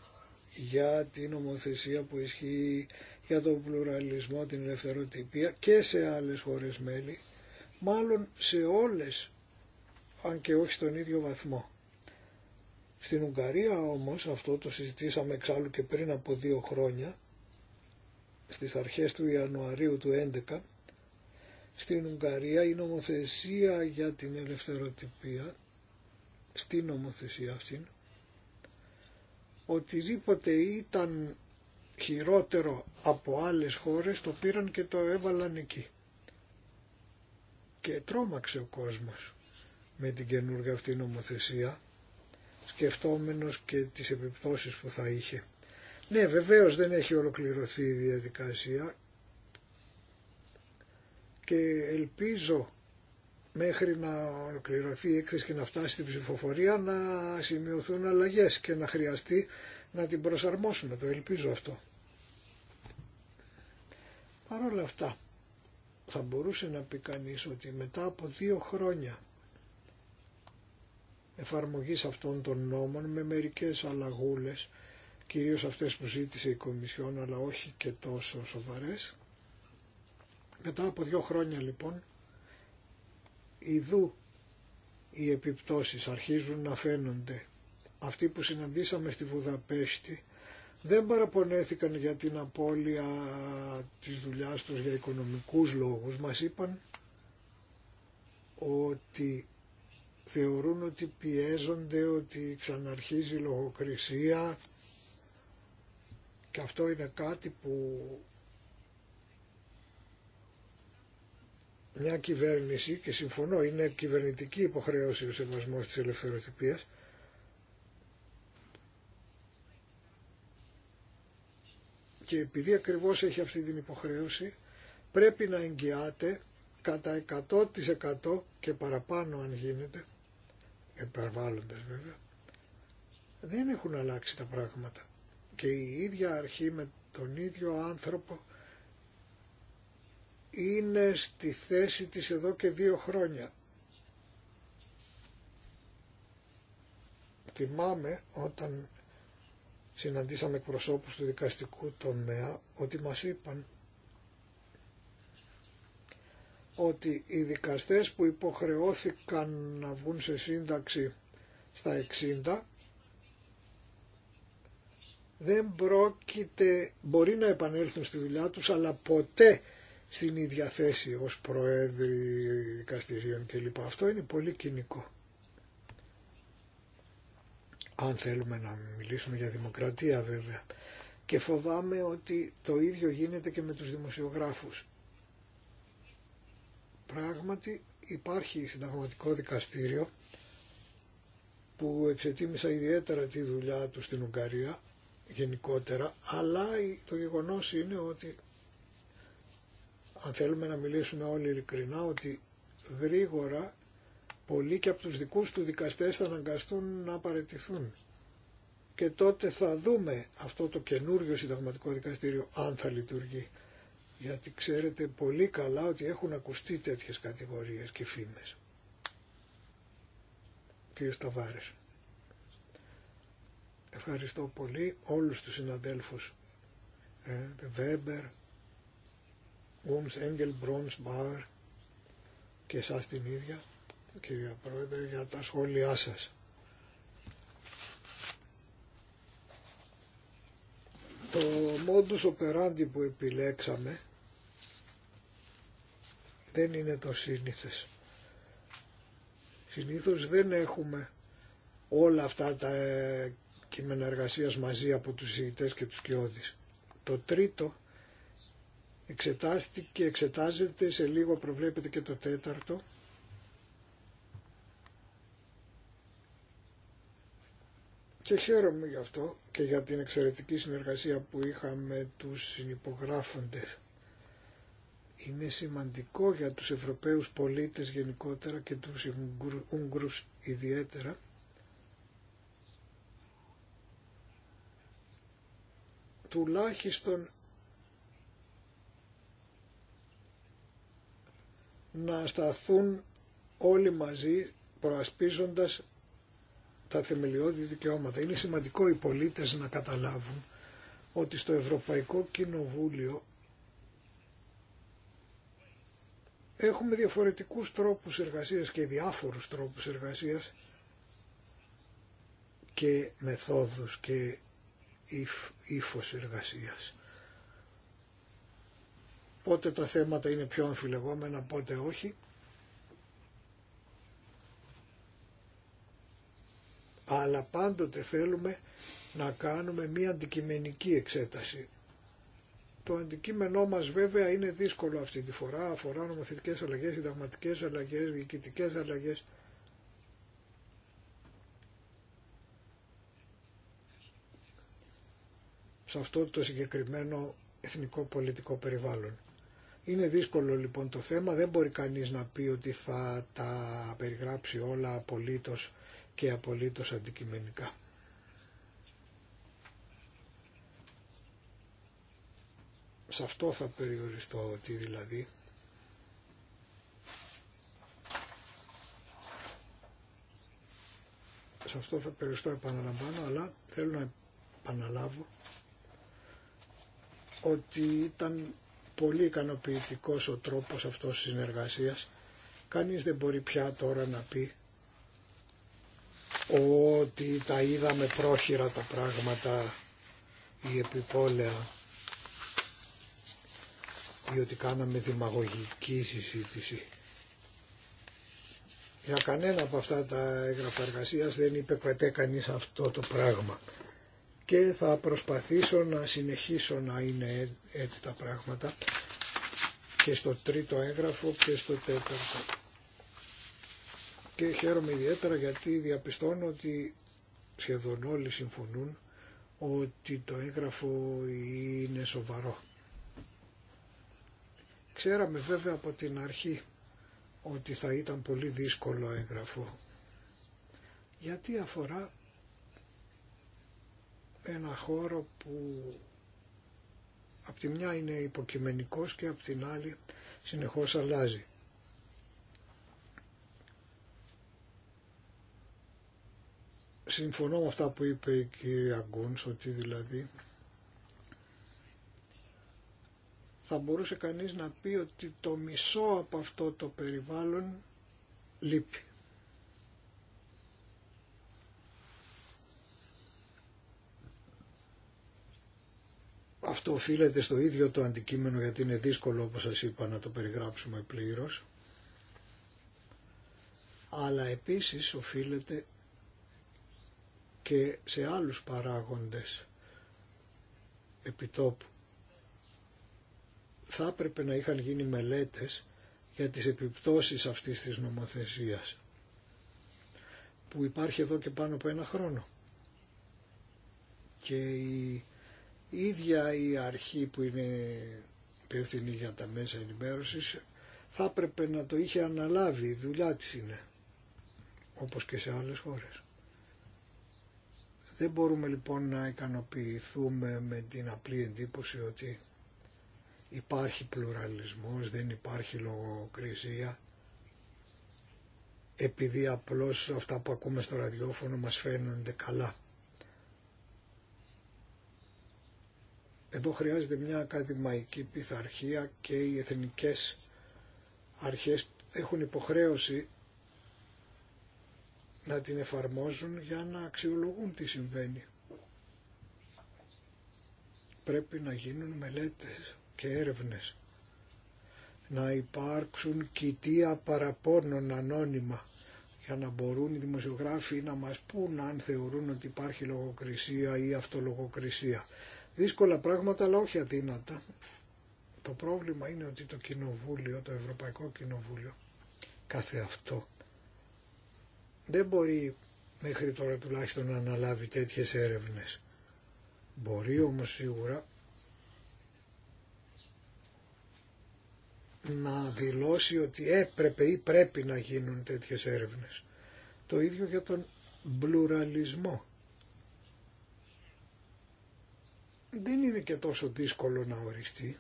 για την νομοθεσία που ισχύει για τον πλουραλισμό, την ελευθεροτυπία και σε άλλες χώρες μέλη, μάλλον σε όλες αν και όχι στον ίδιο βαθμό. Στην Ουγγαρία όμως, αυτό το συζητήσαμε εξάλλου και πριν από δύο χρόνια, στις αρχές του Ιανουαρίου του 2011, στην Ουγγαρία η νομοθεσία για την ελευθεροτυπία, στην νομοθεσία αυτήν, οτιδήποτε ήταν χειρότερο από άλλες χώρες το πήραν και το έβαλαν εκεί. Και τρόμαξε ο κόσμος με την καινούργια αυτή νομοθεσία σκεφτόμενος και τις επιπτώσεις που θα είχε. Ναι, βεβαίως δεν έχει ολοκληρωθεί η διαδικασία και ελπίζω μέχρι να ολοκληρωθεί η έκθεση και να φτάσει στην ψηφοφορία να σημειωθούν αλλαγές και να χρειαστεί να την προσαρμόσουμε. Το ελπίζω αυτό. Παρ' όλα αυτά θα μπορούσε να πει κανείς ότι μετά από δύο χρόνια εφαρμογής αυτών των νόμων με μερικές αλλαγούλες, κυρίως αυτές που ζήτησε η Κομισιόν, αλλά όχι και τόσο σοβαρές. Μετά από δύο χρόνια λοιπόν, ιδού οι επιπτώσεις αρχίζουν να φαίνονται. Αυτοί που συναντήσαμε στη Βουδαπέστη δεν παραπονέθηκαν για την απώλεια της δουλειάς τους για οικονομικούς λόγους. Μας είπαν ότι θεωρούν ότι πιέζονται, ότι ξαναρχίζει η λογοκρισία και αυτό είναι κάτι που μια κυβέρνηση και συμφωνώ είναι κυβερνητική υποχρέωση ο σεβασμός της ελευθεροτυπίας και επειδή ακριβώς έχει αυτή την υποχρέωση πρέπει να εγγυάται κατά 100% και παραπάνω αν γίνεται επερβάλλοντας βέβαια, δεν έχουν αλλάξει τα πράγματα. Και η ίδια αρχή με τον ίδιο άνθρωπο είναι στη θέση της εδώ και δύο χρόνια. Θυμάμαι όταν συναντήσαμε εκπροσώπους του δικαστικού τομέα ότι μας είπαν ότι οι δικαστές που υποχρεώθηκαν να βγουν σε σύνταξη στα 60 δεν πρόκειται, μπορεί να επανέλθουν στη δουλειά τους αλλά ποτέ στην ίδια θέση ως προέδροι δικαστηρίων κλπ. Αυτό είναι πολύ κοινικό. Αν θέλουμε να μιλήσουμε για δημοκρατία βέβαια. Και φοβάμαι ότι το ίδιο γίνεται και με τους δημοσιογράφους. Πράγματι υπάρχει συνταγματικό δικαστήριο που εξετίμησα ιδιαίτερα τη δουλειά του στην Ουγγαρία γενικότερα, αλλά το γεγονός είναι ότι αν θέλουμε να μιλήσουμε όλοι ειλικρινά ότι γρήγορα πολλοί και από τους δικούς του δικαστές θα αναγκαστούν να παραιτηθούν. Και τότε θα δούμε αυτό το καινούργιο συνταγματικό δικαστήριο αν θα λειτουργεί γιατί ξέρετε πολύ καλά ότι έχουν ακουστεί τέτοιες κατηγορίες και φήμες. Κύριε Σταβάρης. Ευχαριστώ πολύ όλους τους συναδέλφους ε, Βέμπερ, Ούμς, Έγγελ, Μπρόνς, Μπάουερ και εσάς την ίδια, κυρία Πρόεδρε, για τα σχόλιά σας. Το modus operandi που επιλέξαμε δεν είναι το σύνηθες. Συνήθως δεν έχουμε όλα αυτά τα ε, κείμενα εργασία μαζί από τους ηγητές και τους κοιόδης. Το τρίτο εξετάστηκε, εξετάζεται, σε λίγο προβλέπεται και το τέταρτο. Και χαίρομαι γι' αυτό και για την εξαιρετική συνεργασία που είχαμε τους συνυπογράφοντες είναι σημαντικό για τους Ευρωπαίους πολίτες γενικότερα και τους Ούγγρους ιδιαίτερα τουλάχιστον να σταθούν όλοι μαζί προασπίζοντας τα θεμελιώδη δικαιώματα. Είναι σημαντικό οι πολίτες να καταλάβουν ότι στο Ευρωπαϊκό Κοινοβούλιο Έχουμε διαφορετικούς τρόπους εργασίας και διάφορους τρόπους εργασίας και μεθόδους και ύφος εργασίας. Πότε τα θέματα είναι πιο αμφιλεγόμενα, πότε όχι. Αλλά πάντοτε θέλουμε να κάνουμε μία αντικειμενική εξέταση το αντικείμενό μα βέβαια είναι δύσκολο αυτή τη φορά, αφορά νομοθετικέ αλλαγέ, συνταγματικέ αλλαγέ, διοικητικέ αλλαγέ. σε αυτό το συγκεκριμένο εθνικό πολιτικό περιβάλλον. Είναι δύσκολο λοιπόν το θέμα, δεν μπορεί κανείς να πει ότι θα τα περιγράψει όλα απολύτως και απολύτως αντικειμενικά. σε αυτό θα περιοριστώ ότι δηλαδή σε αυτό θα περιοριστώ επαναλαμβάνω αλλά θέλω να επαναλάβω ότι ήταν πολύ ικανοποιητικό ο τρόπος αυτός της συνεργασίας κανείς δεν μπορεί πια τώρα να πει ότι τα είδαμε πρόχειρα τα πράγματα η επιπόλαια διότι κάναμε δημαγωγική συζήτηση. Για κανένα από αυτά τα έγγραφα εργασία δεν είπε ποτέ αυτό το πράγμα. Και θα προσπαθήσω να συνεχίσω να είναι έτσι τα πράγματα και στο τρίτο έγγραφο και στο τέταρτο. Και χαίρομαι ιδιαίτερα γιατί διαπιστώνω ότι σχεδόν όλοι συμφωνούν ότι το έγγραφο είναι σοβαρό. Ξέραμε βέβαια από την αρχή ότι θα ήταν πολύ δύσκολο έγγραφο γιατί αφορά ένα χώρο που από τη μια είναι υποκειμενικός και από την άλλη συνεχώς αλλάζει. Συμφωνώ με αυτά που είπε η κυρία Γκούνς ότι δηλαδή θα μπορούσε κανείς να πει ότι το μισό από αυτό το περιβάλλον λείπει. Αυτό οφείλεται στο ίδιο το αντικείμενο γιατί είναι δύσκολο όπως σας είπα να το περιγράψουμε πλήρως. Αλλά επίσης οφείλεται και σε άλλους παράγοντες επιτόπου θα έπρεπε να είχαν γίνει μελέτες για τις επιπτώσεις αυτής της νομοθεσίας που υπάρχει εδώ και πάνω από ένα χρόνο. Και η ίδια η αρχή που είναι υπεύθυνη για τα μέσα ενημέρωσης θα έπρεπε να το είχε αναλάβει, η δουλειά της είναι, όπως και σε άλλες χώρες. Δεν μπορούμε λοιπόν να ικανοποιηθούμε με την απλή εντύπωση ότι υπάρχει πλουραλισμός, δεν υπάρχει λογοκρισία επειδή απλώς αυτά που ακούμε στο ραδιόφωνο μας φαίνονται καλά. Εδώ χρειάζεται μια ακαδημαϊκή πειθαρχία και οι εθνικές αρχές έχουν υποχρέωση να την εφαρμόζουν για να αξιολογούν τι συμβαίνει. Πρέπει να γίνουν μελέτες και έρευνες. Να υπάρξουν κοιτία παραπώνων ανώνυμα για να μπορούν οι δημοσιογράφοι να μας πούν αν θεωρούν ότι υπάρχει λογοκρισία ή αυτολογοκρισία. Δύσκολα πράγματα αλλά όχι αδύνατα. Το πρόβλημα είναι ότι το κοινοβούλιο, το Ευρωπαϊκό Κοινοβούλιο, κάθε αυτό, δεν μπορεί μέχρι τώρα τουλάχιστον να αναλάβει τέτοιες έρευνες. Μπορεί όμως σίγουρα να δηλώσει ότι έπρεπε ή πρέπει να γίνουν τέτοιες έρευνες. Το ίδιο για τον πλουραλισμό. Δεν είναι και τόσο δύσκολο να οριστεί.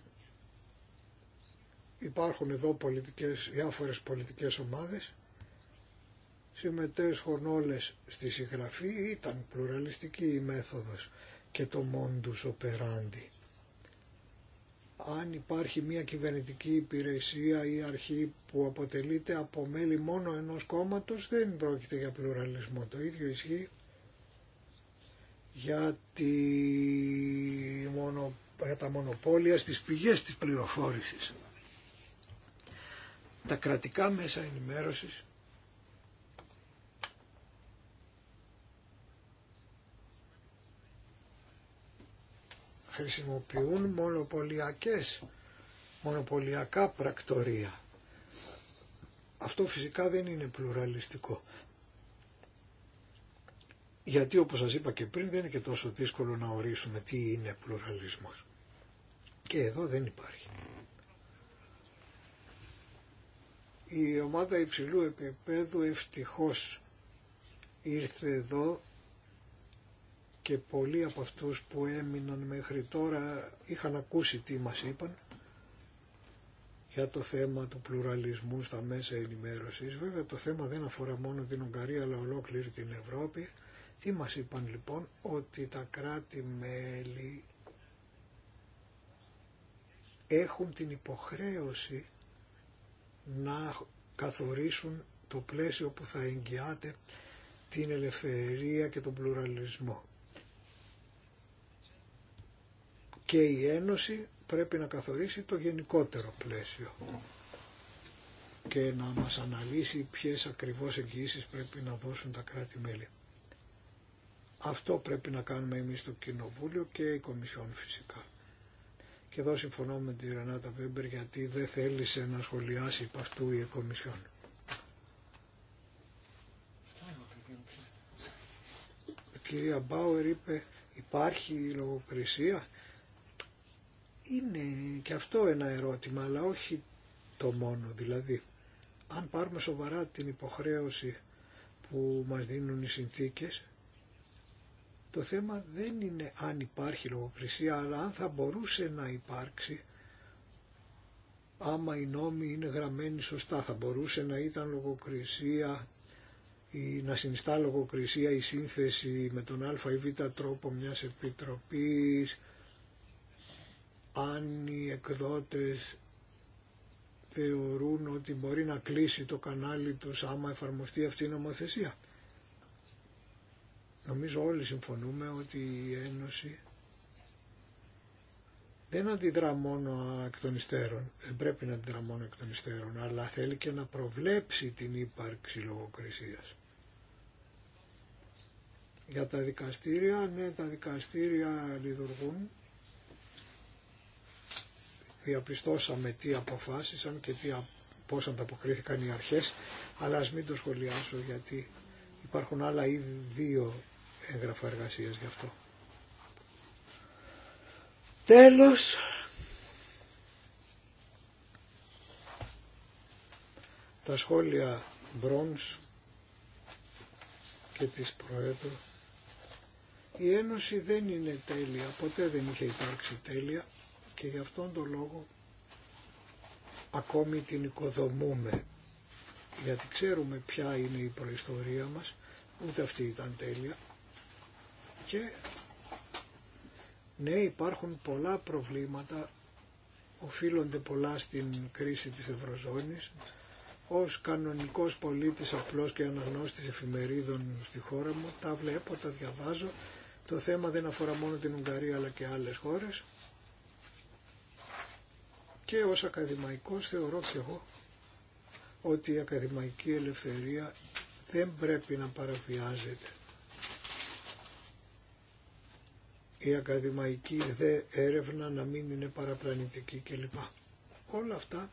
Υπάρχουν εδώ πολιτικές, διάφορες πολιτικές ομάδες. Συμμετέσχουν όλες στη συγγραφή, ήταν πλουραλιστική η μέθοδος και το μόντους operandi αν υπάρχει μια κυβερνητική υπηρεσία ή αρχή που αποτελείται από μέλη μόνο ενός κόμματος δεν πρόκειται για πλουραλισμό. Το ίδιο ισχύει για, τη... για τα μονοπόλια στις πηγές της πληροφόρησης. Τα κρατικά μέσα ενημέρωσης χρησιμοποιούν μονοπωλιακές, μονοπωλιακά πρακτορία. Αυτό φυσικά δεν είναι πλουραλιστικό. Γιατί όπως σας είπα και πριν δεν είναι και τόσο δύσκολο να ορίσουμε τι είναι πλουραλισμός. Και εδώ δεν υπάρχει. Η ομάδα υψηλού επίπεδου ευτυχώς ήρθε εδώ και πολλοί από αυτούς που έμειναν μέχρι τώρα είχαν ακούσει τι μας είπαν για το θέμα του πλουραλισμού στα μέσα ενημέρωσης. Βέβαια το θέμα δεν αφορά μόνο την Ουγγαρία αλλά ολόκληρη την Ευρώπη. Τι μας είπαν λοιπόν ότι τα κράτη-μέλη έχουν την υποχρέωση να καθορίσουν το πλαίσιο που θα εγγυάται την ελευθερία και τον πλουραλισμό. και η Ένωση πρέπει να καθορίσει το γενικότερο πλαίσιο και να μας αναλύσει ποιες ακριβώς εγγυήσεις πρέπει να δώσουν τα κράτη-μέλη. Αυτό πρέπει να κάνουμε εμείς το Κοινοβούλιο και η Κομισιόν φυσικά. Και εδώ συμφωνώ με τη Ρενάτα Βέμπερ γιατί δεν θέλησε να σχολιάσει από αυτού η Κομισιόν. Η κυρία Μπάουερ είπε υπάρχει λογοκρισία είναι και αυτό ένα ερώτημα, αλλά όχι το μόνο δηλαδή. Αν πάρουμε σοβαρά την υποχρέωση που μας δίνουν οι συνθήκες, το θέμα δεν είναι αν υπάρχει λογοκρισία, αλλά αν θα μπορούσε να υπάρξει, άμα οι νόμοι είναι γραμμένοι σωστά, θα μπορούσε να ήταν λογοκρισία ή να συνιστά λογοκρισία η σύνθεση με τον α ή β τρόπο μιας επιτροπής, αν οι εκδότες θεωρούν ότι μπορεί να κλείσει το κανάλι τους άμα εφαρμοστεί αυτή η νομοθεσία. Νομίζω όλοι συμφωνούμε ότι η Ένωση δεν αντιδρά μόνο εκ των υστέρων, δεν πρέπει να αντιδρά μόνο εκ των υστέρων, αλλά θέλει και να προβλέψει την ύπαρξη λογοκρισίας. Για τα δικαστήρια, ναι, τα δικαστήρια λειτουργούν διαπιστώσαμε τι αποφάσισαν και τι, πώς ανταποκρίθηκαν οι αρχές, αλλά ας μην το σχολιάσω γιατί υπάρχουν άλλα ή δύο έγγραφα εργασίας γι' αυτό. Τέλος, τα σχόλια Μπρόνς και της Προέδρου. Η Ένωση δεν είναι τέλεια, ποτέ δεν είχε υπάρξει τέλεια και γι' αυτόν τον λόγο ακόμη την οικοδομούμε γιατί ξέρουμε ποια είναι η προϊστορία μας ούτε αυτή ήταν τέλεια και ναι υπάρχουν πολλά προβλήματα οφείλονται πολλά στην κρίση της Ευρωζώνης ως κανονικός πολίτης απλός και αναγνώστης εφημερίδων στη χώρα μου τα βλέπω, τα διαβάζω το θέμα δεν αφορά μόνο την Ουγγαρία αλλά και άλλες χώρες και ως ακαδημαϊκός θεωρώ και εγώ ότι η ακαδημαϊκή ελευθερία δεν πρέπει να παραβιάζεται. Η ακαδημαϊκή δε έρευνα να μην είναι παραπλανητική κλπ. Όλα αυτά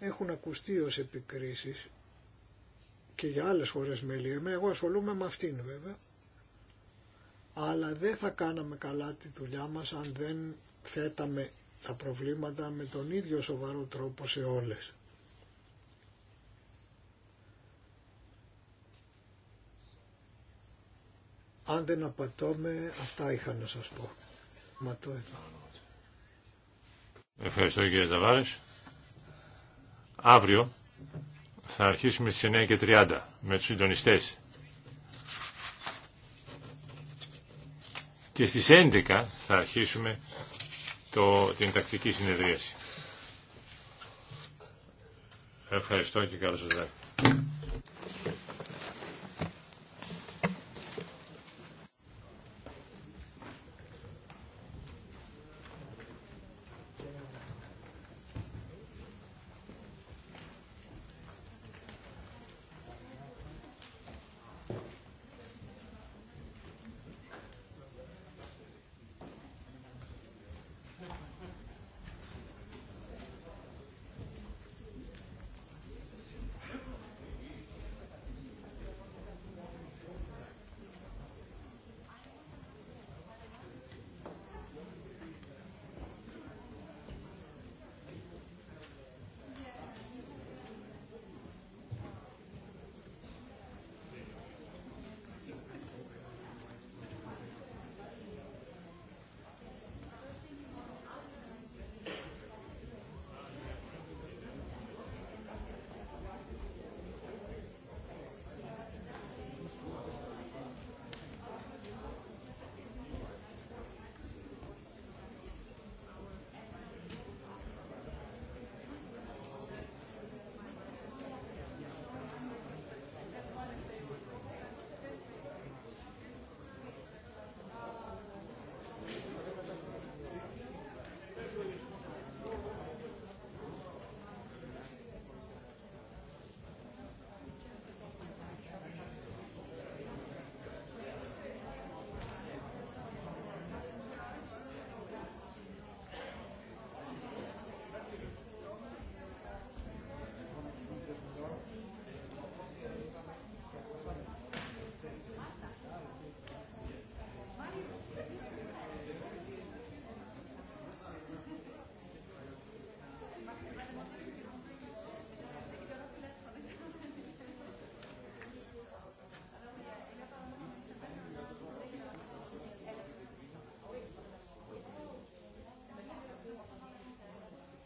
έχουν ακουστεί ως επικρίσεις και για άλλες χώρες μέλη. Εγώ ασχολούμαι με αυτήν βέβαια. Αλλά δεν θα κάναμε καλά τη δουλειά μας αν δεν θέταμε τα προβλήματα με τον ίδιο σοβαρό τρόπο σε όλες. Αν δεν απατώμε, αυτά είχα να σας πω. Μα το εδώ. Ευχαριστώ κύριε Ταβάρης. Αύριο θα αρχίσουμε στις 9.30 με τους συντονιστές. Και στις 11 θα αρχίσουμε το, την τακτική συνεδρίαση. Ευχαριστώ και καλώς ήρθατε.